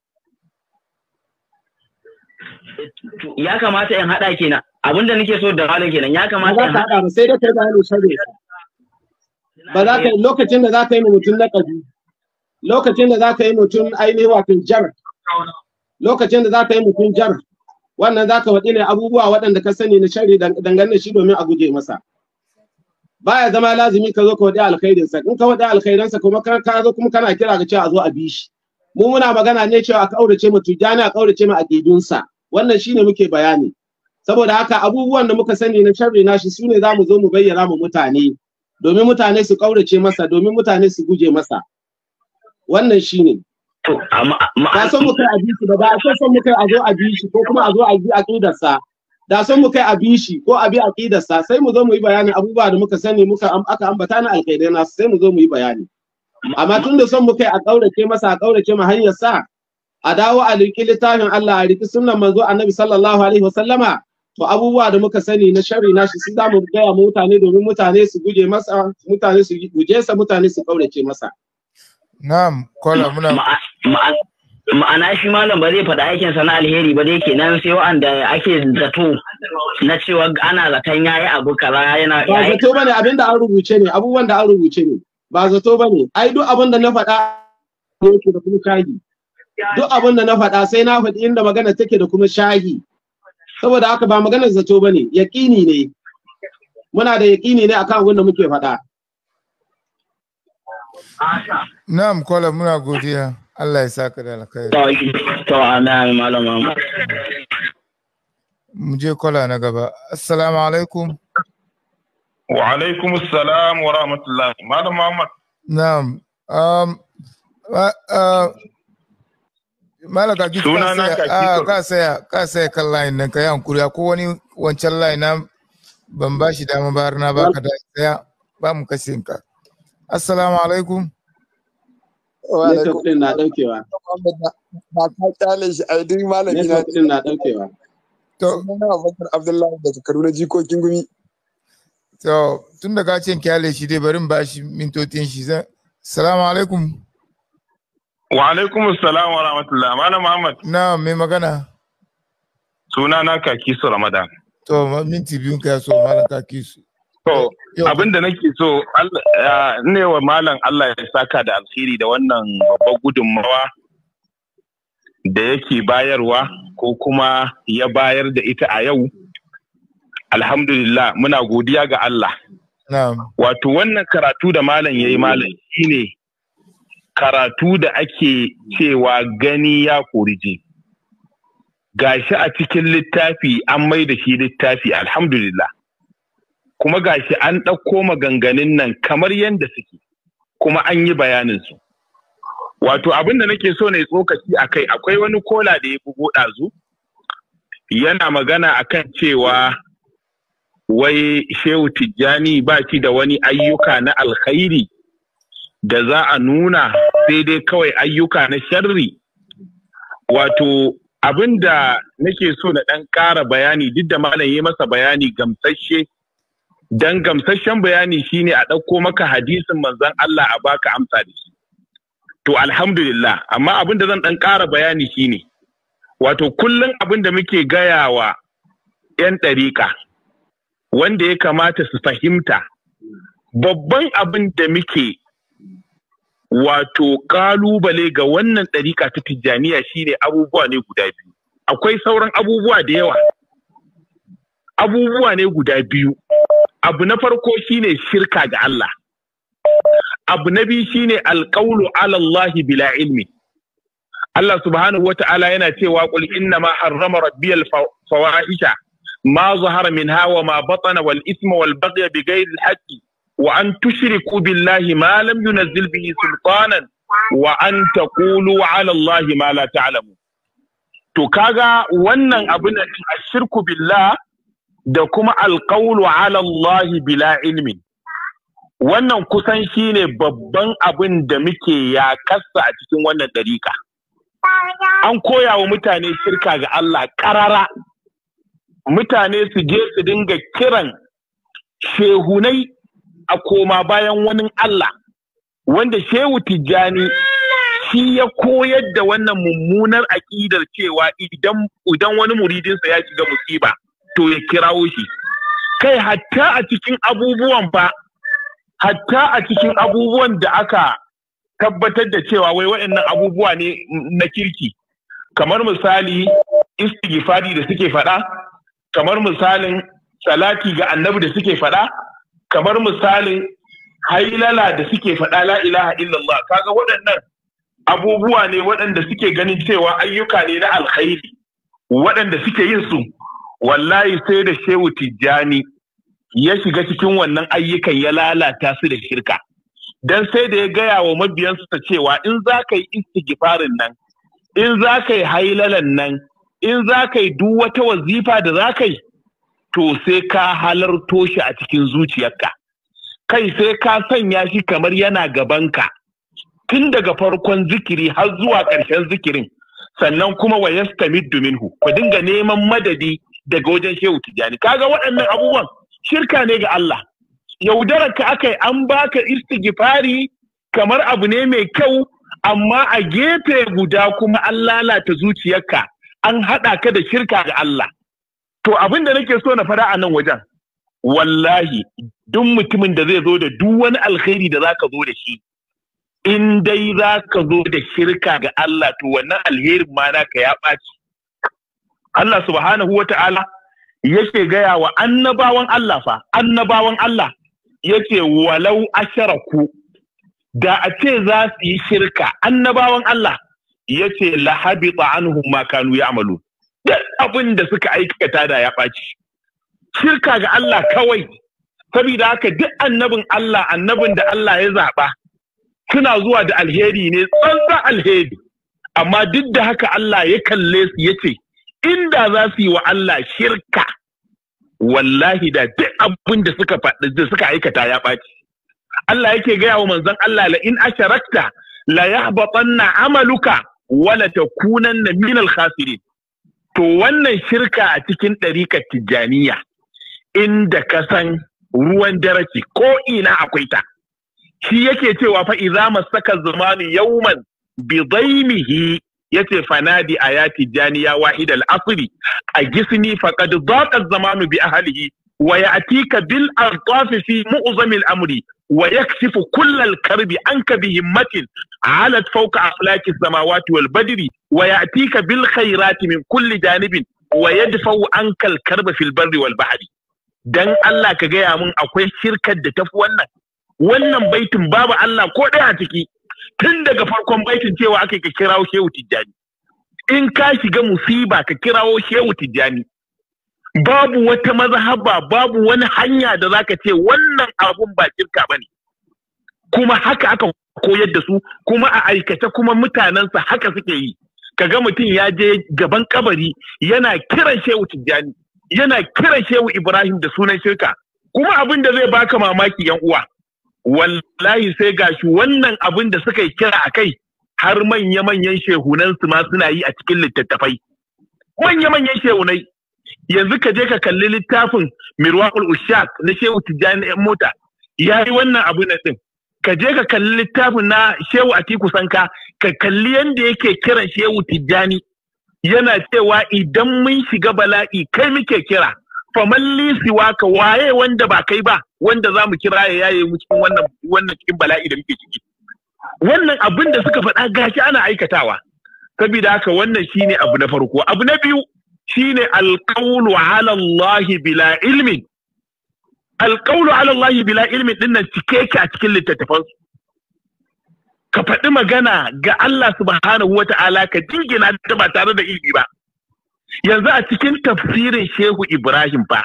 ya kamata in haɗa kenan abinda nake so da malam kenan ya kamata in haɗa sai dai kai bayani shari ba za ka lokacin da za ka yi mutum na ƙadu lokacin da za ka yi mutum ainihin wato jar lokacin da za ka yi mutum jar wannan za ka waɗi ne abubuwa waɗanda ka sani na shari dangane shi domin a guje masa baya zama lazimi ka zo ka waɗi alkhairinsa in ka waɗi alkhairinsa kuma ka zo kuma kana kira ga cewa a zo a bi shi mu muna magana ne cewa a kaurace mu tujani a kaurace mu aƙidunsa wannan shine muke bayani saboda haka abubuwan da muka sani na sharri na shi sune za mu zo mu bayyana mu mutane domin mutane su kaurace masa domin mutane su guje masa wannan shine da son mu kai a bishi ba da son mu kai a zo a bishi ko kuma a zo a bi aqidarsa da son mu kai a bishi ko a bi aqidarsa sai mu zo mu yi bayanin abubuwa da muka sani muka aka ambata na alkhairai na sai mu zo mu yi bayani amma tun da son mu kai a kaurace masa a kaurace ma hanyar sa a dawo a riki littafin Allah a riki sunnan manzo Annabi sallallahu alaihi wasallama to abubuwa da muka sani na shari na shi, sun gaya mu mutane domin mutane su guje masa mutane su guje sa mutane su kaurace masa na'am kola muna ma'ana shi malam ba zai faɗa aikin sa na alheri ba dai kenan sai wa'anda ake zato na cewa ana zaton yayi abu kaza yana ba zato bane abinda an rubuce ne abubuwan da an rubuce ne ba zato bane ai duk abin da na faɗa yake da kuma shahi duk abin da na faɗa sai na faɗi inda magana take da kuma shahi saboda haka ba maganar zato ba ne yaƙini ne muna da yaƙini ne akan abin da muke faɗa na'am kola muna godiya Allah ya saka da alkhairi to amin malama mu je kola na gaba assalamu alaikum wa alaikum assalam wa rahmatullahi malam muhammad na'am um, uh, Mala ka kiko ah, ka saya ka saya kan line nan ka yi hankuri ko wani wancan line na ban ba shi dama ba na ba ka da saya ba mu kashin ka. Assalamu alaikum. Wa alaikum na daukewa. Ba ka kyale shi ai duk malami na na daukewa. To na Abubakar Abdullahi daga Kaduna jikokin gumi. To tun da ka ce kyale shi dai mu ba shi mintotin shi zan. Assalamu alaikum. Wa alaikum salam wa rahmatullah. Malam Muhammad. Na mai magana. Suna na kaki su Ramadan. To minti biyun ka so malam kaki su. To abin da nake so eh, ne wa malam Allah ya saka da alkhiri da wannan babbar gudunmawa da yake bayarwa ko kuma ya bayar da ita a yau. Alhamdulillah muna godiya ga Allah. Wato wannan karatu da malam ya yi malam shine karatu da ake cewa gani ya kori Ga shi a cikin littafi an mai da shi littafi alhamdulillah kuma ga shi an ɗauko maganganun nan kamar yadda suke kuma an yi bayaninsu wato abin da nake so ne tsokaci a kai akwai wani kola da ya bugu ɗazu yana magana akan cewa wai shehu tijjani ba shi da wani ayyuka na alkhairi da za a nuna sai dai kawai ayyuka na sharri wato abin da nake so na ɗan ƙara bayani duk da malam yi masa bayani gamsashe don gamsasshen bayani shine a ɗauko maka hadisin manzon Allah a baka amsa da shi to alhamdulillah amma abin da zan ɗan ƙara bayani shine wato kullum abin da muke gaya wa 'yan ɗariƙa wanda ya kamata su fahimta babban abin da muke wato kalubale ga wannan ɗariƙa ta tijjaniya shine abubuwa ne guda biyu akwai sauran abubuwa da yawa abubuwa ne guda biyu abu na farko shine shirka ga Allah abu na biyu shine alƙaulu alallahi bila ilmi Allah subhanahu wata'ala yana cewa qul inna ma harrama rabbiyal fawaisha ma zahara minha wa ma batana wal isma wal baghya bighairi al wa an tushriku billahi ma lam yunazzil bihi sultanan wa an taqulu ala allahi ma la ta'lamu to kaga wannan abin da ashirku billah da kuma alqawlu ala bila ilmin wannan kusan shine babban abin da muke ya kasa a cikin wannan dariƙa an koya wa mutane shirka ga Allah ƙarara mutane su je su dinga kiran shehunai a koma bayan wani Allah wanda Shehu Tijjani shi ya koyar da wannan mummunar aƙidar cewa idan wani muridinsa ya shiga musiba to ya kirawo shi kai hatta a cikin abubuwan ba hatta a cikin abubuwan da aka tabbatar da cewa wai waɗannan abubuwa ne na kirki kamar misali istighfari da suke faɗa kamar misalin salati ga annabi da suke faɗa kamar misalin hailala da suke faɗa la ilaha illallah kaga waɗannan abubuwa ne waɗanda suke ganin cewa ayyuka ne na alkhairi waɗanda suke yin su wallahi sai da shehu tijjani ya shiga cikin wannan ayyukan ya lalata su da shirka dan sai da ya gaya wa mabiyansu ta cewa in za ka yi istighfarin nan in za ka yi hailalan nan in za ka yi duk wata wazifa da za ka yi to sai ka halarto shi a cikin zuciyarka kai sai ka sanya shi kamar yana gabanka tun daga farkon zikiri har zuwa ƙarshen zikirin sannan kuma wa yastamiddu minhu ku dinga neman madadi daga wajen shehu tijani kaga waɗannan abubuwan shirka ne ga Allah yaudara ka aka yi an baka istighfari kamar abu ne mai kyau amma a gefe guda kuma an lalata zuciyarka an haɗa ka da shirka ga Allah To abin da nake so na fada a nan wajen, wallahi duk mutumin da zai zo da duk wani alheri da za ka zo da shi, in dai za ka zo da shirka ga Allah to wannan alherin ma na ka ya ɓaci. Allah subhanahu wa ta'ala yake gaya wa annabawan Allah fa, annabawan Allah yake walau asharaku da a ce za su yi shirka annabawan Allah yace lahabita anhum ma kanu amalu. duk abin da suka aikata da ya ɓaci shirka ga Allah kawai saboda haka duk annabin Allah annabin da Allah ya zaɓa suna zuwa da alheri ne tsantsan alheri amma duk da haka Allah ya kalle su ya ce inda za su yi wa Allah shirka wallahi da duk abin da suka aikata ya ɓaci Allah yake gaya wa manzon Allah la in asharakta la yahbatanna amaluka wala takunanna minal khasirin To wannan shirka a cikin ɗarikar Tijjaniya inda ka san ruwan daraki ko ina akwai ta. Shi yake cewa fa idza masaka zamanu yawman bi daimihi yace fanadi aya Tijjaniya wahid al-asri a gisni faqad daqa zamanu bi ahlihi wa ya'tika bil artaf fi mu'zam al-amri wa yakshifu kull al-karbi anka bi himmatin alat Fauka aflaki samawati wal badri wa ya'tika bil khairati min kulli janibin wa yadfa'u ankal karba fil barri wal dan Allah ka gaya mun akwai shirkar da tafi wannan wannan baitin babu Allah ko ɗaya a ciki tun daga farkon baitin cewa aka ka kirawo shehu tijjani in ka shiga musiba ka kirawo shehu tijjani babu wata mazhaba babu wani hanya da zaka ce wannan abun ba shirka bane kuma haka aka koyar da su kuma a aikace kuma mutanensa haka suke yi Ka ga mutum ya je gaban kabari yana kiran shehu tijjani yana kiran shehu ibrahim da sunan shirka kuma abin da zai baka mamaki yan uwa wallahi sai gashi wannan abin da suka yi kira a kai har manya-manyan shehunansu ma suna yi a cikin littattafai manya-manyan shehunai yanzu ka je ka kalli littafin mirwakul ushak na shehu tijjani yan mota ya yi wannan abu na din ka je ka kalli littafin na shehu atiku sanka ka kalli yadda yake kiran shehu tijjani yana cewa idan mun shiga bala'i kai muke kira famalli siwa ka waye wanda ba kai ba wanda za mu kira ya yaye mu cikin wannan cikin bala'i da muke ciki wannan abin da suka faɗa gashi ana aikatawa saboda haka wannan shine abu na farko abu na biyu shine alqawlu ala Allah bila ilmin alƙaulu ala Allah bila ilmin din nan cike ke a cikin littattafan ka faɗi magana ga Allah subhanahu ta'ala ka jingina ta ba tare da ilmi ba yanzu a cikin tafsirin Shehu Ibrahim ba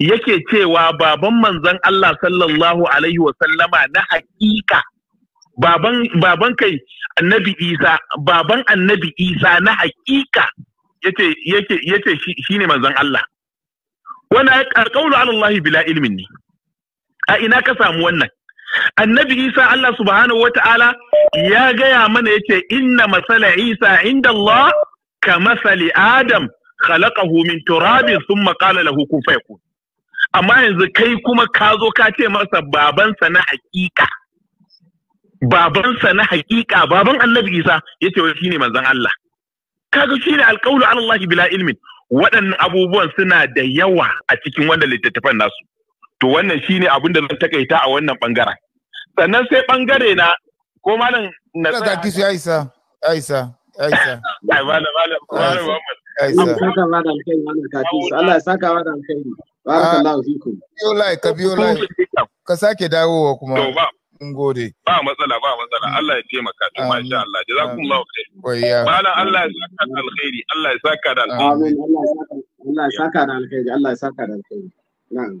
yake cewa baban manzon Allah sallallahu alaihi wa sallama na haƙiƙa baban kai annabi Isa baban annabi Isa na haƙiƙa yace yace yace shine manzon Allah wannan alƙawlu ala Allah bila ilmin ne a ina ka samu wannan annabi Isa Allah subhanahu wata'ala ya gaya mana yace inna masala Isa inda Allah ka masali Adam khalaqahu min turabin thumma qala lahu kun fayakun amma yanzu kai kuma ka zo ka ce masa babansa na hakika babansa na hakika baban annabi Isa yace wai shine manzon Allah kaga shine alqawlu ala Allah bila ilmin waɗannan abubuwan suna da yawa a cikin wannan littattafan nasu to wannan shine abin da zan takaita a wannan ɓangaren. sannan sai ɓangare na ko malam na tsaya kisu Aisha Aisha Aisha ai malam malam malam Aisha saka wa da alkhairi malam Kafisu Allah ya saka wa da alkhairi barakallahu fikum biyo lai ka biyo lai ka sake dawowa kuma to ba mun gode ba matsala ba matsala Allah ya taimaka to masha Allah jazakumullahu khair malam Allah ya saka da alkhairi Allah ya saka da alkhairi amin Allah ya saka da alkhairi Allah ya saka da alkhairi na'am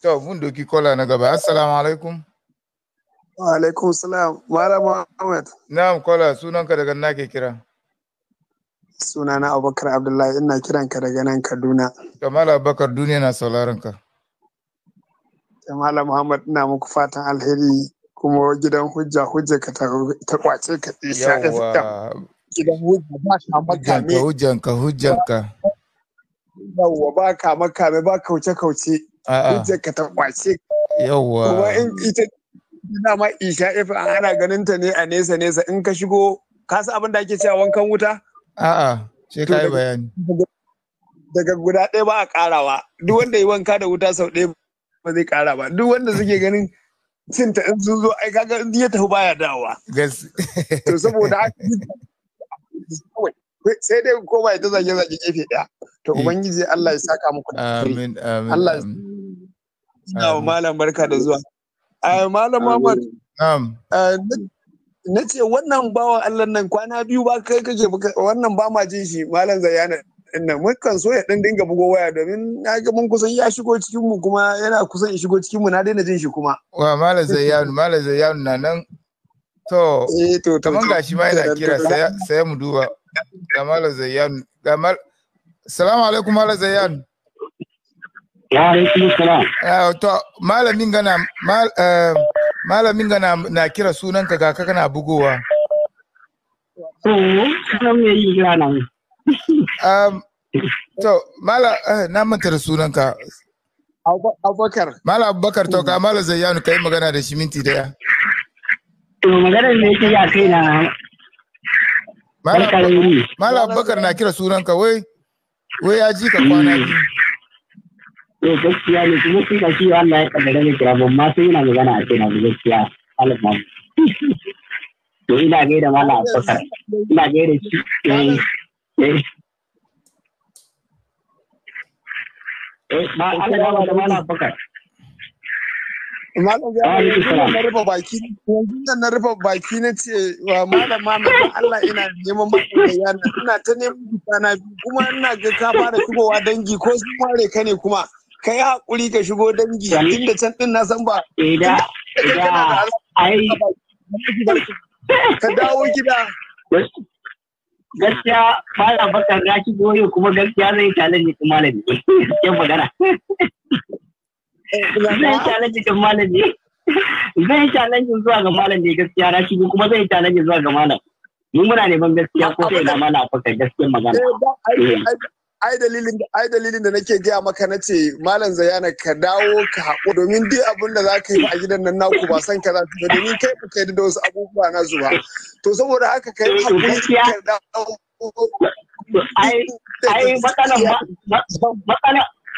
to mun doki kola na gaba assalamu alaikum wa alaikum salam malam Muhammad na'am kola sunanka daga na ke kira sunana Abubakar Abdullahi ina kiranka daga nan Kaduna Kamal Abubakar duniya na sauraron ka Malam Muhammad ina muku fatan alheri kuma gidan hujja hujja ka ta kwace ka isa gidan hujja ba ka makame hujjanka hujjanka yawwa ba ka makame ba kauce kauce hujja ka ta kwace yawwa kuma in ita ma isha ifa ana ganin ta ne a nesa nesa in ka shigo ka san abin da ake cewa wankan wuta a'a sai ka yi bayani daga guda ɗaya ba a ƙarawa duk wanda yi wanka da wuta sau ɗaya ba zai kara ba duk wanda suke ganin cin ta in sun zo ai kaga in ya tafi baya dawowa to saboda sai dai ko ba ta zage zage gefe daya to eh. ubangiji Allah ya saka muku da amin amin Allah ya malam barka da zuwa a eh, malam Muhammad na'am eh, na ce wannan bawan Allah nan kwana biyu ba kai kake wannan ba ma jin shi malam Zayyana din mun kan so ya dan dinga bugo waya domin na ga mun kusan ya shigo cikin mu kuma yana kusan ya shigo cikin mu na daina jin shi kuma wa malam zayyanu malam zayyanu na nan to eh to kaman gashi ma yana kira sai mu duba ga malam zayyanu ga mal assalamu alaikum malam zayyanu ya alaikum salam eh to malamin gana mal eh, malamin gana na kira sunanka ga kana bugowa Oh, gana um, to mala uh, na manta da sunanka abubakar mala abubakar to ka mala zayyanu kai magana da shi minti daya to magana ne yake ya kai na mala abubakar na kira sunanka wai wai ya ji ka kwana biyu to gaskiya ne kuma sun ka shi Allah ya kaddara ne kira ban ma sai yana magana a kai na gaskiya Allah ma to ina gaida mala abubakar ina gaida shi eh, Eh, na rufe baki na rufe baki na ce wa malama mai Allah ina neman matsayaya na ina ta neman na kuma ina ga ka fara shigowa dangi ko sun ware ka ne kuma ka yi haƙuri ka shigo dangi inda can ɗin na san ba eh, ka dawo gida gaskiya kara bakar ya ci goyo kuma gaskiya zai challenge din malami ke magana eh, zai challenge din malami zai challenge zuwa ga malami gaskiya na shi kuma zai challenge zuwa ga malam mun muna neman gaskiya ko sai na mana a fakar gaskiyar magana eh, eh. ai dalilin da ai dalilin da nake gaya maka na ce malam zayana ka dawo ka haƙo domin duk abin da za ka yi a gidan nan naku ba san ka za ka domin kai ba kai da wasu abubuwa na zuwa to saboda haka kai haƙuri ka dawo ai ai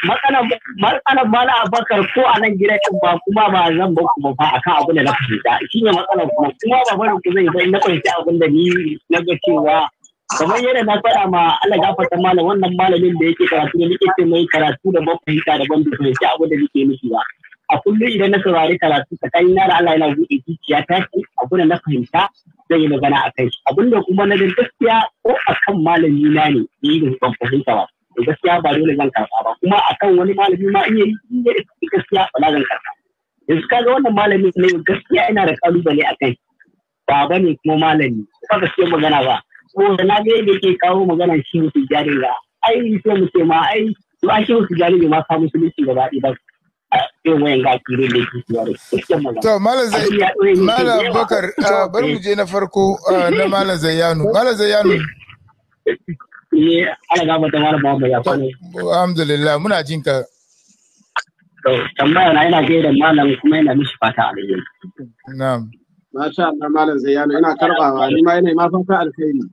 matsalar ba na abakar ko a nan gida din ba kuma ba zan ba ku ba akan abin da na fahimta shi ne matsalar kuma kuma ba barin ku zai bai na fahimci abin da ni na ga cewa kamar yadda na faɗa ma Allah gafarta malam wannan malamin da yake karatu da nake ce mai karatu da ban fahimta da ban fahimci abu da nake miki ba a kullum idan na saurari karatu tsakanin na da Allah yana buɗe zuciya ta ce abu da na fahimta zan yi magana a kai abinda kuma na ga gaskiya ko akan malami na ne ni da ban fahimta ba to gaskiya ba dole zan karɓa ba kuma akan wani malami ma in yi gaskiya ba zan karɓa yanzu kaga wannan malamin ne gaskiya ina da kalubale a kai ba bane kuma malami ba gaskiya magana ba wanda na ga yadda yake kawo magana shi musu jari ba ai sai mu ce ma ai to a shi musu jari ne ma ka musulunci gaba ɗaya irin wayan ga kire da ke zuwa da cikin magana to malam zai malam bakar ah, bar mu je na farko ah, eh. na malam zayyanu malam zayyanu eh ana gaba da malam ya kwane alhamdulillah muna jin ka to tambaya na ina gaida malam kuma ina mishi fata a na'am Masha Allah Malam Zayyano ina karbawa ni ma yana ma fata alkhairi.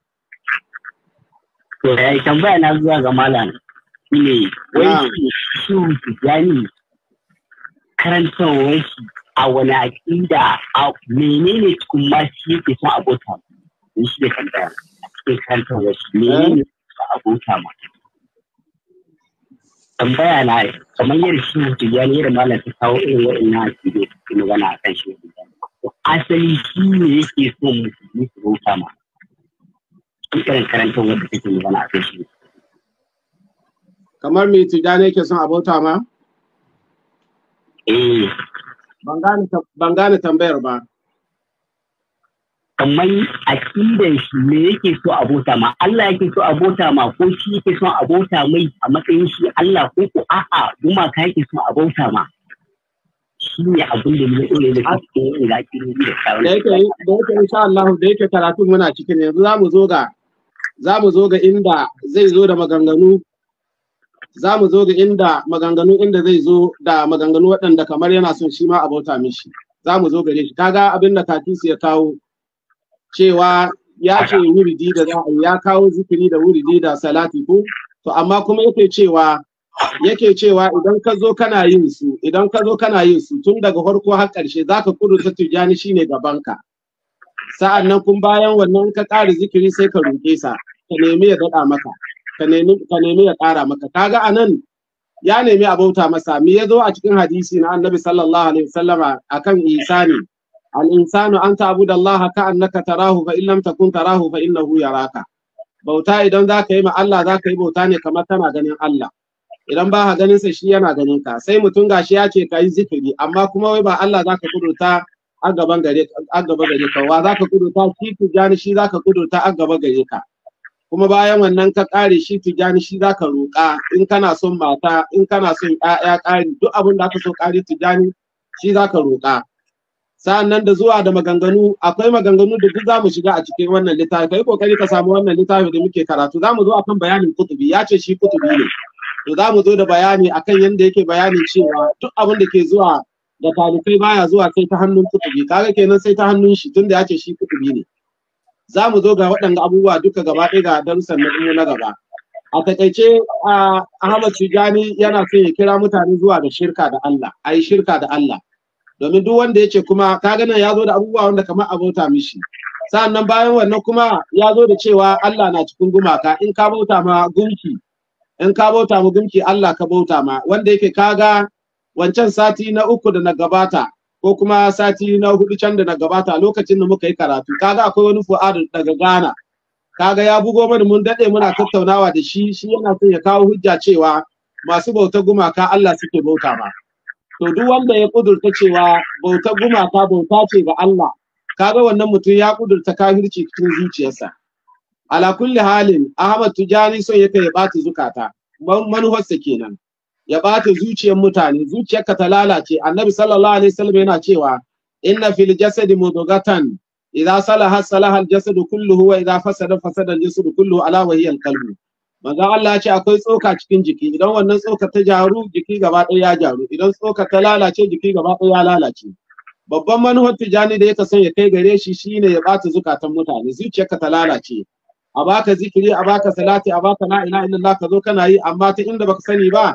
Eh, tambaya na zuwa ga malam shine wai shi tijani karantarwar shi a wani aƙida a menene cikin ma shi yake son abota in shi da tambaya a cikin karantarwar shi menene eh? abota tambaya na kamar yadda shi yadda malam ta kawo irin a kan shi asali shi ne yake son su irin karantar take a kamar tijani yake son abota ma eh ban gane tambayar ba kamar akidan shi me yake so abota ma Allah yake so abota ma ko shi yake so abota mai a matsayin shi Allah ko ko a'a gumaka yake so abota ma shi ne abin da ne ɗore da da da da yake da yake Allah da yake karatu muna cikin yanzu za mu zo ga za mu zo ga inda zai zo da maganganu za zo ga inda maganganu inda zai zo da maganganu waɗanda kamar yana son shi ma a bauta mishi za mu zo gare shi kaga abin da kakisu ya kawo cewa ya ce wuridi da za ya kawo zikiri da wuridi da salati ko to amma kuma yake cewa yake cewa idan ka zo kana yin su idan ka zo kana yin su tun daga farko har ƙarshe zaka ta tijani shine gabanka sa'an nan kun bayan wannan ka ƙara zikiri sai ka roƙe sa ka nemi ya daɗa maka ka nemi ya ƙara maka kaga a nan ya nemi a bauta masa mi ya zo a cikin hadisi na annabi sallallahu alaihi wasallama akan isani al insanu an ta'budu Allah ka annaka tarahu fa in lam takun tarahu fa innahu yaraka bauta idan za ka yi ma Allah za ka yi bauta ne kamar tana ganin Allah idan ba ka ganin sa shi yana ganin ka sai mutum gashi ya ce ka yi zikiri amma kuma wai ba Allah za ka ta? a gaban gare a gaba gare ka wa zaka kudurta shi tijani shi zaka kudurta a gaba gare ka kuma bayan wannan ka kare shi tijani shi zaka roƙa in kana son mata in kana son ƴaƴa ƙari duk abin da aka so kare tijani shi zaka roƙa sa'annan da zuwa da maganganu akwai maganganu da duk zamu shiga a cikin wannan littafi kai kokari ka samu wannan littafi da muke karatu zamu zo akan bayanin kutubi ya ce shi kutubi ne to zamu zo da bayani akan yanda yake bayanin cewa duk abin da ke zuwa da talibai baya zuwa kai ta hannun kutubi kaga kenan sai ta hannun shi tunda ya ce shi kutubi ne za mu zo ga waɗanda abubuwa duka gaba ɗaya ga darussan na na gaba a takaice Ahmad Tijani yana son ya kira mutane zuwa da shirka da Allah ayi shirka da Allah domin duk wanda ya ce kuma kaga nan ya zo da abubuwa wanda kamar abota mishi sa'annan bayan wannan kuma ya zo da cewa Allah na cikin gumaka in ka bauta ma gunki in ka bauta ma gunki Allah ka bauta ma wanda yake kaga wancan sati na uku da na gabata ko kuma sati na hudu can da na gabata lokacin da muka yi karatu kaga akwai wani fu'ad daga Ghana kaga ya bugo mana mun dade muna tattaunawa da shi shi yana son ya kawo hujja cewa masu bauta gumaka Allah suke bauta ba to duk wanda ya kudurta cewa bauta gumaka bauta ce ga Allah kaga wannan mutum ya kudurta kafirci cikin zuciyarsa ala kulli halin Ahmad tujani so yake ya bata zukata manufarsa kenan ya bata zuciyar mutane zuciyarka ta lalace annabi sallallahu alaihi wasallam yana cewa inna fil jasadi mudghatan idza salaha salaha al jasadu kulluhu wa idza fasada fasada al jasadu kulluhu ala wa hiya al qalbu manzo Allah ya ce akwai tsoka cikin jiki idan wannan tsoka ta jaru jiki gaba ɗaya ya jaru idan tsoka ta lalace jiki gaba ɗaya ya lalace babban manuhar tijani da yake son ya kai gare shi shine ya bata zukatan mutane zuciyarka ta lalace a baka zikiri a baka salati a baka la ilaha illallah ka kana yi amma ta inda baka sani ba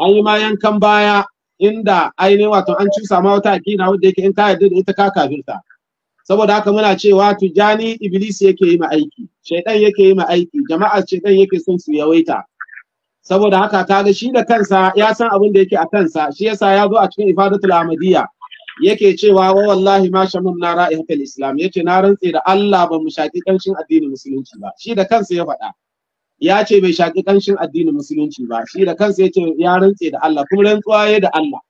an yi ma yankan baya inda ainihin wato an cusa ma wata aqida wanda yake in ka yarda da ita ka kafirta saboda haka muna cewa tujani iblis yake yi ma aiki shaidan yake yi ma aiki jama'a shaidan yake son su yawaita saboda haka ga shi da kansa ya san abin da yake a kansa shi yasa ya zo a cikin ifadatul ahmadiyya yake cewa wa wallahi ma shamun na ra'ihatul islam yace na rantse da Allah ba mu shaki kanshin addinin musulunci ba shi da kansa ya faɗa ya ce bai shaƙi ƙanshin addinin musulunci ba shi da kansa ya ce ya rantse da Allah kuma rantsuwa ya da Allah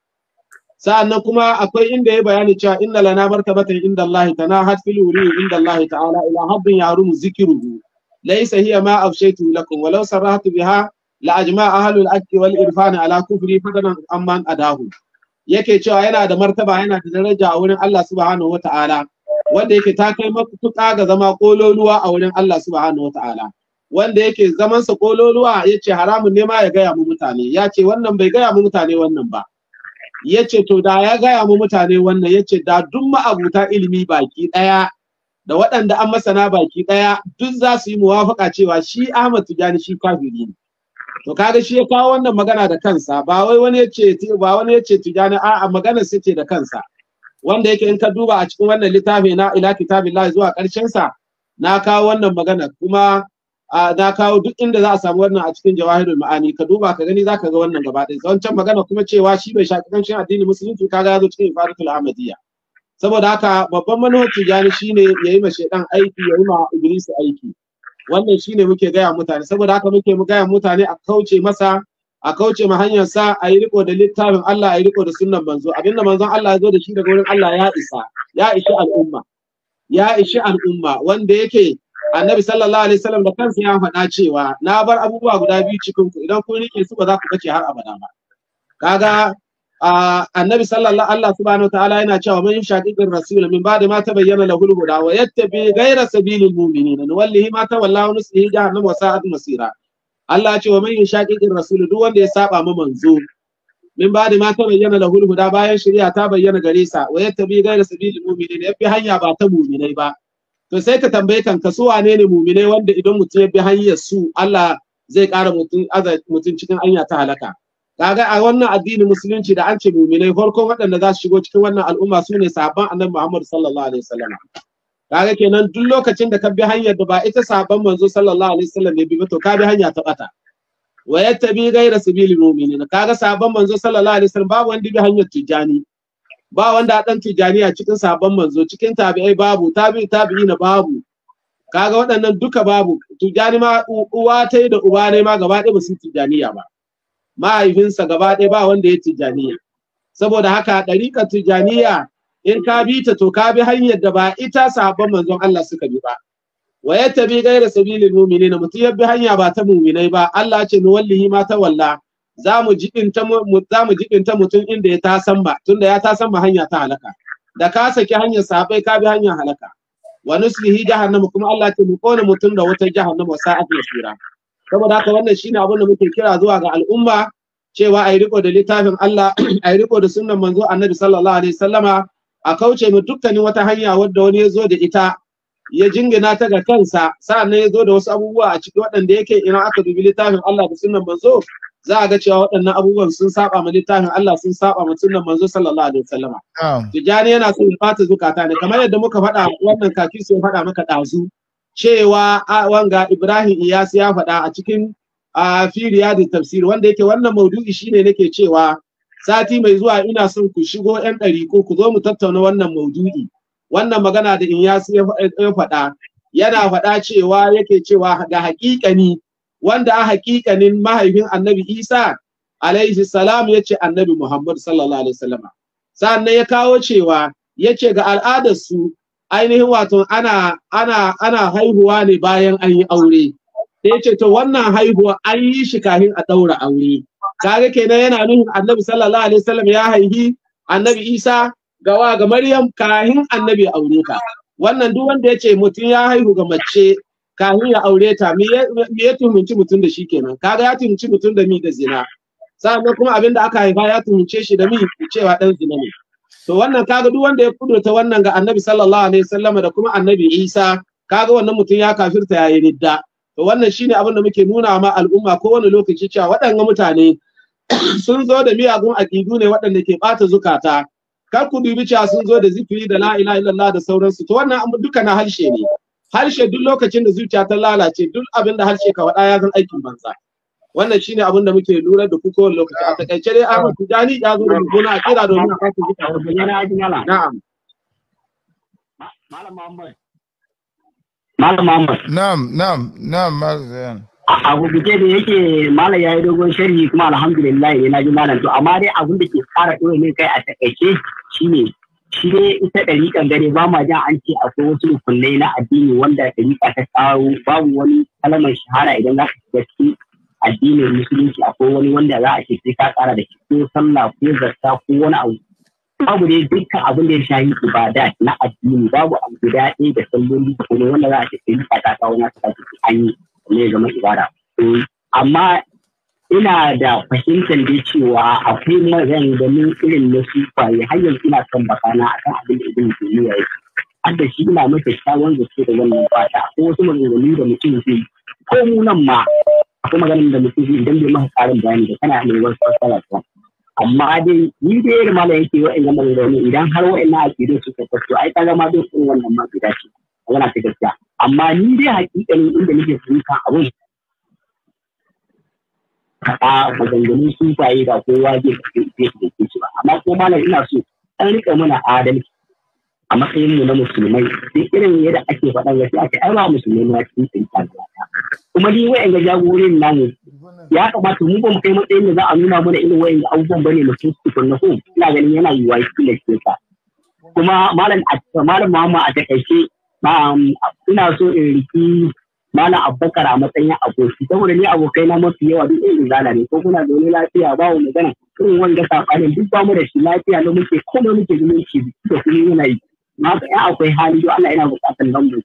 sa'annan kuma akwai inda ya bayani cewa inna lana martabatan inda Allah tana had fil wuri inda Allah ta'ala ila habbin yarum zikruhu laysa hiya ma afshaytu lakum walau sarahtu biha la ajma ahlul akli wal irfan ala kufri fadanan amman adahu yake cewa yana da martaba yana da daraja a wurin Allah subhanahu wata'ala wanda yake ta kai matuƙa ga zama kololuwa a wurin Allah subhanahu wata'ala wanda yake zaman sa kololuwa yace haramun ne ma ya gaya mu mutane ya wannan bai gaya mu mutane wannan ba ya to da ya gaya mu mutane wannan yace da duk ma'abuta ilimi baki ɗaya da waɗanda an masana baki daya duk za su yi muwafaka cewa shi Ahmad Tijani shi kafiri ne to kaga shi ya kawo wannan magana da kansa ba wai wani ya ce ba wani ya ce Tijani a'a magana sai ce da kansa wanda yake in ka duba a cikin wannan littafi na ila kitabillahi zuwa ƙarshen sa na kawo wannan magana kuma na kawo duk inda za a samu wannan a cikin jawahirul ma'ani ka duba ka gani zaka ga wannan gaba ɗaya wancan magana kuma cewa shi bai shafi kancin addinin musulunci kaga yazo cikin ifadatul ahmadiyya saboda haka babban manhaj tijani shine yayi ma shedan aiki yayi ma iblis aiki wannan shine muke gaya mutane saboda haka muke mu gaya mutane a kauce masa a kauce ma hanyar sa a yi riko da littafin Allah a yi riko da sunnan manzo abinda manzon Allah yazo zo da shi daga wurin Allah ya isa ya ishi al'umma ya ishi al'umma wanda yake annabi sallallahu alaihi wasallam da kansa ya faɗa cewa na bar abubuwa guda biyu cikin ku idan kun rike su ba za ku kace har abada ba kaga annabi sallallahu Allah subhanahu wa ta'ala yana cewa man yushaqiqir rasul min ba'di ma tabayyana lahu al-huda wa yattabi ghayra sabilil mu'minin nuwallihi ma tawalla wa nuslihi jahannam wa sa'at masira Allah ya ce wa man yushaqiqir rasul duk wanda ya saba ma manzo min ba ma ta bayyana lahul huda bayan shari'a ta bayyana gare sa wa yattabi ghayra sabilil mu'minin yafi hanya ba ta mu'minai ba to sai ka tambaye kanka su wane ne mumine wanda idan mutum ya bi hanyar su Allah zai ƙara mutum cikin hanya ta halaka kaga a wannan addinin musulunci da an ce muminai farkon waɗanda za su shigo cikin wannan al'umma su ne sahabban annabi Muhammad sallallahu alaihi wasallam kaga kenan duk lokacin da ka bi hanyar da ba ita sahabban manzo sallallahu alaihi wasallam ne bi ba to ka bi hanya ta bata wa yattabi ghayra sabilil mu'minin kaga sahabban manzo sallallahu alaihi wasallam babu wanda bi hanyar tijani ba wanda dan tijaniya cikin sabon manzo cikin tabi'ai babu tabi'i tabi'i na babu kaga waɗannan duka babu tijani ma uwa ta yi da uba ne ma gaba ɗaya ba su tijaniya ba mahaifinsa gaba ɗaya ba wanda ya tijaniya saboda haka ɗariƙar tijaniya in ka bi ta to ka bi hanyar da ba ita sabon manzon Allah suka bi ba wa bi ghayra sabilil mu'minina mutum ya bi hanya ba ta mu'minai ba Allah ce nu wallahi ma ta walla za mu jibinta mutum inda ya tasan ba tunda ya tasan ba hanya ta halaka da ka saki hanyar sahabbai ka bi hanyar halaka wa nuslihi jahannama kuma Allah ta kona mutum da wata jahannama sa'at sura. saboda haka wannan shine abin da muke kira zuwa ga al'umma cewa ayi riko da littafin Allah ayi riko da sunnan manzo Annabi sallallahu alaihi wasallama a kauce mu dukkanin wata hanya wadda wani ya zo da ita ya jingina ta ga kansa sa'an ya zo da wasu abubuwa a ciki waɗanda yake ina aka dubi littafin Allah da sunnan manzo za a ga cewa waɗannan abubuwan sun saba ma littafin Allah sun saba ma sunnan manzo sallallahu alaihi wasallama tijani yana so in fata zukata ne kamar yadda muka faɗa wannan kaki ya faɗa maka ɗazu cewa wanga Ibrahim Iyas ya faɗa a cikin fi da tafsir wanda yake wannan maudu'i shine nake cewa sati mai zuwa ina son ku shigo yan ɗari ko ku zo mu tattauna wannan maudu'i wannan magana da Iyas ya faɗa yana faɗa cewa yake cewa ga haƙiƙani wanda a hakikanin mahaifin annabi isa alaihi salam ya ce annabi muhammad sallallahu alaihi wasallama sannan ya kawo cewa ya ce ga al'adarsu ainihin wato ana haihuwa ne bayan an yi aure sai ce to wannan haihuwa an yi shi kafin a daura aure kaga kenan yana nuhin annabi sallallahu alaihi salam ya haihi annabi isa gawa ga maryam kahin annabi aure ka wannan duk wanda ya ce mutum ya haihu ga mace kahin ya aure ta me ya tuhumci mutum da shi kenan kaga ya tuhumci mutum da mi da zina sannan kuma abin da aka haifa ya tuhumce shi da mi cewa dan zina ne to wannan kaga duk wanda ya kudurta wannan ga annabi sallallahu alaihi wasallam da kuma annabi isa kaga wannan mutum ya kafirta yayi ridda to wannan shine abin da muke nuna ma al'umma ko wani lokaci cewa waɗannan mutane sun zo da miyagun aƙidu ne waɗanda ke ɓata zukata kar ku dubi cewa sun zo da zikiri da la ilaha illallah da sauransu to wannan duka na harshe ne harshe duk lokacin da zuciya ta lalace duk abin da harshe ka wada ya san aikin banza wannan shine abin da muke lura da ku kowane lokaci a takaice dai Ahmad Tijani ya zo da gona a kira domin a fasa jika na'am Malam Muhammad Malam Muhammad na'am na'am na'am Malam a guje da yake malam yayi dogon sharhi kuma alhamdulillah ne na ji malam to amma dai abin da ke fara dore ne kai a takaice shine shi ne ita ɗariƙan gare ba ma jan an ce akwai wasu rukunai na addini wanda ɗariƙa ta kawo babu wani kalmar shahara idan za ka shiga cikin addinin musulunci akwai wani wanda za a ce sai ka tsara da shi ko sallah ko zakka ko wani abu babu ne dukkan abin da ya shayi ibada na addini babu abu guda ɗaya da salloli ko wanda za a ce ɗariƙa ta kawo na ta an yi ne zama ibada eh, amma ina da fahimtar da cewa akwai ganin irin na sufaye har yanzu ina son bakana akan abin da ibn taymiya yake hadda shi ina masa da gaske da wannan fata ko wasu maganganu da mutum zai ko mu nan ma akwai maganin da mutum zai idan bai maka karin bayani da kana mai wasu fasara ta amma dai ni dai irin malam yake wa'annan maganganu idan har wa'annan su suka to ai kaga ma duk wannan ma gida ce magana ta gaskiya amma ni dai haƙiƙanin inda nake fahimta abin a maganganu sufaye ba kowa zai zai da ke ba amma ko malam ina so an rika mana adalci a matsayin mu na musulmai sai irin yadda ake faɗan gaskiya ake ai ba musulmai na cikin tsinta kuma ni wayan ga jagorin namu ya kamata mu ba kai matsayin da za a nuna mana irin wayan abubuwan bane mu sun su na home ina ganin yana yiwa cikin da ke sa kuma malam malam Muhammad a takaice um, ina so in riki malam abubakar a matsayin aboki saboda ni abokai na mafi yawa duk irin zana ne ko kuna da wani lafiya ba mu magana irin wanga safarin duk ba mu da shi lafiya na muke kuma muke zumunci da kuma yana yi na ga akwai hali don Allah ina bukatar lambar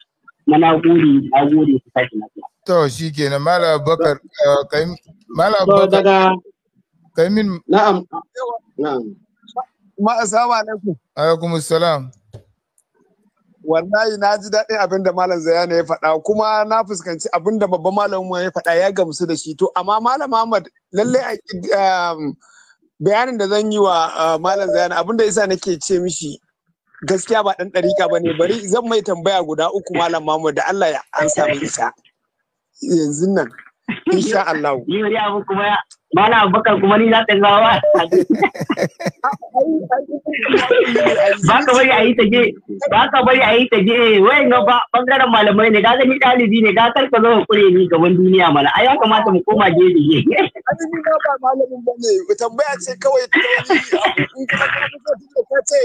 na na gode na gode ku tashi lafiya to shi ke na mala abubakar eh, kai malam abubakar kai min na'am na'am ma'asawa alaikum alaikum assalam wallahi na ji daɗin abin da malam zayana ya faɗa kuma na fuskanci abin da babban malamin ya faɗa ya gamsu da shi to amma malam ahmad lallai um, bayanin da zan yi wa uh, malam zayana abin da isa nake ce mishi gaskiya ba ɗan ɗarika ba ne bari zan mai tambaya guda uku malam Ahmad da allah ya an samu isa yanzu nan Insha Allah. Ni wani abu kuma Mala Abubakar kuma ni za ta wa? Ba ka bari a yi taje, ba ka bari a yi taje, wayan ba bangaren malamai ne, ga ni dalibi ne, ga ka zo kure ni gaban duniya mana. Ai ya kamata mu koma je ge. Azumi na ba malamin ba ne, tambaya ce kawai ta wani in ka ka ka ce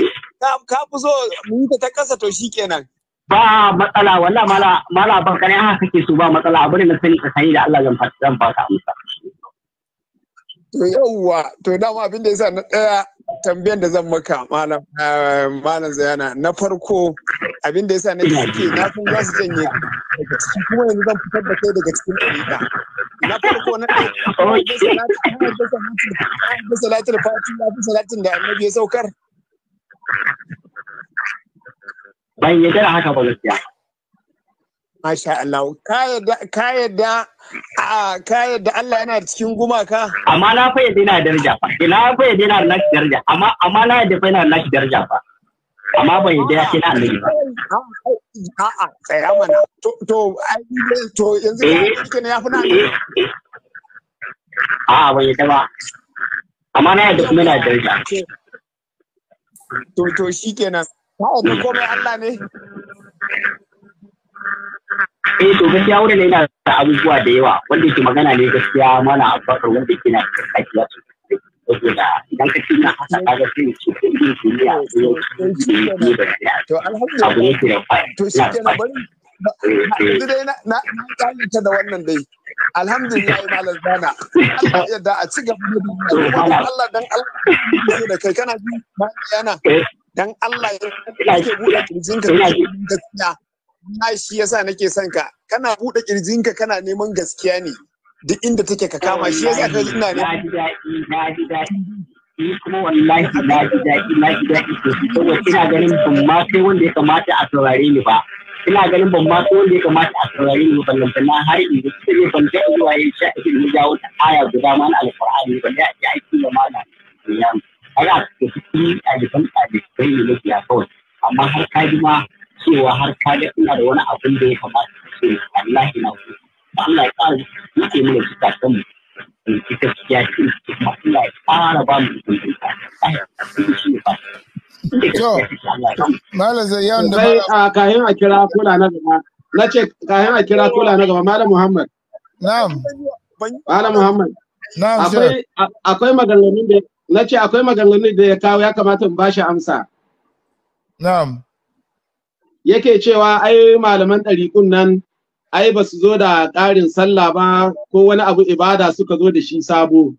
ka fi so mu yi ta kasa to shikenan. ba matsala wala mala mala ban kare haka kake so ba matsala ne na sani tsakani da Allah zan ba ka amsa to yawwa to ma abin da yasa na daya tambayan da zan maka malam eh, malam zayana na farko abin da yasa nake ke na kun za su janye daga cikin kuma yanzu zan fitar da kai daga cikin ɗariƙa na farko na da salatin da annabi ya saukar ban yadda da haka ba gaskiya Masha Allah, ka yadda Allah yana cikin gumaka? Amma na fa yadda yana daraja fa, ina fa yadda yana nashi daraja, amma amma na yadda fa yana nashi daraja fa. Amma ban yadda ya na annabi ba. A'a, tsaya mana. To to to yanzu ka eh. ne A'a ban yadda ba. Amma na yadda kuma yana daraja. To to shikenan. Ka hmm. komai Allah ne? eh to gaskiya wurin yana da abubuwa da yawa wanda ke magana ne gaskiya mana abubakar wanda ke na kakiya su idan ka ci na hasa kaga sai su kudi duniya ko alhamdulillah to shi ke na ko eh, eh. yanzu dai na kyalita da wannan dai alhamdulillah malam zana yadda a ci gaba da Allah dan Allah da kai kana ji yana eh. dan Allah ya ke buɗe kirjinka kana neman gaskiya na shi yasa nake son ka kana buɗe kirjinka kana neman gaskiya ne duk inda take ka kama shi yasa ka ina ne na ji daɗi kuma wallahi na ji daɗi na ji daɗi sosai saboda ina ganin ban ma kai wanda ya kamata a saurare ni ba ina ganin ban ma kai wanda ya kamata a saurare ni ba ballan na har in da kike ban ta zuwa yin sha idan jawo ta aya guda ma na alqur'ani ban da ya aiki da malam kaga a cikin ɗaliban ɗalibai ne mafiya kawai amma har ka ji ma cewa har ka ga ina da wani abin da ya kamata ce wallahi na ku Allah ya ƙara yake mana suka kan mu ita ya ce Allah ya ƙara ba mu ikon ta to malam zayyan da malam kayan a kira kula na gaba na ce kayan a kira kula na gaba malam muhammad na'am malam muhammad na'am akwai akwai maganganun da na ce akwai maganganun da ya kawo ya kamata in bashi amsa na'am yake cewa ai malaman ɗariƙun nan ai ba su zo da ƙarin sallah ba ko wani abu ibada suka zo da shi sabo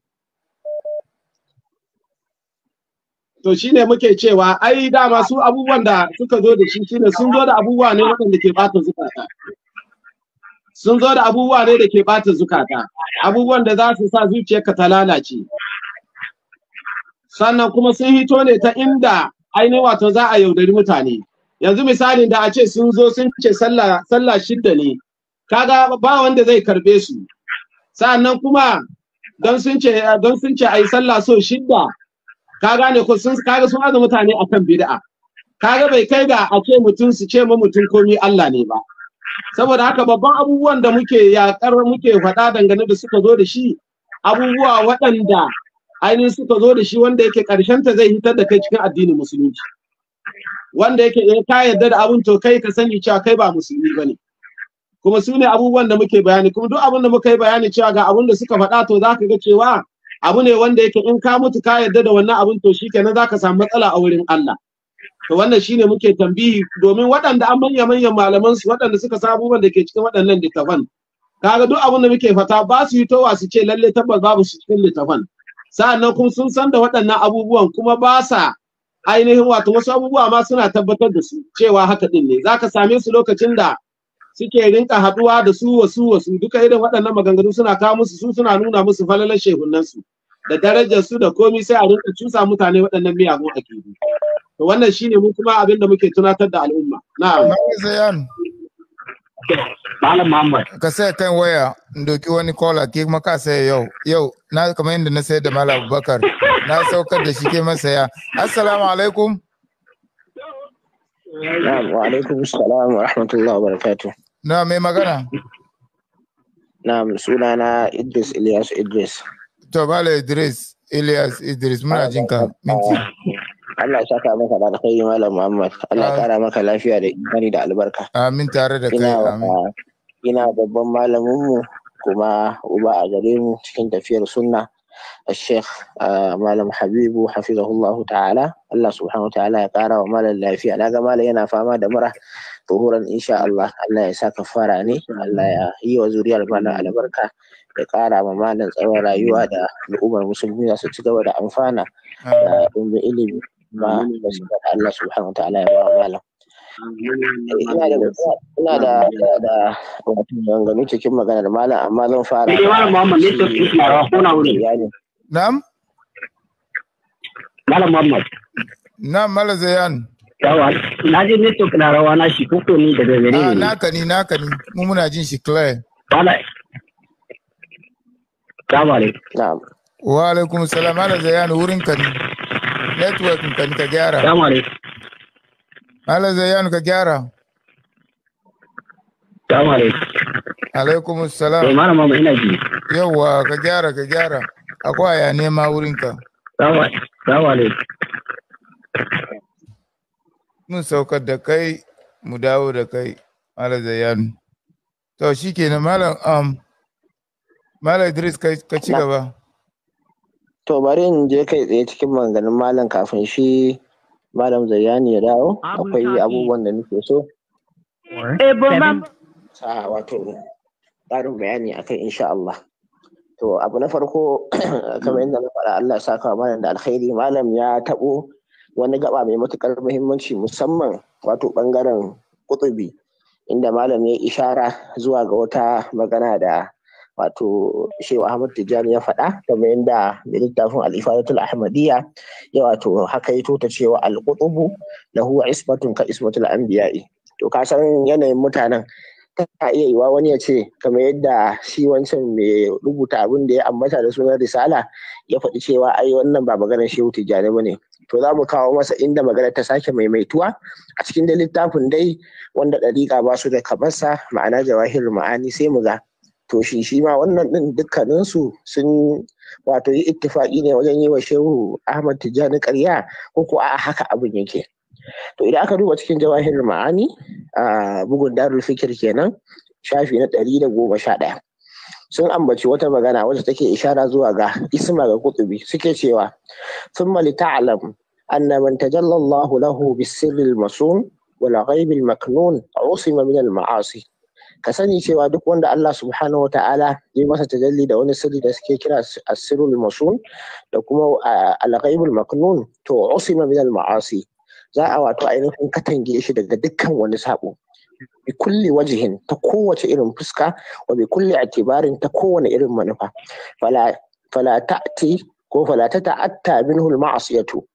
to shine muke cewa ai dama su abubuwan da suka zo da shi shine sun zo da abubuwa ne waɗanda ke bata zukata sun zo da abubuwa ne da ke bata zukata abubuwan da za su sa zuciyarka ta lalace sannan kuma sun hito ne ta inda ainihin wato za a yaudari mutane yanzu misalin da a ce sun zo sun ce sallah sallah shidda ne kaga ba wanda zai karbe su sannan kuma don sun ce don sun ce sallah so shidda ka ne ko sun kaga sun azu mutane akan bid'a kaga bai kai ga a ce mutum su ce ma mutum komi Allah ne ba saboda haka babban abubuwan da muke yakar muke faɗa dangane da suka zo da shi abubuwa waɗanda ainihin suka zo da shi wanda yake ta zai hitar da kai cikin addinin musulunci wanda yake in eh, ka yarda da abun to kai ka sani cewa kai ba musulmi ba ne kuma su ne abubuwan da muke bayani kuma duk abun da muka yi bayani cewa ga abun da suka faɗa to za ga cewa abu ne wanda yake in ka mutu ka yarda da wannan abun to shikenan za ka samu matsala a wurin Allah to wannan shine muke tambihi domin waɗanda an manya manyan malaman su waɗanda suka sa abubuwan da ke cikin waɗannan littafan kaga duk abun da muke fata ba su yi towa su ce lalle tabbas babu su cikin littafan sa'annan kuma sun san da waɗannan abubuwan kuma ba sa ainihin wato wasu abubuwa ma suna tabbatar da su cewa haka din ne zaka same su lokacin da suke rinka haduwa da su wasu wasu duka irin waɗannan maganganu suna kawo musu su suna nuna musu falalar shehunan su da darajar su da komi sai a rinka cusa mutane waɗannan miyagun akidu to wannan shine mu kuma abin da muke tunatar da al'umma na'am Malam Ka sai kan waya doki wani kola ke kuma ka saya yau. Yau na kama yadda na sayar da mala Abubakar na saukar da shi ke masaya. Assalamu alaikum. Na'am wa alaikum assalam wa rahmatullahi wa barakatuh. Na mai magana? Na'am na Idris Ilyas Idris. To bala Idris Ilyas Idris muna jinka minti. Allah saka maka da alkhairi malam Muhammad Allah kara maka lafiya da imani da albarka amin tare da kai amin ah, ina babban malamin mu kuma uba a gare mu cikin tafiyar sunna الشيخ مالم ah, Habibu حفظه ta'ala. تعالى الله سبحانه وتعالى ya kara wa malam lafiya na ga yana fama da mura tuhuran insha Allah ya sa ka fara ne Allah ya yi wa zuriyar malam albarka ya kara ma malam tsawon rayuwa da al'ummar musulmi za su ci gaba da amfana da ah, ilimi ba basira da Allah eh, ina da ina da ina da wato cikin maganar malam amma zan fara eh malam Muhammad ne ta tsara na wuri na'am malam na'am Zayan yawa na ji network na rawa na shi koko ni da gare Na ah, naka ni naka ni mu muna jin shi clear alaikum. Wa alaikum salam ala zayan wurin ka network ka ka gyara salamu alaikum malam zayyanu ka gyara salamu alaikum alaikum assalam to eh, malam mama ina ji yawa ka gyara ka gyara akwai ya nema wurin ka salamu alaikum mun saukar da kai mu dawo da kai malam zayyanu to shikenan malam um malam idris ka ci gaba To bari in je kai tsaye cikin maganin malam kafin shi malam Zayyani ya dawo akwai abubuwan da nake so. Eh, Sa wato ƙarin bayani akan insha Allah. To abu na farko kamar inda na faɗa Allah ya saka malam da alkhairi malam ya taɓo wani gaba mai matuƙar muhimmanci musamman wato ɓangaren kutubi inda malam ya ishara zuwa ga wata magana da wato shehu ahmad tijjani ya faɗa kamar yadda mai littafin al'ifadatul ahmadiyya ya wato haka ya tota cewa alƙutubu lahu ismatun ka ismatul anbiya'i to ka san yanayin mutanen ta iya yiwa wani ya ce kamar yadda shi wancan mai rubuta abin da ya ambata da sunan risala ya faɗi cewa ai wannan ba maganar shehu tijjani ba ne to za mu kawo masa inda magana ta sake maimaituwa a cikin da littafin dai wanda ɗariƙa ba su da kabarsa ma'ana jawahir ma'ani sai mu ga to shi shi ma wannan din dukkaninsu sun wato yi ittifaki ne wajen yi wa shehu ahmad Tijani karya ko ko a haka abin yake to idan aka duba cikin jawahir ma'ani a bugun darul fikir kenan shafi na ɗari da goma sha ɗaya sun ambaci wata magana wacce take ishara zuwa ga isma ga kutubi suke cewa thumma li ta'lam anna man lahu bis sirril masum wal ghaibil maknun usima min al ma'asi ka sani cewa duk wanda Allah subhanahu wata'ala ya masa tajalli da wani sirri da suke kira asirul masun da kuma ah, alghaibul maknun to usima min al ma'asi za a wato ainihin katange shi daga dukkan wani sabo bi kulli wajihin ta kowace irin fuska wa bi kulli atibarin ta kowane irin manufa fala fala ta'ti ko fala ta ta'atta minhu al ma'asiyatu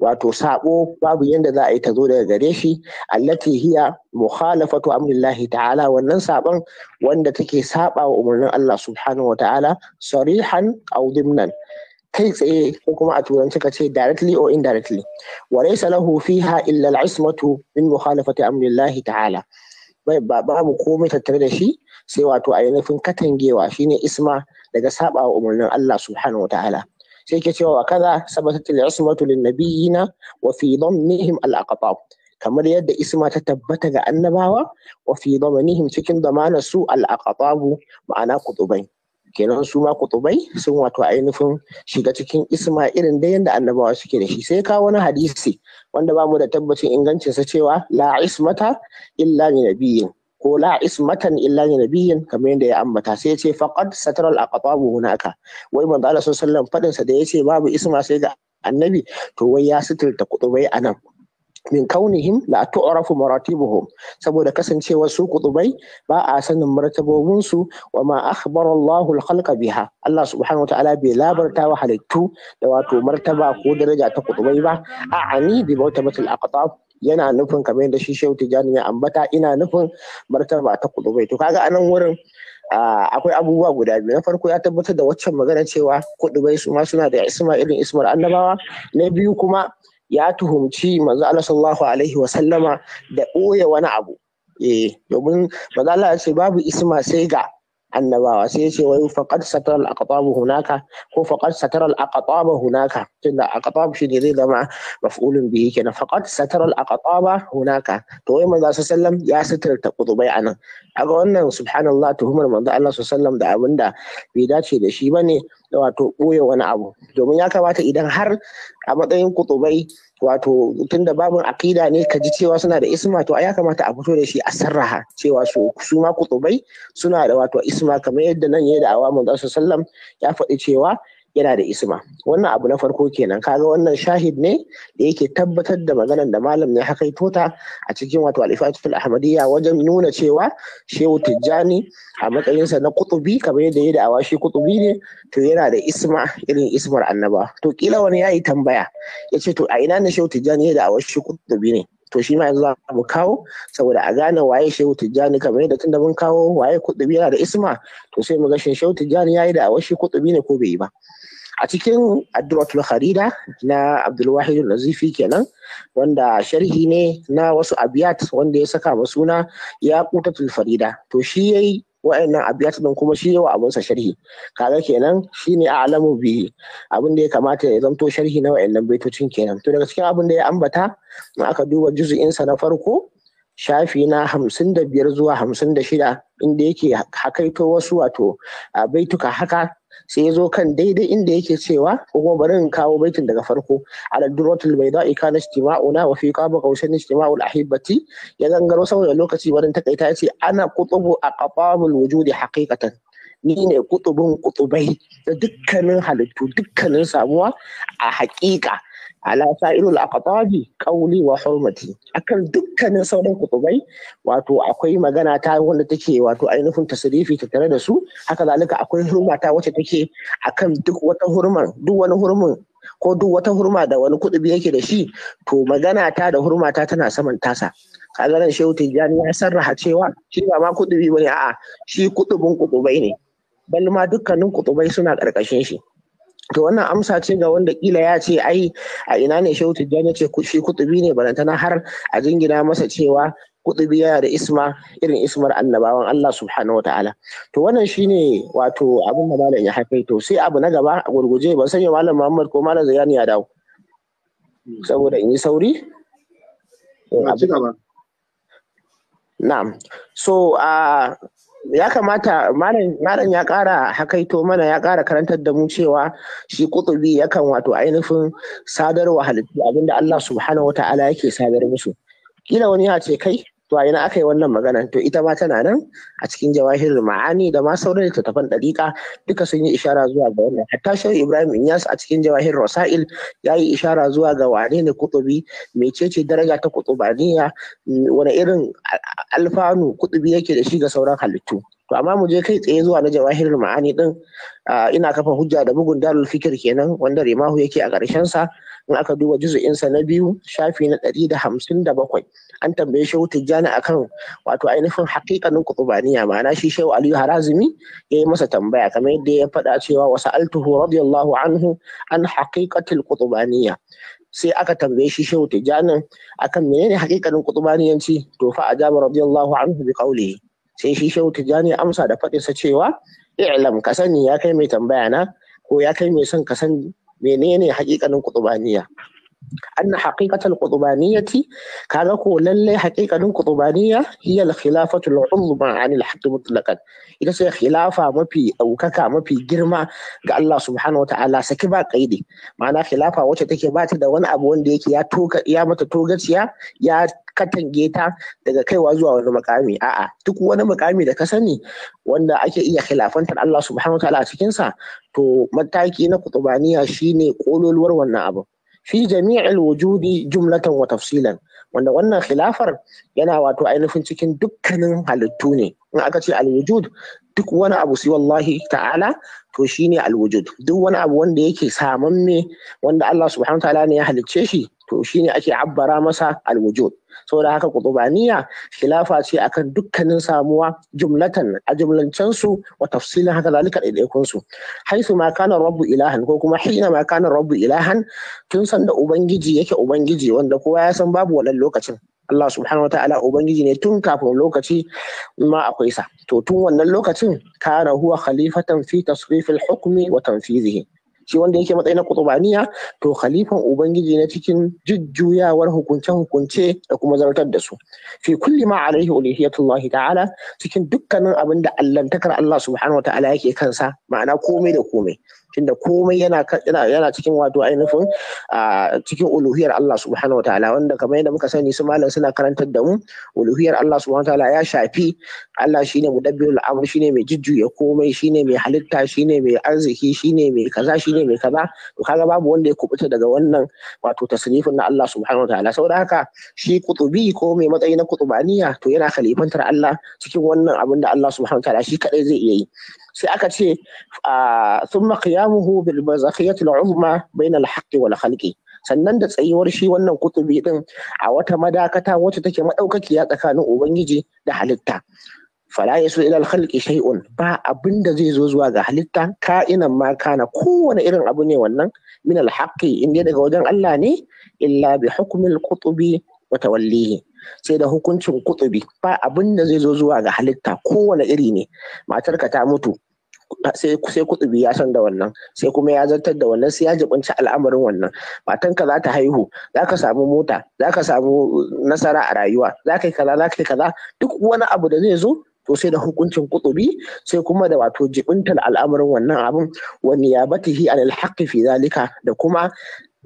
wato sabo babu yadda za a yi ta zo daga gare shi allati hiya mukhalafatu amrillahi ta'ala wannan saban wanda take saba wa umarnin Allah subhanahu wata'ala sarihan aw dimnan kai tsaye ko kuma a turanci ka ce directly or indirectly wa laysa lahu fiha illa al-ismatu min mukhalafati amrillahi ta'ala babu komai tattare da shi sai wato a nufin katangewa shine isma daga saba wa umarnin Allah subhanahu wata'ala sai ke cewa kaza sabatat al-ismatu lin-nabiyina wa fi dhammihim al kamar yadda isma ta tabbata ga annabawa wa fi dhamanihim cikin zamanar su al ma'ana kutubai kenan su ma kutubai sun wato ainihin shiga cikin isma irin da yadda annabawa suke da shi sai kawo wani hadisi wanda ba mu da tabbacin ingancinsa cewa la ismata illa min nabiyin ko la ismatan illa ne nabiyin kamar yadda ya ambata sai ya ce faqad sataral aqtabu hunaka wai manzo Allah sallallahu alaihi fadin sa da yace babu isma sai ga annabi to wai ya suturta kutubai anan min kaunihim la tu'rafu maratibuhum saboda kasancewar su kutubai ba a sanin martabobin su wa ma akhbara Allahu al-khalqa biha Allah subhanahu wa ta'ala bai labarta wa halittu da wato martaba ko daraja ta kutubai ba a'ani bi bautabatil aqtab yana nufin kamar yadda shi shehu tijjani ya ambata ina nufin martaba ta kudu bai to kaga anan wurin akwai abubuwa guda biyu na farko ya tabbatar da waccan magana cewa kudu bai su ma suna da isma irin ismar annabawa na biyu kuma ya tuhumci manzo Allah sallallahu alaihi wa sallama da ɓoye wani abu eh domin manzo Allah ya ce babu isma sai ga annabawa sai ya ce wai faqad satara al-aqtab hunaka ko faqad satara al-aqtab hunaka tunda aqtab shi ne zai zama maf'ulun bihi kenan faqad satara al-aqtab hunaka to wai manzo sallam ya sitirta kudubai anan aga wannan subhanallah tuhumar manzo Allah sallam da abinda bai dace da shi bane da wato boye wani abu domin ya kamata idan har a matsayin kutubai wato tunda babun akida ne ka ji cewa suna da isma to a ya kamata a fito da shi a sarraha cewa su su ma kutubai suna da wato isma kamar yadda nan ya da awa manzo sallam ya faɗi cewa yana da isma wannan abu na farko kenan kaga wannan shahid ne da yake tabbatar da maganar da malam ne haka tota a cikin wato alifatul ahmadiyya wajen nuna cewa shehu tijjani a matsayinsa na kutubi kamar yadda ya da'awa shi kutubi ne to yana da isma irin ismar annaba to kila wani yayi tambaya yace to a ina ne shehu tijjani ya da'awa shi kutubi ne to shi ma yanzu za mu kawo saboda a gane waye shehu tijjani kamar yadda tunda mun kawo waye kutubi yana da isma to sai mu ga shehu tijjani yayi da awashi kutubi ne ko bai yi ba a cikin addu'atul kharida na abdulwahid nazifi kenan wanda sharhi ne na wasu abiyat wanda ya saka suna ya kutatul farida to shi yayi wa'annan abiyat din kuma shi yawa abunsa sharhi kaga kenan shi ne a a'lamu bihi abin da ya kamata ya zamto sharhi na wa'annan baitocin kenan to daga cikin abin da ya ambata in aka duba juz'in sa na farko shafi na hamsin da biyar zuwa hamsin da shida inda yake hakaito wasu wato baituka haka sai ya zo kan daidai inda yake cewa ko kuma bari in kawo baitin daga farko ala durratul bayda ikana ijtima'una wa fi qaba qausain ijtima'ul ahibati ya gangaro saboda lokaci barin takaita yace ana a aqtabul wujudi haqiqatan ni ne kutubin kutubai da dukkanin halittu dukkanin samuwa a haƙiƙa ala sa'irul aqtabi qawli wa hurmati akan dukkanin sauran kutubai wato akwai magana ta wanda take wato ainihin tasrifi ta tare da su haka zalika akwai hurma ta wacce take akan duk wata hurman duk wani hurmin ko duk wata hurma da wani kutubi yake da shi to magana ta da hurma ta tana saman tasa kaga nan shehu ya sarraha cewa shi ba ma kutubi bane a'a shi kutubin kutubai ne bal ma dukkanin kutubai suna karkashin shi to wannan amsa ce ga wanda kila ya ce ai a ina ne shehu tijjani ce shi kutubi ne tana har a jingina masa cewa kutubi yana da isma irin ismar annabawan Allah subhanahu wataala to wannan shine wato abin da malam ya haifai to sai abu na gaba a gurguje ban sanya malam Muhammad ko malam Zayani ya dawo saboda in yi sauri na'am so a ah, ya kamata malam ya kara hakaito mana ya kara karantar da mu cewa shi kutubi yakan wato ainihin sadarwa halittu abinda Allah subhanahu Ta'ala yake sadar musu kila wani ya ce kai to a ina aka yi wannan magana to ita ma tana nan a cikin jawahirul ma'ani da ma sauran littattafan ɗariƙa duka sun yi ishara zuwa ga wannan hatta shehu ibrahim inyas a cikin jawahirul rasail ya yi ishara zuwa ga wane ne kutubi mecece daraja ta kutubaniya wani irin alfanu kutubi yake da shi ga sauran halittu to amma mu je kai tsaye zuwa na jawahirul ma'ani din ina kafa hujja da bugun darul fikir kenan wanda rimahu yake a ƙarshen sa in aka duba juzu'in na biyu shafi na ɗari da hamsin da bakwai an tambaye shehu tijjani akan wato ainihin haƙiƙanin kutubaniya ma'ana shi shehu aliyu harazimi ya yi masa tambaya kamar yadda ya faɗa cewa wasu altuhu radiyallahu anhu an haqiqatil kutubaniya sai aka tambaye shi shehu tijjani akan menene haƙiƙanin kutubaniyanci to fa ajaba radiyallahu anhu bi qawlihi sai shi shehu tijjani amsa da faɗinsa cewa i'lam ka sani ya kai mai tambaya na ko ya kai mai son ka san menene haƙiƙanin kutubaniya أن حقيقة القطبانية كاغاكو للي حقيقة القطبانية هي الخلافة العظمى عن الحق مطلقا إذا سي خلافة مفي أو كاكا مفي جرمة قال الله سبحانه وتعالى سكبا قيدي معنى خلافة وجه تكي بات دا وان أبو وان ديك يا توك يا متى توغت يا يا katange ta daga kaiwa zuwa wani makami a'a duk wani makami da ka sani wanda ake iya khilafantar Allah subhanahu wa ta'ala a cikinsa to mataki na kutubaniya shine kololuwar wannan abin fi jami'il wujudi jumlatan wa tafsilan wanda wannan khilafar yana wato ainihin cikin dukkanin halittu ne in aka ce alwujud duk wani abu sai wallahi ta'ala to shine alwujud duk wani abu wanda yake samamme wanda Allah subhanahu ta'ala ne ya halicce shi to shine ake abbara masa alwujud saboda haka qutubaniya khilafa ce akan dukkanin samuwa jumlatan a jumlancen su wa tafsilin haka zalika daidaikun su haisu ma kana rabbu ilahan ko kuma hina ma kana rabbu ilahan tun san da ubangiji yake ubangiji wanda kowa ya san babu wannan lokacin Allah subhanahu wa ta'ala ubangiji ne tun kafin lokaci ma akwai sa to tun wannan lokacin kana huwa khalifatan fi tasrifil hukmi wa tanfizihi shi wanda yake matsayin na kutubaniya to khalifan ubangiji na cikin jujjuyawar hukunce-hukunce da kuma zartar da su fi kulli ma alaihi ulihiyatullah ta'ala cikin dukkanin abin da allantakar Allah subhanahu wa ta'ala yake kansa ma'ana komai da komai tunda komai yana yana cikin wato ainihin a cikin uluhiyar Allah subhanahu wataala wanda kamar yadda muka sani su malam suna karantar da mu uluhiyar Allah subhanahu wataala ya shafi Allah shine mudabbirul amr shine mai jujjuya komai shine mai halitta shine mai arziki shine mai kaza shine mai kaza to kaga babu wanda ya kubuta daga wannan wato tasrifin na Allah subhanahu wataala saboda haka shi kutubi ko mai matsayi na kutubaniya to yana khalifantar Allah cikin wannan abin da Allah subhanahu wataala shi kadai zai iya yi sai aka ce ah, thumma qiyamuhu bil barzakhiyati al uzma bayna haqqi wal khalqi sannan da tsayuwar shi wannan kutubi din a wata madakata wacce take madaukakiya tsakanin ubangiji da halitta fala yasu ila alkhalqi shay'un ba abin da zai zo zuwa ga halitta ka'inan ma kana kowane irin abu ne wannan min alhaqi inda daga wajen Allah ne illa bi hukmil qutubi wa tawallihi sai da hukuncin kutubi ba abin da zai zo zuwa ga halitta kowane iri ne matarka ta mutu sai sai ya san da wannan sai kuma ya zartar da wannan sai ya jibinci al'amarin wannan matanka za ta haihu za ka samu mota za ka samu nasara a rayuwa za ka yi kaza za ka yi kaza duk wani abu da zai zo to sai da hukuncin kutubi sai kuma da wato jibintar al'amarin wannan abun bata hi anil haqqi fi zalika da kuma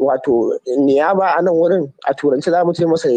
wato niyaba a nan wurin a turanci za mu ce masa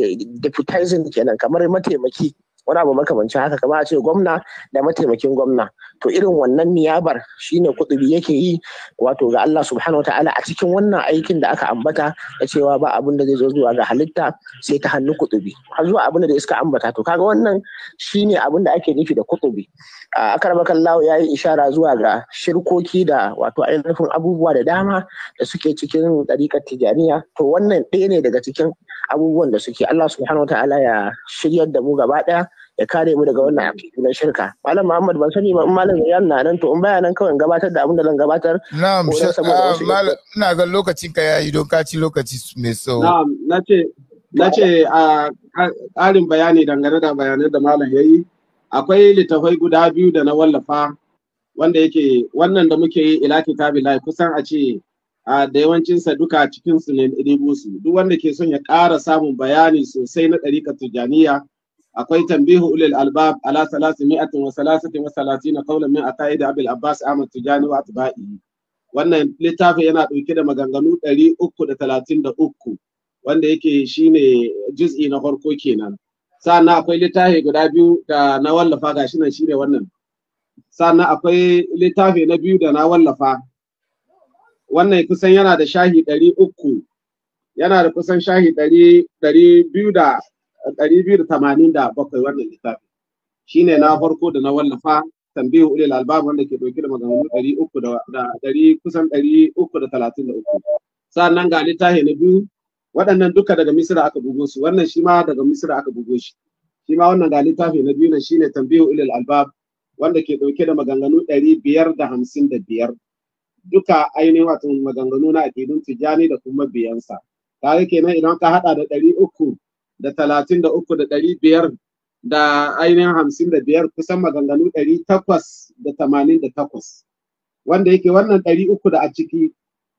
deputizing kenan kamar mataimaki wani abu makamancin haka kamar a ce gwamna da mataimakin gwamna to irin wannan niyabar shine kudubi yake yi wato ga Allah subhanahu ta'ala a cikin wannan aikin da aka ambata da cewa ba abin da zai zo zuwa ga halitta sai ta hannu kudubi har zuwa abin da iska ambata to kaga wannan shine abin da ake nufi da kudubi a lawo ya yayi ishara zuwa ga shirkoki da wato ainihin abubuwa da dama da suke cikin dariƙar tijaniya to wannan ɗaya ne daga cikin abubuwan da suke Allah subhanahu ta'ala ya shiryar da mu gaba daya ya kare mu daga wannan aqidu na shirka malam Muhammad ban sani ba in malam Zayan na nan to in baya nan kawai gabatar da abin da zan gabatar na'am ah, ina ga lokacin ka yayi don ka ci lokaci mai tsawo na'am nace nace a ah, ƙarin bayani dangane da bayanan da malam yi. akwai littafai guda biyu da na wallafa wanda yake wannan da muke yi ila lai kusan a ce a ah, da yawancinsa duka cikin su ne ɗigo su duk wanda ke son ya ƙara samun bayani sosai na ɗariƙar tujaniya akwai tambihu ulil albab ala salasi mi'atin wa salasatin wa na qawlan min atayi da abul abbas ahmad tijani wa atba'i wannan littafin yana ɗauke da maganganu ɗari uku da talatin da uku wanda yake shine juz'i na farko kenan sannan akwai littafi guda biyu da na wallafa gashi nan shine wannan sannan akwai littafi na biyu da na wallafa wannan kusan yana da shahi ɗari uku yana da kusan shahi ɗari biyu da ɗari biyu da tamanin da bakwai wannan littafin ne na farko da na wallafa tambihu ulil albab wanda ke ɗauke da maganganu ɗari uku da ɗari kusan ɗari uku da talatin da uku sannan ga littafi na biyu waɗannan duka daga misira aka bugo su wannan shi ma daga misira aka bugo shi shi ma wannan ga littafi na biyu ne shine tambihu ulil albab wanda ke ɗauke da maganganu ɗari biyar da hamsin da biyar duka ainihin wato maganganu na addinin tijani da kuma biyansa tare kenan idan ka hada da ɗari uku da talatin da uku da ɗari biyar da ainihin hamsin da biyar kusan maganganu ɗari takwas da tamanin da takwas wanda yake wannan ɗari uku da a ciki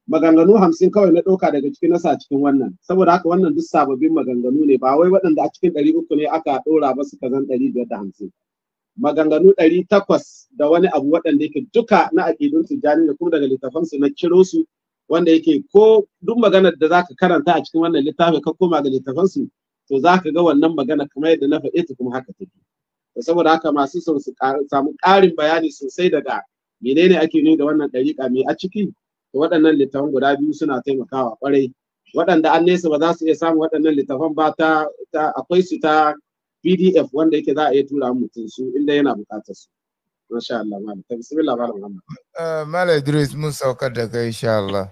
maganganu hamsin kawai na ɗauka daga cikin nasa a cikin wannan saboda haka wannan duk sababbin maganganu ne ba wai waɗanda a cikin ɗari uku ne aka ɗora ba su zan ɗari biyar da hamsin maganganu ɗari takwas da wani abu waɗanda yake duka na aƙidun tijjani da kuma daga su na ciro su wanda yake ko duk maganar da zaka karanta a cikin wannan littafi ka koma ga littafansu to za ka ga wannan magana kamar yadda na faɗe ta kuma haka take to saboda haka masu son su samu ƙarin bayani sosai daga menene ake nuni da wannan ɗariƙa mai a ciki to waɗannan littafan guda biyu suna taimakawa ƙwarai waɗanda an nesa ba za su iya samun waɗannan littafan ba ta akwai su ta pdf wanda yake za a iya tura mutum su inda yana bukatar su masha Allah malam bismillah malam Muhammad eh, malam Idris mun saukar da kai insha Allah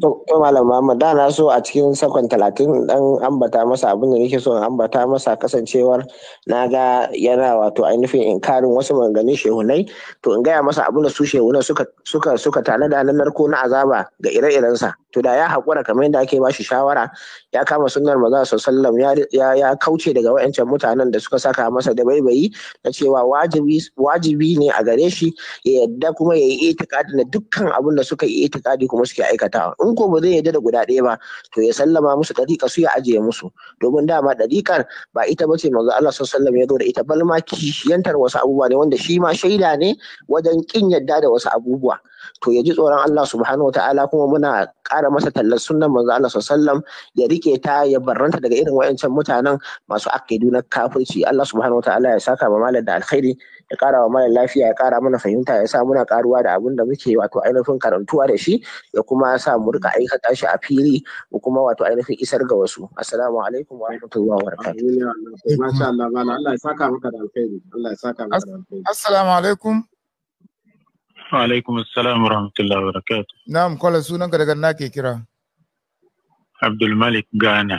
To Malam Muhammad da na so a cikin sakon talatin dan ambata masa abin da nake so in ambata masa kasancewar na ga yana wato ainihin inkarin wasu manganin shehunai to in gaya masa abin da su shehunai suka suka suka tana da nan narko na azaba ga ire-irensa to da ya haƙura kamar yadda ake bashi shawara ya kama sunnar maza sallam ya ya kauce daga wayancan mutanen da suka saka masa da baibayi na cewa wajibi wajibi ne a gare shi ya yadda kuma ya yi itikadi na dukkan abin da suka yi itikadi kuma suke aikatawa in ko ba zai yarda da guda ɗaya ba to ya sallama musu ɗariƙa su ya ajiye musu domin dama ɗariƙar ba ita ba ce manzo Allah sallallahu ya zo da ita balma kishiyantar wasu abubuwa ne wanda shi ma shaida ne wajen ƙin yadda da wasu abubuwa to ya ji tsoron Allah subhanahu wataala kuma muna ƙara masa tallar sunnan manzo Allah sallallahu ya rike ta ya barranta daga irin wayancan mutanen masu akidu na kafirci Allah subhanahu wataala ya saka ba malam da alkhairi ya ƙara wa mara lafiya ya ƙara mana fahimta ya sa muna ƙaruwa da abin da muke wato ainihin karantuwa da shi ya kuma sa mu rika aikata shi a fili mu kuma wato ainihin isar ga wasu assalamu alaikum wa rahmatullahi wa barakatuh masha Allah Allah ya saka maka da alkhairi Allah ya saka maka da alkhairi assalamu alaikum wa alaikum assalam wa rahmatullahi wa barakatuh na'am kwala sunanka daga na ke kira Abdulmalik Ghana.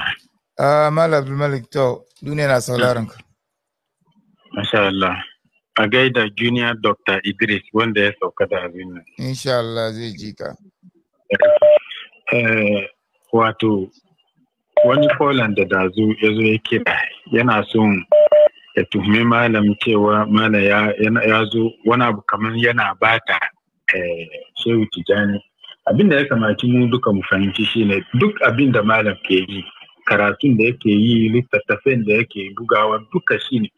Ah, Mala Malik to, duniya na sauraron ka. Masha Allah. a gaida junior doctor idris wanda ya sauka da abin nan insha Allah zai ji ka eh, wato wani poland da dazu ya zo ya kira yana son ya tuhumi malam cewa mana ya zo wani abu kamar yana bata eh, shehu tijani abin da ya kamaci mu duka mu fahimci shine duk abin da malam ke yi karatun da yake yi littattafan da yake bugawa duka shine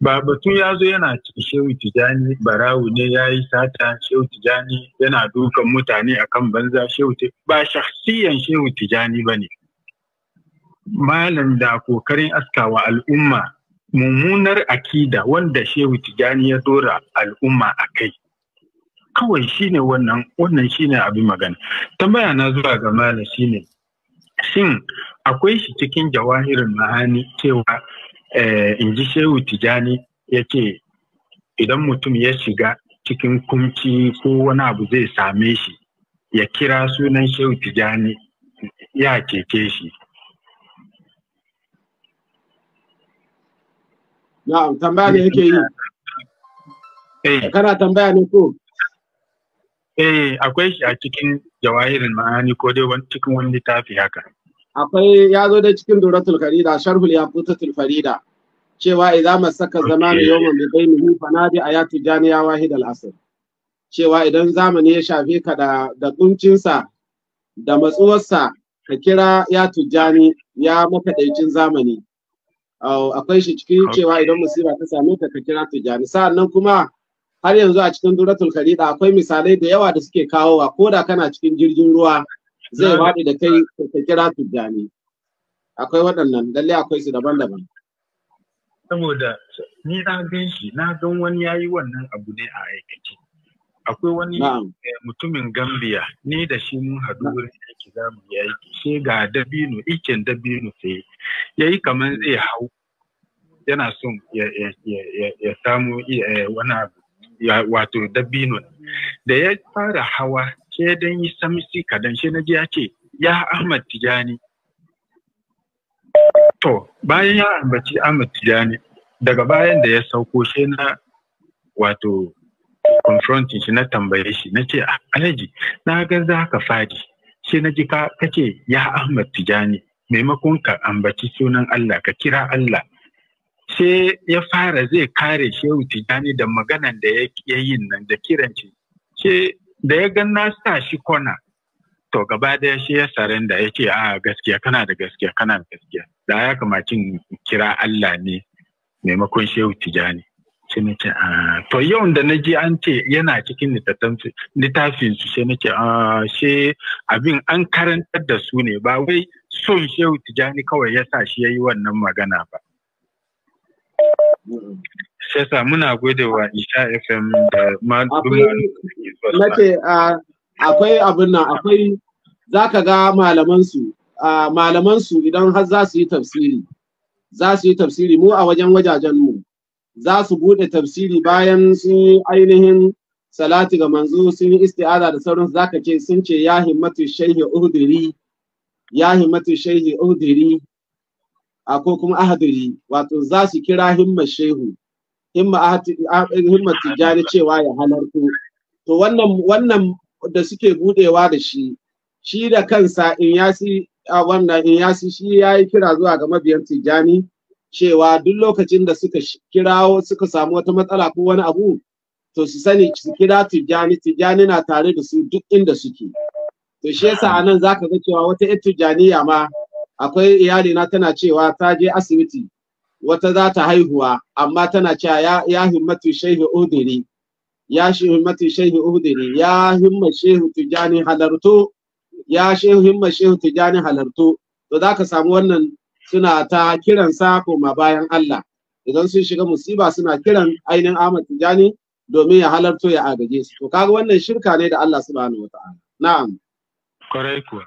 ba batun ya zo yana shehu tijani barawu ne ya yi sata shehu tijani yana dukan mutane akan banza shehu ba shaksiyan shehu tijani ba ne malam da kokarin askawa al'umma mummunar akida wanda shehu tijani ya dora al'umma a kai kawai shine wannan wannan shine abin magana tambaya na zuwa ga malam shine shin akwai shi cikin jawahirin ma'ani cewa Eh, in ji shehu tijani ya ce idan mutum ya shiga cikin kunci ko wani abu zai same shi ya kira sunan shehu tijani ya keke shi na'am tambaya ne yake yi eh. kana tambaya ne ko eh akwai shi a cikin jawahirin ma'ani ko dai cikin wani littafi haka akwai ya zo da cikin duratul farida sharhul yaqutatul farida cewa idan masaka zamanu yawman bi bainihi fanadi ayatu janiya wahid al asr cewa idan zamani ya shafe ka da da kuncinsa da matsuwarsa ka kira ya tujani ya daicin zamani akwai shi cikin cewa idan musiba ta same ka ka kira tujani sa'annan kuma har yanzu a cikin duratul karida akwai misalai da yawa da suke kawowa ko da kana cikin jirgin ruwa zai ware da kai ka kira tijjani akwai waɗannan lalle akwai su daban-daban saboda ni na gan shi na gan wani yayi wannan abu ne a aikace akwai wani eh, mutumin gambia ni da shi mun haɗu wurin aiki za mu yi aiki sai ga dabino ikin dabino sai yi kamar zai hau yana son ya samu wani abu wato dabino da ya fara hawa sai dan yi samisi kadan shi na ji ya ce ya Ahmad Tijani to bayan ya ambaci Ahmad Tijani daga bayan da ya sauko shi na wato confronting shi na tambaye shi na ce alaji na ga za ka fadi Shi na ji ka kace ya Ahmad Tijani maimakon ka ambaci sunan Allah ka kira Allah sai ya fara zai kare shehu Tijani da maganan da ya yi nan da kiran shi sai da ya gan na sa shi kona to gaba daya shi ya sarin da ya ce a ah, gaskiya kana da gaskiya kana da gaskiya da ya kamacin kira Allah ne maimakon shehu tijani sai na ce ah. to yau da na ji an ce yana cikin littafin su sai na ce ah, she abin an karantar da su ne ba wai son shehu tijani kawai ya sa shi ya yi wannan magana ba Shesa muna gode wa Isha FM da akwai abin nan akwai za ka ga malamansu malamansu idan har za su yi tafsiri za su yi tafsiri mu a wajen wajajen mu za su bude tafsiri bayan sun yi ainihin salati ga manzo sun yi isti'aza da sauransu za ka ce sun ce ya himmatu shehi udiri ya himmatu shehi udiri a ko kuma ahadiri wato za su kira himma shehu himma tijjani cewa ya halarto to wannan wannan da suke budewa da shi shi da kansa in yasi wannan in yasi shi yayi kira zuwa ga mabiyan tijjani cewa duk lokacin da suka kirawo suka samu wata matsala ko wani abu to su sani su kira tijjani tijjani na tare da su duk inda suke to shi yasa anan zaka ga cewa wata ittijaniya ma akwai iyalina tana cewa ta je asibiti wata za ta haihuwa amma tana cewa ya, ya himmatu shehu udiri ya himmatu shehu udiri ya himma shehu tijani halarto ya shehu himma shehu tijani halarto to za ka samu wannan suna ta kiran sa koma bayan Allah idan sun shiga musiba suna kiran ainihin Ahmad Tijani domin ya halarto ya agaje su to kaga wannan shirka ne da Allah subhanahu wataala na'am kwarai kuwa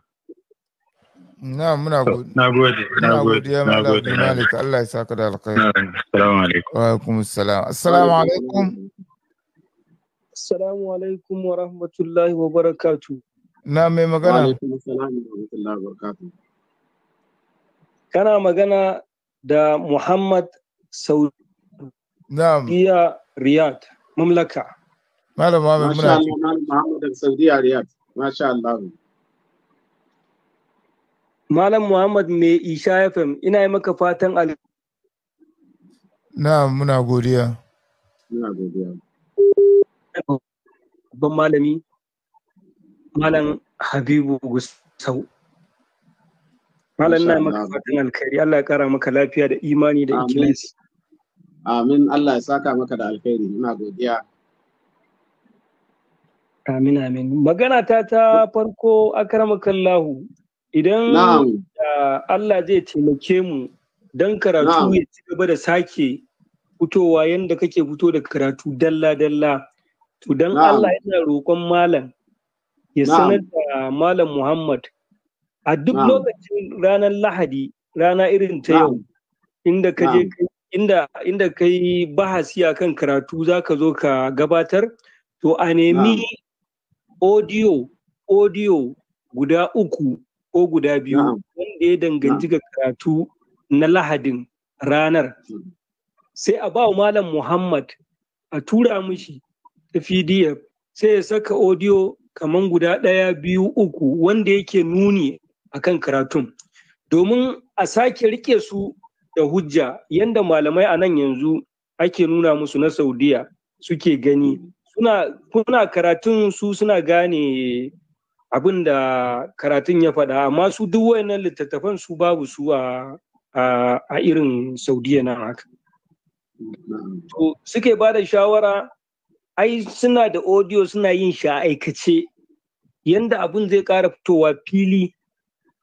Na muna gode. Na gode. Na gode. Na gode. Malik Allah saka da alkhairi. Assalamu alaikum. Wa alaikum wa barakatu. Na mai magana. Kana magana da Muhammad Saudi. Na'am. mamlaka. Malam Muhammad muna. Masha Allah, Malam Muhammad mai Isha FM ina yi maka fatan al Na muna godiya. Muna godiya. Babban malami Malam Habibu Gusau. Malam na maka fatan alkhairi Allah ya kara maka lafiya da imani da ikilasi. Amin Allah ya saka maka da alkhairi muna godiya. Amin amin. Magana ta ta farko lahu. idan Allah zai taimake mu don karatu ya ci gaba da sake fitowa yadda kake fito da karatu dalla-dalla to don Allah yana roƙon malam ya sanar da malam Muhammad a duk lokacin ranar Lahadi rana irin ta yau inda ka je inda inda kai bahasi akan karatu zaka zo ka gabatar to a nemi audio audio guda uku ko guda biyu wanda ya danganci ga karatu na lahadin ranar sai a ba malam muhammad a tura mishi ta pdf sai ya saka audio kaman guda ɗaya biyu uku wanda yake nuni a kan karatun domin a sake riƙe su da hujja yanda malamai a nan yanzu ake nuna musu na saudiya suke gani mm. suna karatun su suna gane abin da karatun ya faɗa amma su duk wayannan littattafan su babu su a a irin saudiya nan haka to suke ba shawara ai suna da audio suna yin shi a aikace yanda abin zai ƙara fitowa fili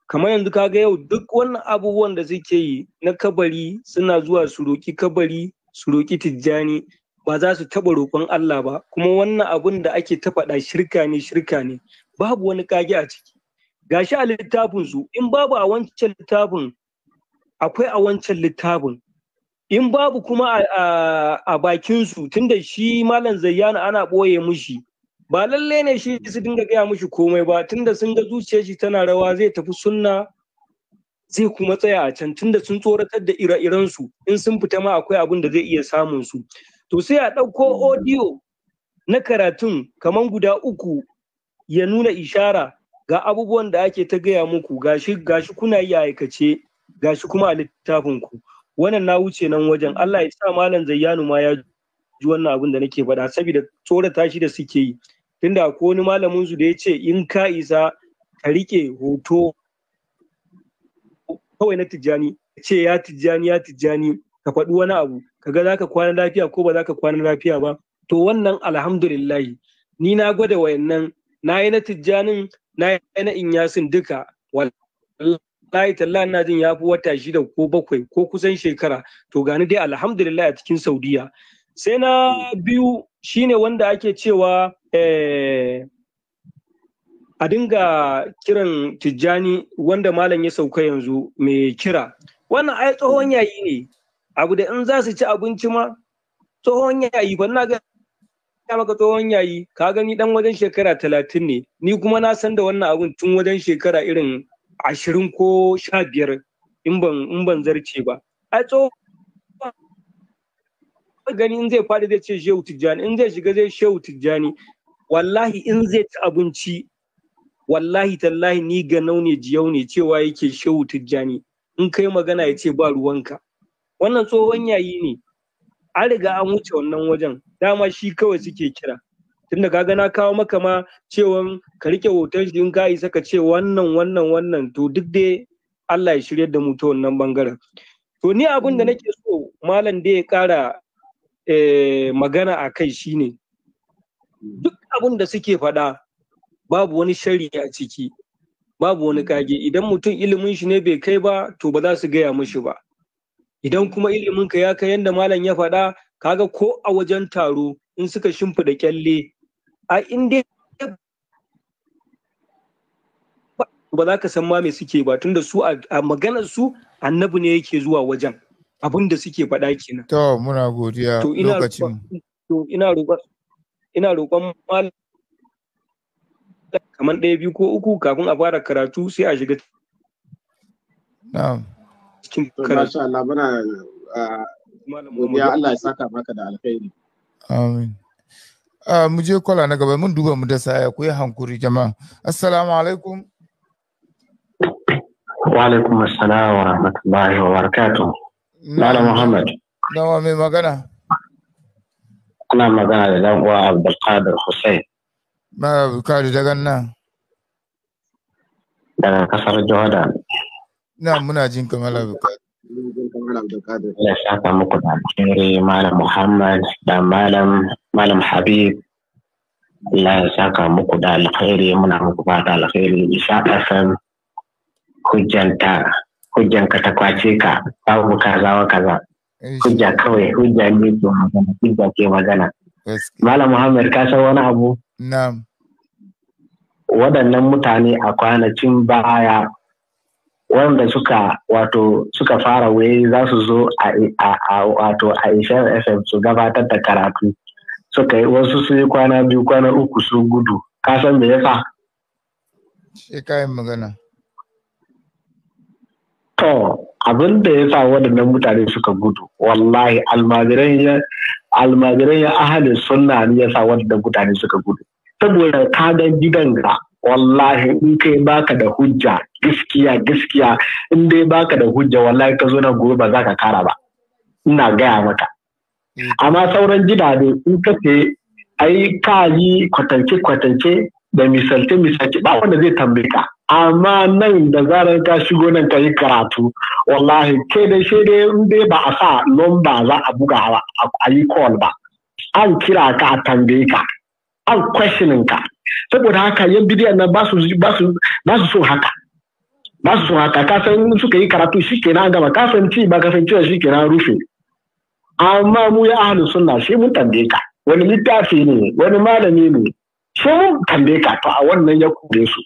kamar yanzu kaga yau duk wannan abubuwan da suke yi na kabari suna zuwa su roƙi kabari su roƙi tijjani ba za su taɓa roƙon Allah ba kuma wannan abun da ake ta faɗa shirka ne shirka ne babu wani kage a ciki gashi a littafin su in babu a wancan littafin akwai a wancan littafin in babu kuma a bakin su tunda shi malam zayyana ana ɓoye mushi ba lallai ne shi su dinga gaya mushi komai ba tunda sun ga zuciyar shi tana rawa zai tafi sunna zai kuma tsaya a can tunda sun tsoratar da ire-iren su in sun fita ma akwai abin da zai iya samun su to sai a ɗauko audio na karatun kaman guda uku ya nuna ishara ga abubuwan da ake ta gaya muku gashi gashi kuna yi aikace gashi kuma a littafin ku wannan na wuce nan wajen Allah ya sa malam Zayyanu ma ya ji wannan abin da nake faɗa saboda tsorata shi da suke yi tunda ko wani malamin su da ya ce in ka isa ka rike hoto kawai na tijjani ce ya tijjani ya tijjani ka faɗi wani abu kaga zaka kwana lafiya ko ba zaka kwana lafiya ba to wannan alhamdulillah ni na gwada wayannan na yi na tijjanin na yi na inyasin duka wallahi talla na jin ya fi wata shida ko bakwai ko kusan shekara to gani dai alhamdulillah a cikin saudiya sai na biyu shine wanda ake cewa eh, a dinga kiran tijjani wanda malam ya sauka yanzu mai kira wannan ai tsohon yayi ne abu da in za su ci abinci ma tsohon yayi ba na ga ya maka tsohon yayi ka gani dan wajen shekara talatin ne ni kuma na san da wannan abun tun wajen shekara irin ashirin ko sha biyar in ban zarce ba ai tsohon gani in zai faɗi zai ce shehu tijjani in zai shiga zai shehu tijjani wallahi in zai ci abinci wallahi tallahi ni ga ne jiyau ne cewa yake shehu tijjani in kai magana ya ce ba ruwanka wannan tsohon yayi ne an riga an wuce wannan wajen dama shi kawai suke kira tunda kaga na kawo maka ma cewa ka rike hoton shi in ka isa ka ce wannan wannan wannan to duk dai Allah ya shirya da mu ta wannan bangaren to ni abin da nake so malam dai ya kara eh, magana a kai shine duk abin da suke faɗa babu wani shari a ciki babu wani kage idan mutum ilimin shi ne bai kai ba to ba za su gaya mishi ba idan kuma ilimin ka ya kai yadda malam ya faɗa kaga ko a wajen taro in suka shimfiɗa kyalle a inda ba za ka san ma me suke ba tunda su a maganar su annabi ne yake zuwa wajen abin da suke faɗa kenan to muna godiya lokacin to ina roƙon ina roƙon malam kamar ɗaya biyu ko uku kafin a fara karatu sai a shiga na'am cikin karatu. Masha Allah muna ah, godiya Allah ya saka maka da alkhairi. Amin. Ah, mu je kwala na gaba mun duba mu da saya ku yi hankuri jama'a. Assalamu alaikum. Wa alaikum assalam wa rahmatullahi wa barakatuh. Lala Muhammad. Nawa mai magana? Kuna magana da dan uwa Abdulkadir Hussein. Malam Abdulkadir daga nan. Daga kasar Jordan. na muna jin kamar abubakar Allah ya saka muku da alheri Malam Muhammad da Malam Malam Habib Allah ya saka muku da alheri muna muku da alheri Isha Kasan hujjanta hujjanka ta kwace ka babu wa kaza eh, hujja kawai hujja ne ke magana hujja ke magana Malam Muhammad ka san wani abu na'am waɗannan mutane a kwanacin baya wanda suka wato suka fara waye za su zo a wato a Ishan FM su gabatar da karatu suka yi wasu su yi kwana biyu kwana uku su gudu ka san me yasa sai kayan magana to abin da ya sa waɗannan mutane suka gudu wallahi almajiran ya almajiran ya ahalin sunna ne ya sa waɗannan mutane suka gudu saboda ka ga gidan ga wallahi in kai baka da hujja gaskiya gaskiya in dai baka da hujja wallahi ka zo na gobe ba za ka kara ba ina gaya maka mm. amma sauran gidaje in ka ce ai ka yi kwatance kwatance da misalce misalce ba wanda zai tambaye ka amma nan da zarar ka shigo nan ka yi karatu wallahi ke dai shi dai in dai ba a sa lomba za a buga ba a yi call ba an kira ka a tambaye ka an questioning ka saboda haka yan bidiyan nan ba su so haka ba su son haka kasan san suka yi karatu shi kenan an gaba ka ci ba ka san cewa shi kenan rufe amma mu ya ahalin sunna shi mun tambaye ka wani littafi ne wani malami ne shi mun tambaye ka to a wannan ya kore su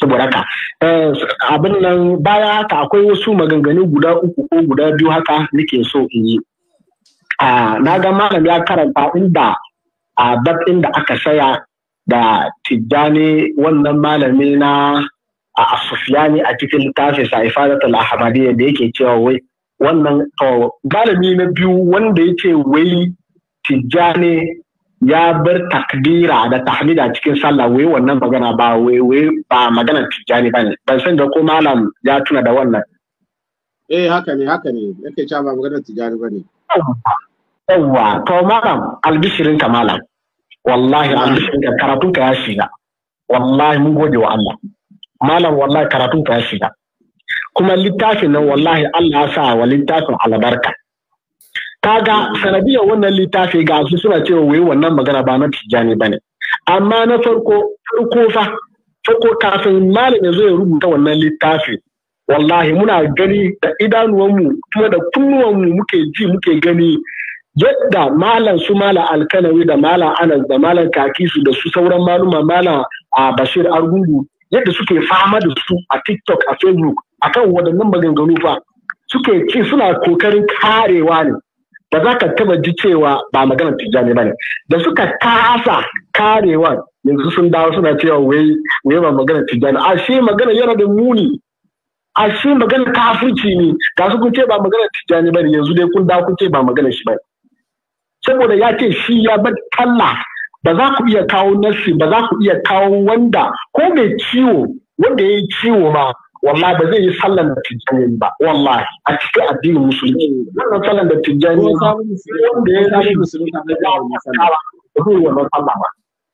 saboda ka eh, abin nan baya haka akwai wasu maganganu guda uku ko guda biyu haka nake so in yi na ga malam ya karanta inda a bab inda aka saya da tijjani wannan malami na a asusiyani a cikin littafin sa ifadatul ahmadiyya da yake cewa wai wannan galami na biyu wanda yake wai tijjani ya bar takbira da tahmida cikin sallah wai wannan magana ba wai ba magana tijjani bane ban san da ko malam ya tuna da wannan eh haka ne haka ne yake cewa ba magana tijjani bane yawwa to malam albishirin ka malam wallahi albishirin ka karatu ka ya shiga wallahi mun gode wa Allah malam wallahi karatu ka ya shiga kuma littafin nan wallahi Allah ya sa wa littafin albarka kaga sanadiyar wannan littafi ga su suna cewa wai wannan magana ba na tijjani bane amma na farko farko fa farko kafin malam ya zo ya rubuta wannan littafi wallahi muna gani da idanuwanmu kuma da kunnuwanmu muke ji muke gani yadda malam su malam alkanawi da malam anas da malam kakisu da su sauran maluma malam a ah, bashir argungu yadda suke fama da su a tiktok a facebook akan waɗannan maganganu fa suke ci suna kokarin karewa ne ba za ka taba ji cewa ba maganar tijjani ba ne da suka kasa karewa yanzu sun dawo suna cewa wai wai ba maganar tijjani a shi magana yana da muni a shi magana kafirci ne ga su kun ce ba maganar tijjani ba ne yanzu dai kun dawo kun ce ba maganar shi ba ne saboda ya ce shi ya bar kalla ba za ku iya kawo nasi ba za ku iya kawo wanda ko mai ciwo wanda ya yi ciwo ma wallahi ba zai yi sallan da tijjani ba wallahi a cikin addinin musulmi wannan sallan da tijjani wanda ya yi musulmi ba zai yi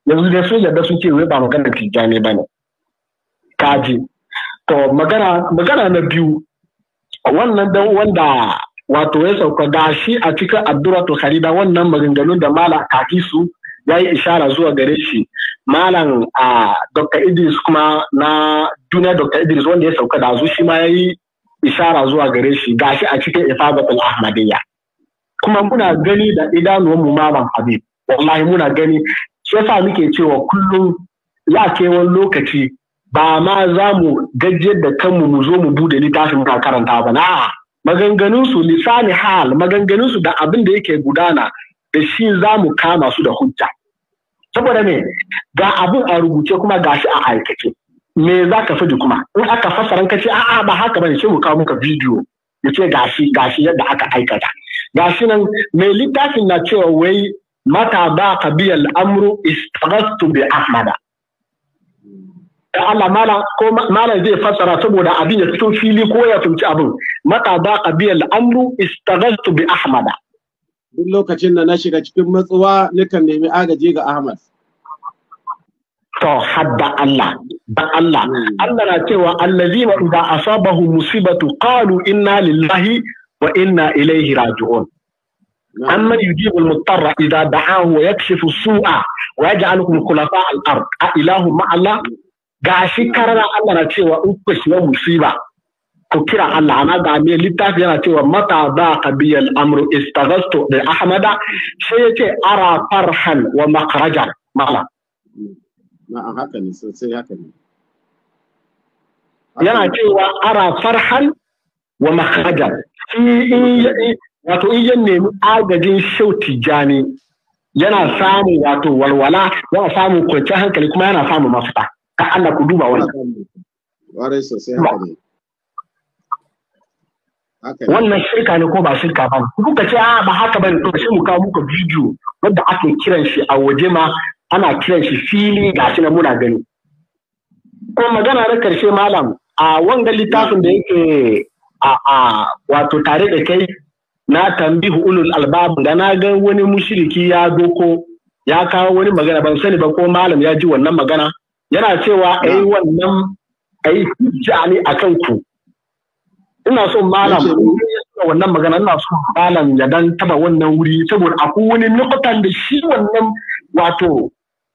yanzu da sun yarda sun ce wai ba magana tijjani ba ne kaji to magana magana na biyu wannan dan wanda wato ya sauka gashi a cikin addu'a addu'atul kharida wannan maganganun da mala kafi su ya yi ishara zuwa gare shi malam a dr idris kuma na duniya dr idris wanda ya sauka da shi ma ya yi ishara zuwa gare shi gashi a cikin ifadatul ahmadiyya kuma muna gani da idanuwanmu malam habib wallahi muna gani shi yasa muke cewa kullum ya kai lokaci ba ma za mu gajiyar da kanmu mu zo mu bude littafin muna karanta ba na maganganunsu lisani hal maganganunsu da abin da yake gudana da shi za mu kama su da hujja saboda me ga abin a rubuce kuma ga shi a aikace me za ka fi kuma in aka fassara ka ce a'a ba haka ba ne sai mu kawo muka bidiyo ya ce gashi shi yadda aka aikata gashi nan mai littafin na cewa wai mata ba ka biyan al'amru istaghastu bi ahmada Allah malam ko malam zai fasara saboda abin ya fito fili ko ya tunci abin mata ba ka biyan al'amru istaghastu bi ahmada duk lokacin da na shiga cikin matsuwa nukan nemi agaji ga Ahmad. To hadda Allah, da Allah, Allah na cewa allazi wa idza asabahu musibatu qalu inna lillahi wa inna ilaihi raji'un. أمن يجيب المضطر إذا دعاه ويكشف السوء ويجعلكم خلفاء الأرض أإله مع الله gashi karara Allah na cewa in ku shiga musiba ku kira Allah amma ga me littafi yana cewa mata ba qabiyal amru istagasto da ahmada sai yace ara farhan wa makhrajan mala na'am haka ne sai haka ne yana cewa ara farhan wa makhrajan wato in ya nemi agajin shauti jani yana samun wato walwala yana samun kwanciyar hankali kuma yana samun mafita ka Allah ku duba wannan. Warai sosai haka ne. wannan shirka ne ko ba shirka ba kuka ce ah, ba haka ba ne to shi mu kawo muku bidiyo wanda ake kiran shi a waje ma ana kiran shi fili shi na muna gani ko magana na karshe malam a wanga littafin da yake a a wato tare da kai na tambihu ulul albab da na ga wani mushriki ya doko ya kawo wani magana ban sani ba ko malam ya ji wannan magana yana cewa ai wannan ai ne akan ku ina so malam wannan magana ina so malam ya dan taba wannan wuri saboda akwai wani lokutan da shi wannan wato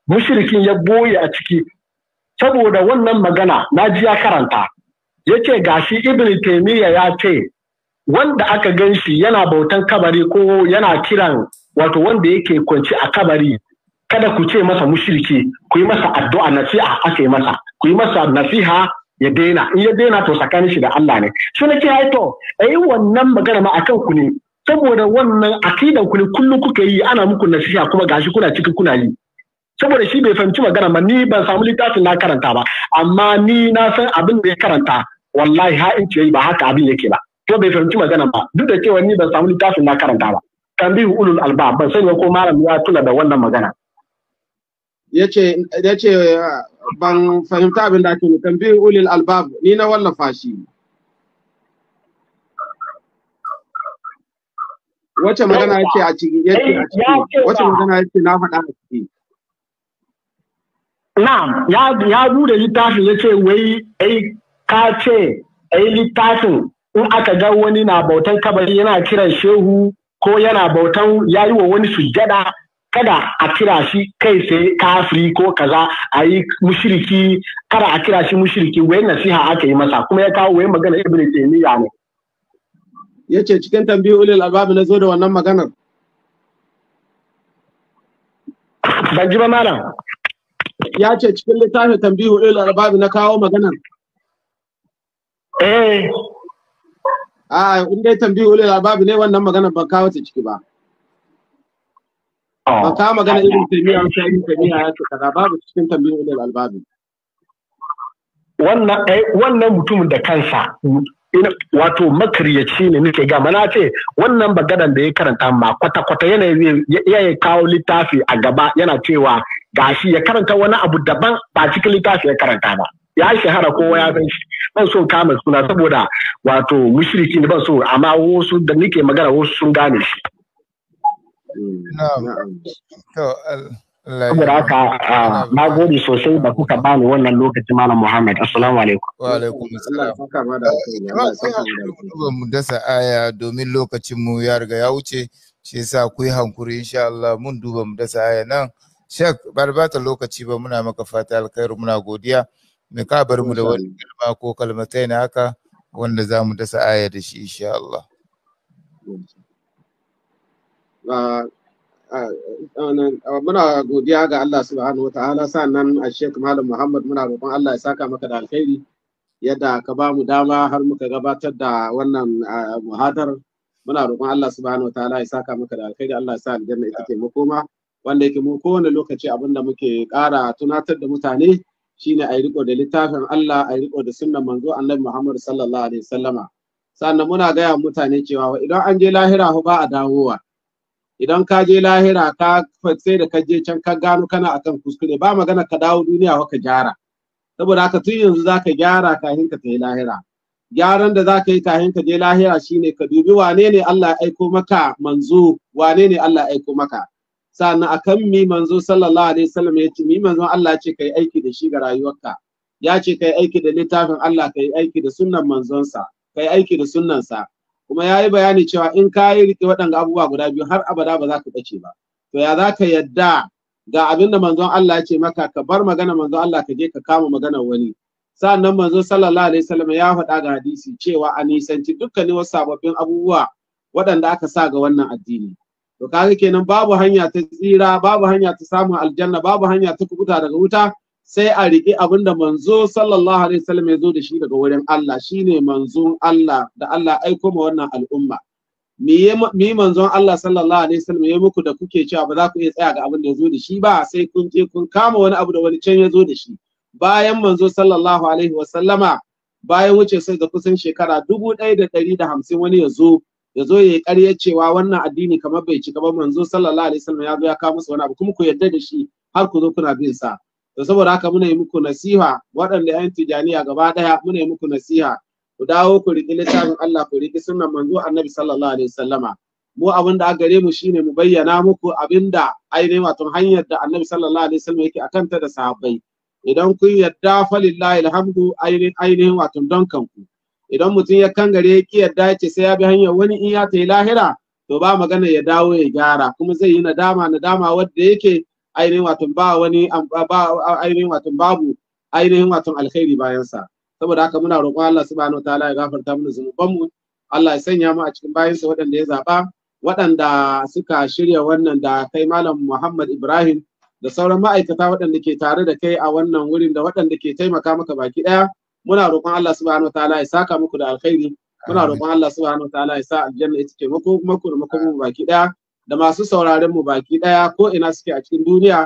mushrikin ya boye a ciki saboda wannan magana na ji ya karanta yace gashi ibn taymiya ya ce wanda aka gan shi yana bautan kabari ko yana kiran wato wanda yake kwanci a kabari kada ku ce masa mushriki ku yi masa addu'a nasiha aka yi masa ku yi masa nasiha ya daina in ya daina to tsakanin shi da Allah ne So na ce to ai wannan magana ma akan ku ne saboda wannan akidan ku ne kullum kuka yi ana muku nasiha kuma gashi kuna cikin kuna yi saboda shi bai fahimci magana ma ni ban samu littafin na karanta ba amma ni na san abin da ya karanta wallahi ha in ce ba haka abin yake ba to bai fahimci magana ba duk da cewa ni ban samu littafin na karanta ba tambihu ulul albab ban sani ko malam ya tuna da wannan magana ya ce ban fahimta abin da ake tambayin ulil albab ni na wallafa shi wace magana yake a ciki yake a eh, ciki wace magana yake na faɗa a ciki na ya bude littafin ya ce wai ai ka ce ai littafin in aka ga wani na bautan kabari yana kiran shehu ko yana bautan yayi wa wani sujjada kada a kira shi kai sai kafiri ko kaza a yi mushiriki kada a kira shi mushiriki wai nasiha aka yi masa kuma ya kawo wai magana ibn taymiya ne yace cikin ulil albab na zo da wannan maganar ban ji ba malam ya ce cikin littafin ulil albab na kawo maganar eh a ah, in dai ulil albab ne wannan maganar ban kawo ta ciki ba Oh, ba ka magana irin tamiya wata irin tamiya ya ce babu cikin tambayin ulul wannan eh, wannan mutumin da kansa wato makaryaci ne nake ga mana ce wannan bagadan da ya karanta ma kwata kwata yanayi ya kawo littafi a gaba yana cewa gashi ya karanta wani abu daban ba cikin littafi ya karanta ba ya shahara kowa ya san shi ban so kama suna saboda wato mushriki ne ban so amma wasu da nake magana wasu sun gane shi Saboda haka ah, na gode sosai da kuka bani wannan lokacin Malam Muhammad. Assalamu alaikum. Wa eh, mu dasa aya domin lokacin mu ya riga ya wuce shi yasa ku yi hankuri insha Allah mun duba mu dasa aya nan. Shek bar bata lokaci ba muna maka fata alkhairu muna godiya. Me ka bar mu da wani girma ko kalmatai na haka wanda za mu dasa aya da shi insha Allah. muna godiya ga Allah subhanahu wa ta'ala sannan a Sheikh Malam Muhammad muna roƙon Allah ya saka maka da alkhairi yadda ka ba mu dama har muka gabatar da wannan muhadar muna roƙon Allah subhanahu wa ta'ala ya saka maka da alkhairi Allah ya sa aljanna ita ke makoma wanda yake mu kowane lokaci abinda muke ƙara tunatar da mutane shine a riko da littafin Allah a riko da sunnan manzo Annabi Muhammad sallallahu alaihi wasallama sannan muna gaya mutane cewa idan an je lahira ba a dawowa idan ka je lahira ka sai da ka je can ka gano kana akan kuskure ba magana ka dawo duniya ka gyara saboda haka tun yanzu zaka gyara kafin ka kai lahira gyaran da zaka yi kafin ka je lahira shine ka dubi wane ne Allah ya aiko maka manzo wane ne Allah ya aiko maka sannan akan mi manzo sallallahu alaihi wasallam ya ce mi manzo Allah ce kai aiki da shi ga rayuwarka ya ce kai aiki da littafin Allah kai aiki da sunnan manzonsa kai aiki da sunnansa kuma ya yi bayani cewa in ka yi riƙe waɗanda abubuwa guda biyu har abada ba za ka ɓace ba to ya za ka yadda ga abinda da manzon Allah ya ce maka ka bar magana manzon Allah ka je ka kama maganar wani sa'annan manzon sallallahu alaihi wasallam ya faɗa ga hadisi cewa a nisanci dukkanin wasu sababbin abubuwa waɗanda aka sa ga wannan addini to kaga kenan babu hanya ta tsira babu hanya ta samun aljanna babu hanya ta kubuta daga wuta sai a riƙe abin da manzo sallallahu alaihi wasallam ya zo da shi daga wurin Allah shine manzon Allah da Allah aiko ma wannan al'umma yi manzon Allah sallallahu alaihi wasallam ya muku da kuke cewa ba za ku iya tsaya ga abin da ya zo da shi ba sai kun je kun kama wani abu da wani can ya zo da shi bayan manzo sallallahu alaihi wasallama bayan wuce sai da kusan shekara dubu ɗaya da ɗari da hamsin wani ya zo ya zo ya yi ƙarya cewa wannan addini kamar bai cika ba manzo sallallahu alaihi wasallam ya zo ya kawo musu wani abu kuma ku yarda da shi har ku zo kuna bin sa to saboda haka muna yi muku nasiha waɗanda yan tijaniya gaba ɗaya muna yi muku nasiha ku dawo ku riƙi littafin Allah ku riƙi sunan manzo annabi sallallahu alaihi wasallama mu abin da gare mu shine mu bayyana muku abinda da ainihin wato hanyar da annabi sallallahu alaihi wasallama yake akanta da sahabbai idan kun yadda falillahi alhamdu ainihin wato don kanku idan mutum ya kangare ya ki yadda ya ce sai ya bi hanyar wani in ya yi lahira to ba magana ya dawo ya gyara kuma zai yi nadama nadama wanda yake ainihin watan ba wani ainihin watan babu ainihin watan alkhairi bayansa saboda haka muna roƙon Allah subhanahu wataala ya gafarta mana zunuban mu Allah ya sanya mu a cikin bayan sa waɗanda ya zaba waɗanda suka shirya wannan da kai malam Muhammad Ibrahim da sauran ma'aikata waɗanda ke tare da kai a wannan wurin da waɗanda ke taimaka maka baki ɗaya muna roƙon Allah subhanahu wataala ya saka muku da alkhairi muna roƙon Allah subhanahu wataala ya sa aljanna ita ce muku kuma ku da baki ɗaya da masu sauraron mu baki daya ko ina suke a cikin duniya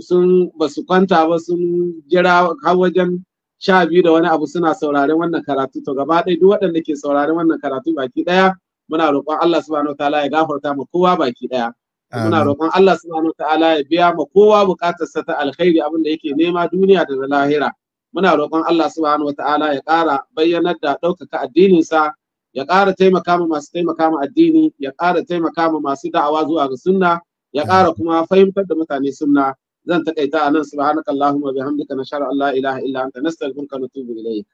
sun ba su kwanta ba sun jira har wajen sha biyu da wani abu suna sauraren wannan karatu to gaba ɗaya duk waɗanda ke sauraren wannan karatu baki ɗaya muna roƙon Allah subhanahu ta'ala ya gafarta ma kowa baki ɗaya muna roƙon Allah subhanahu ta'ala ya biya ma kowa buƙatarsa ta alkhairi abin da yake nema duniya da lahira muna roƙon Allah subhanahu ta'ala ya ƙara bayyanar da ɗaukaka addinin sa. ya ƙara taimaka ma masu taimaka ma addini ya ƙara taimaka ma masu da'awa zuwa ga sunna ya ƙara kuma fahimtar da mutane sunna zan takaita a nan subhanakallahumma bihamdika nashhadu an la ilaha illa anta nastaghfiruka wa natubu ilayk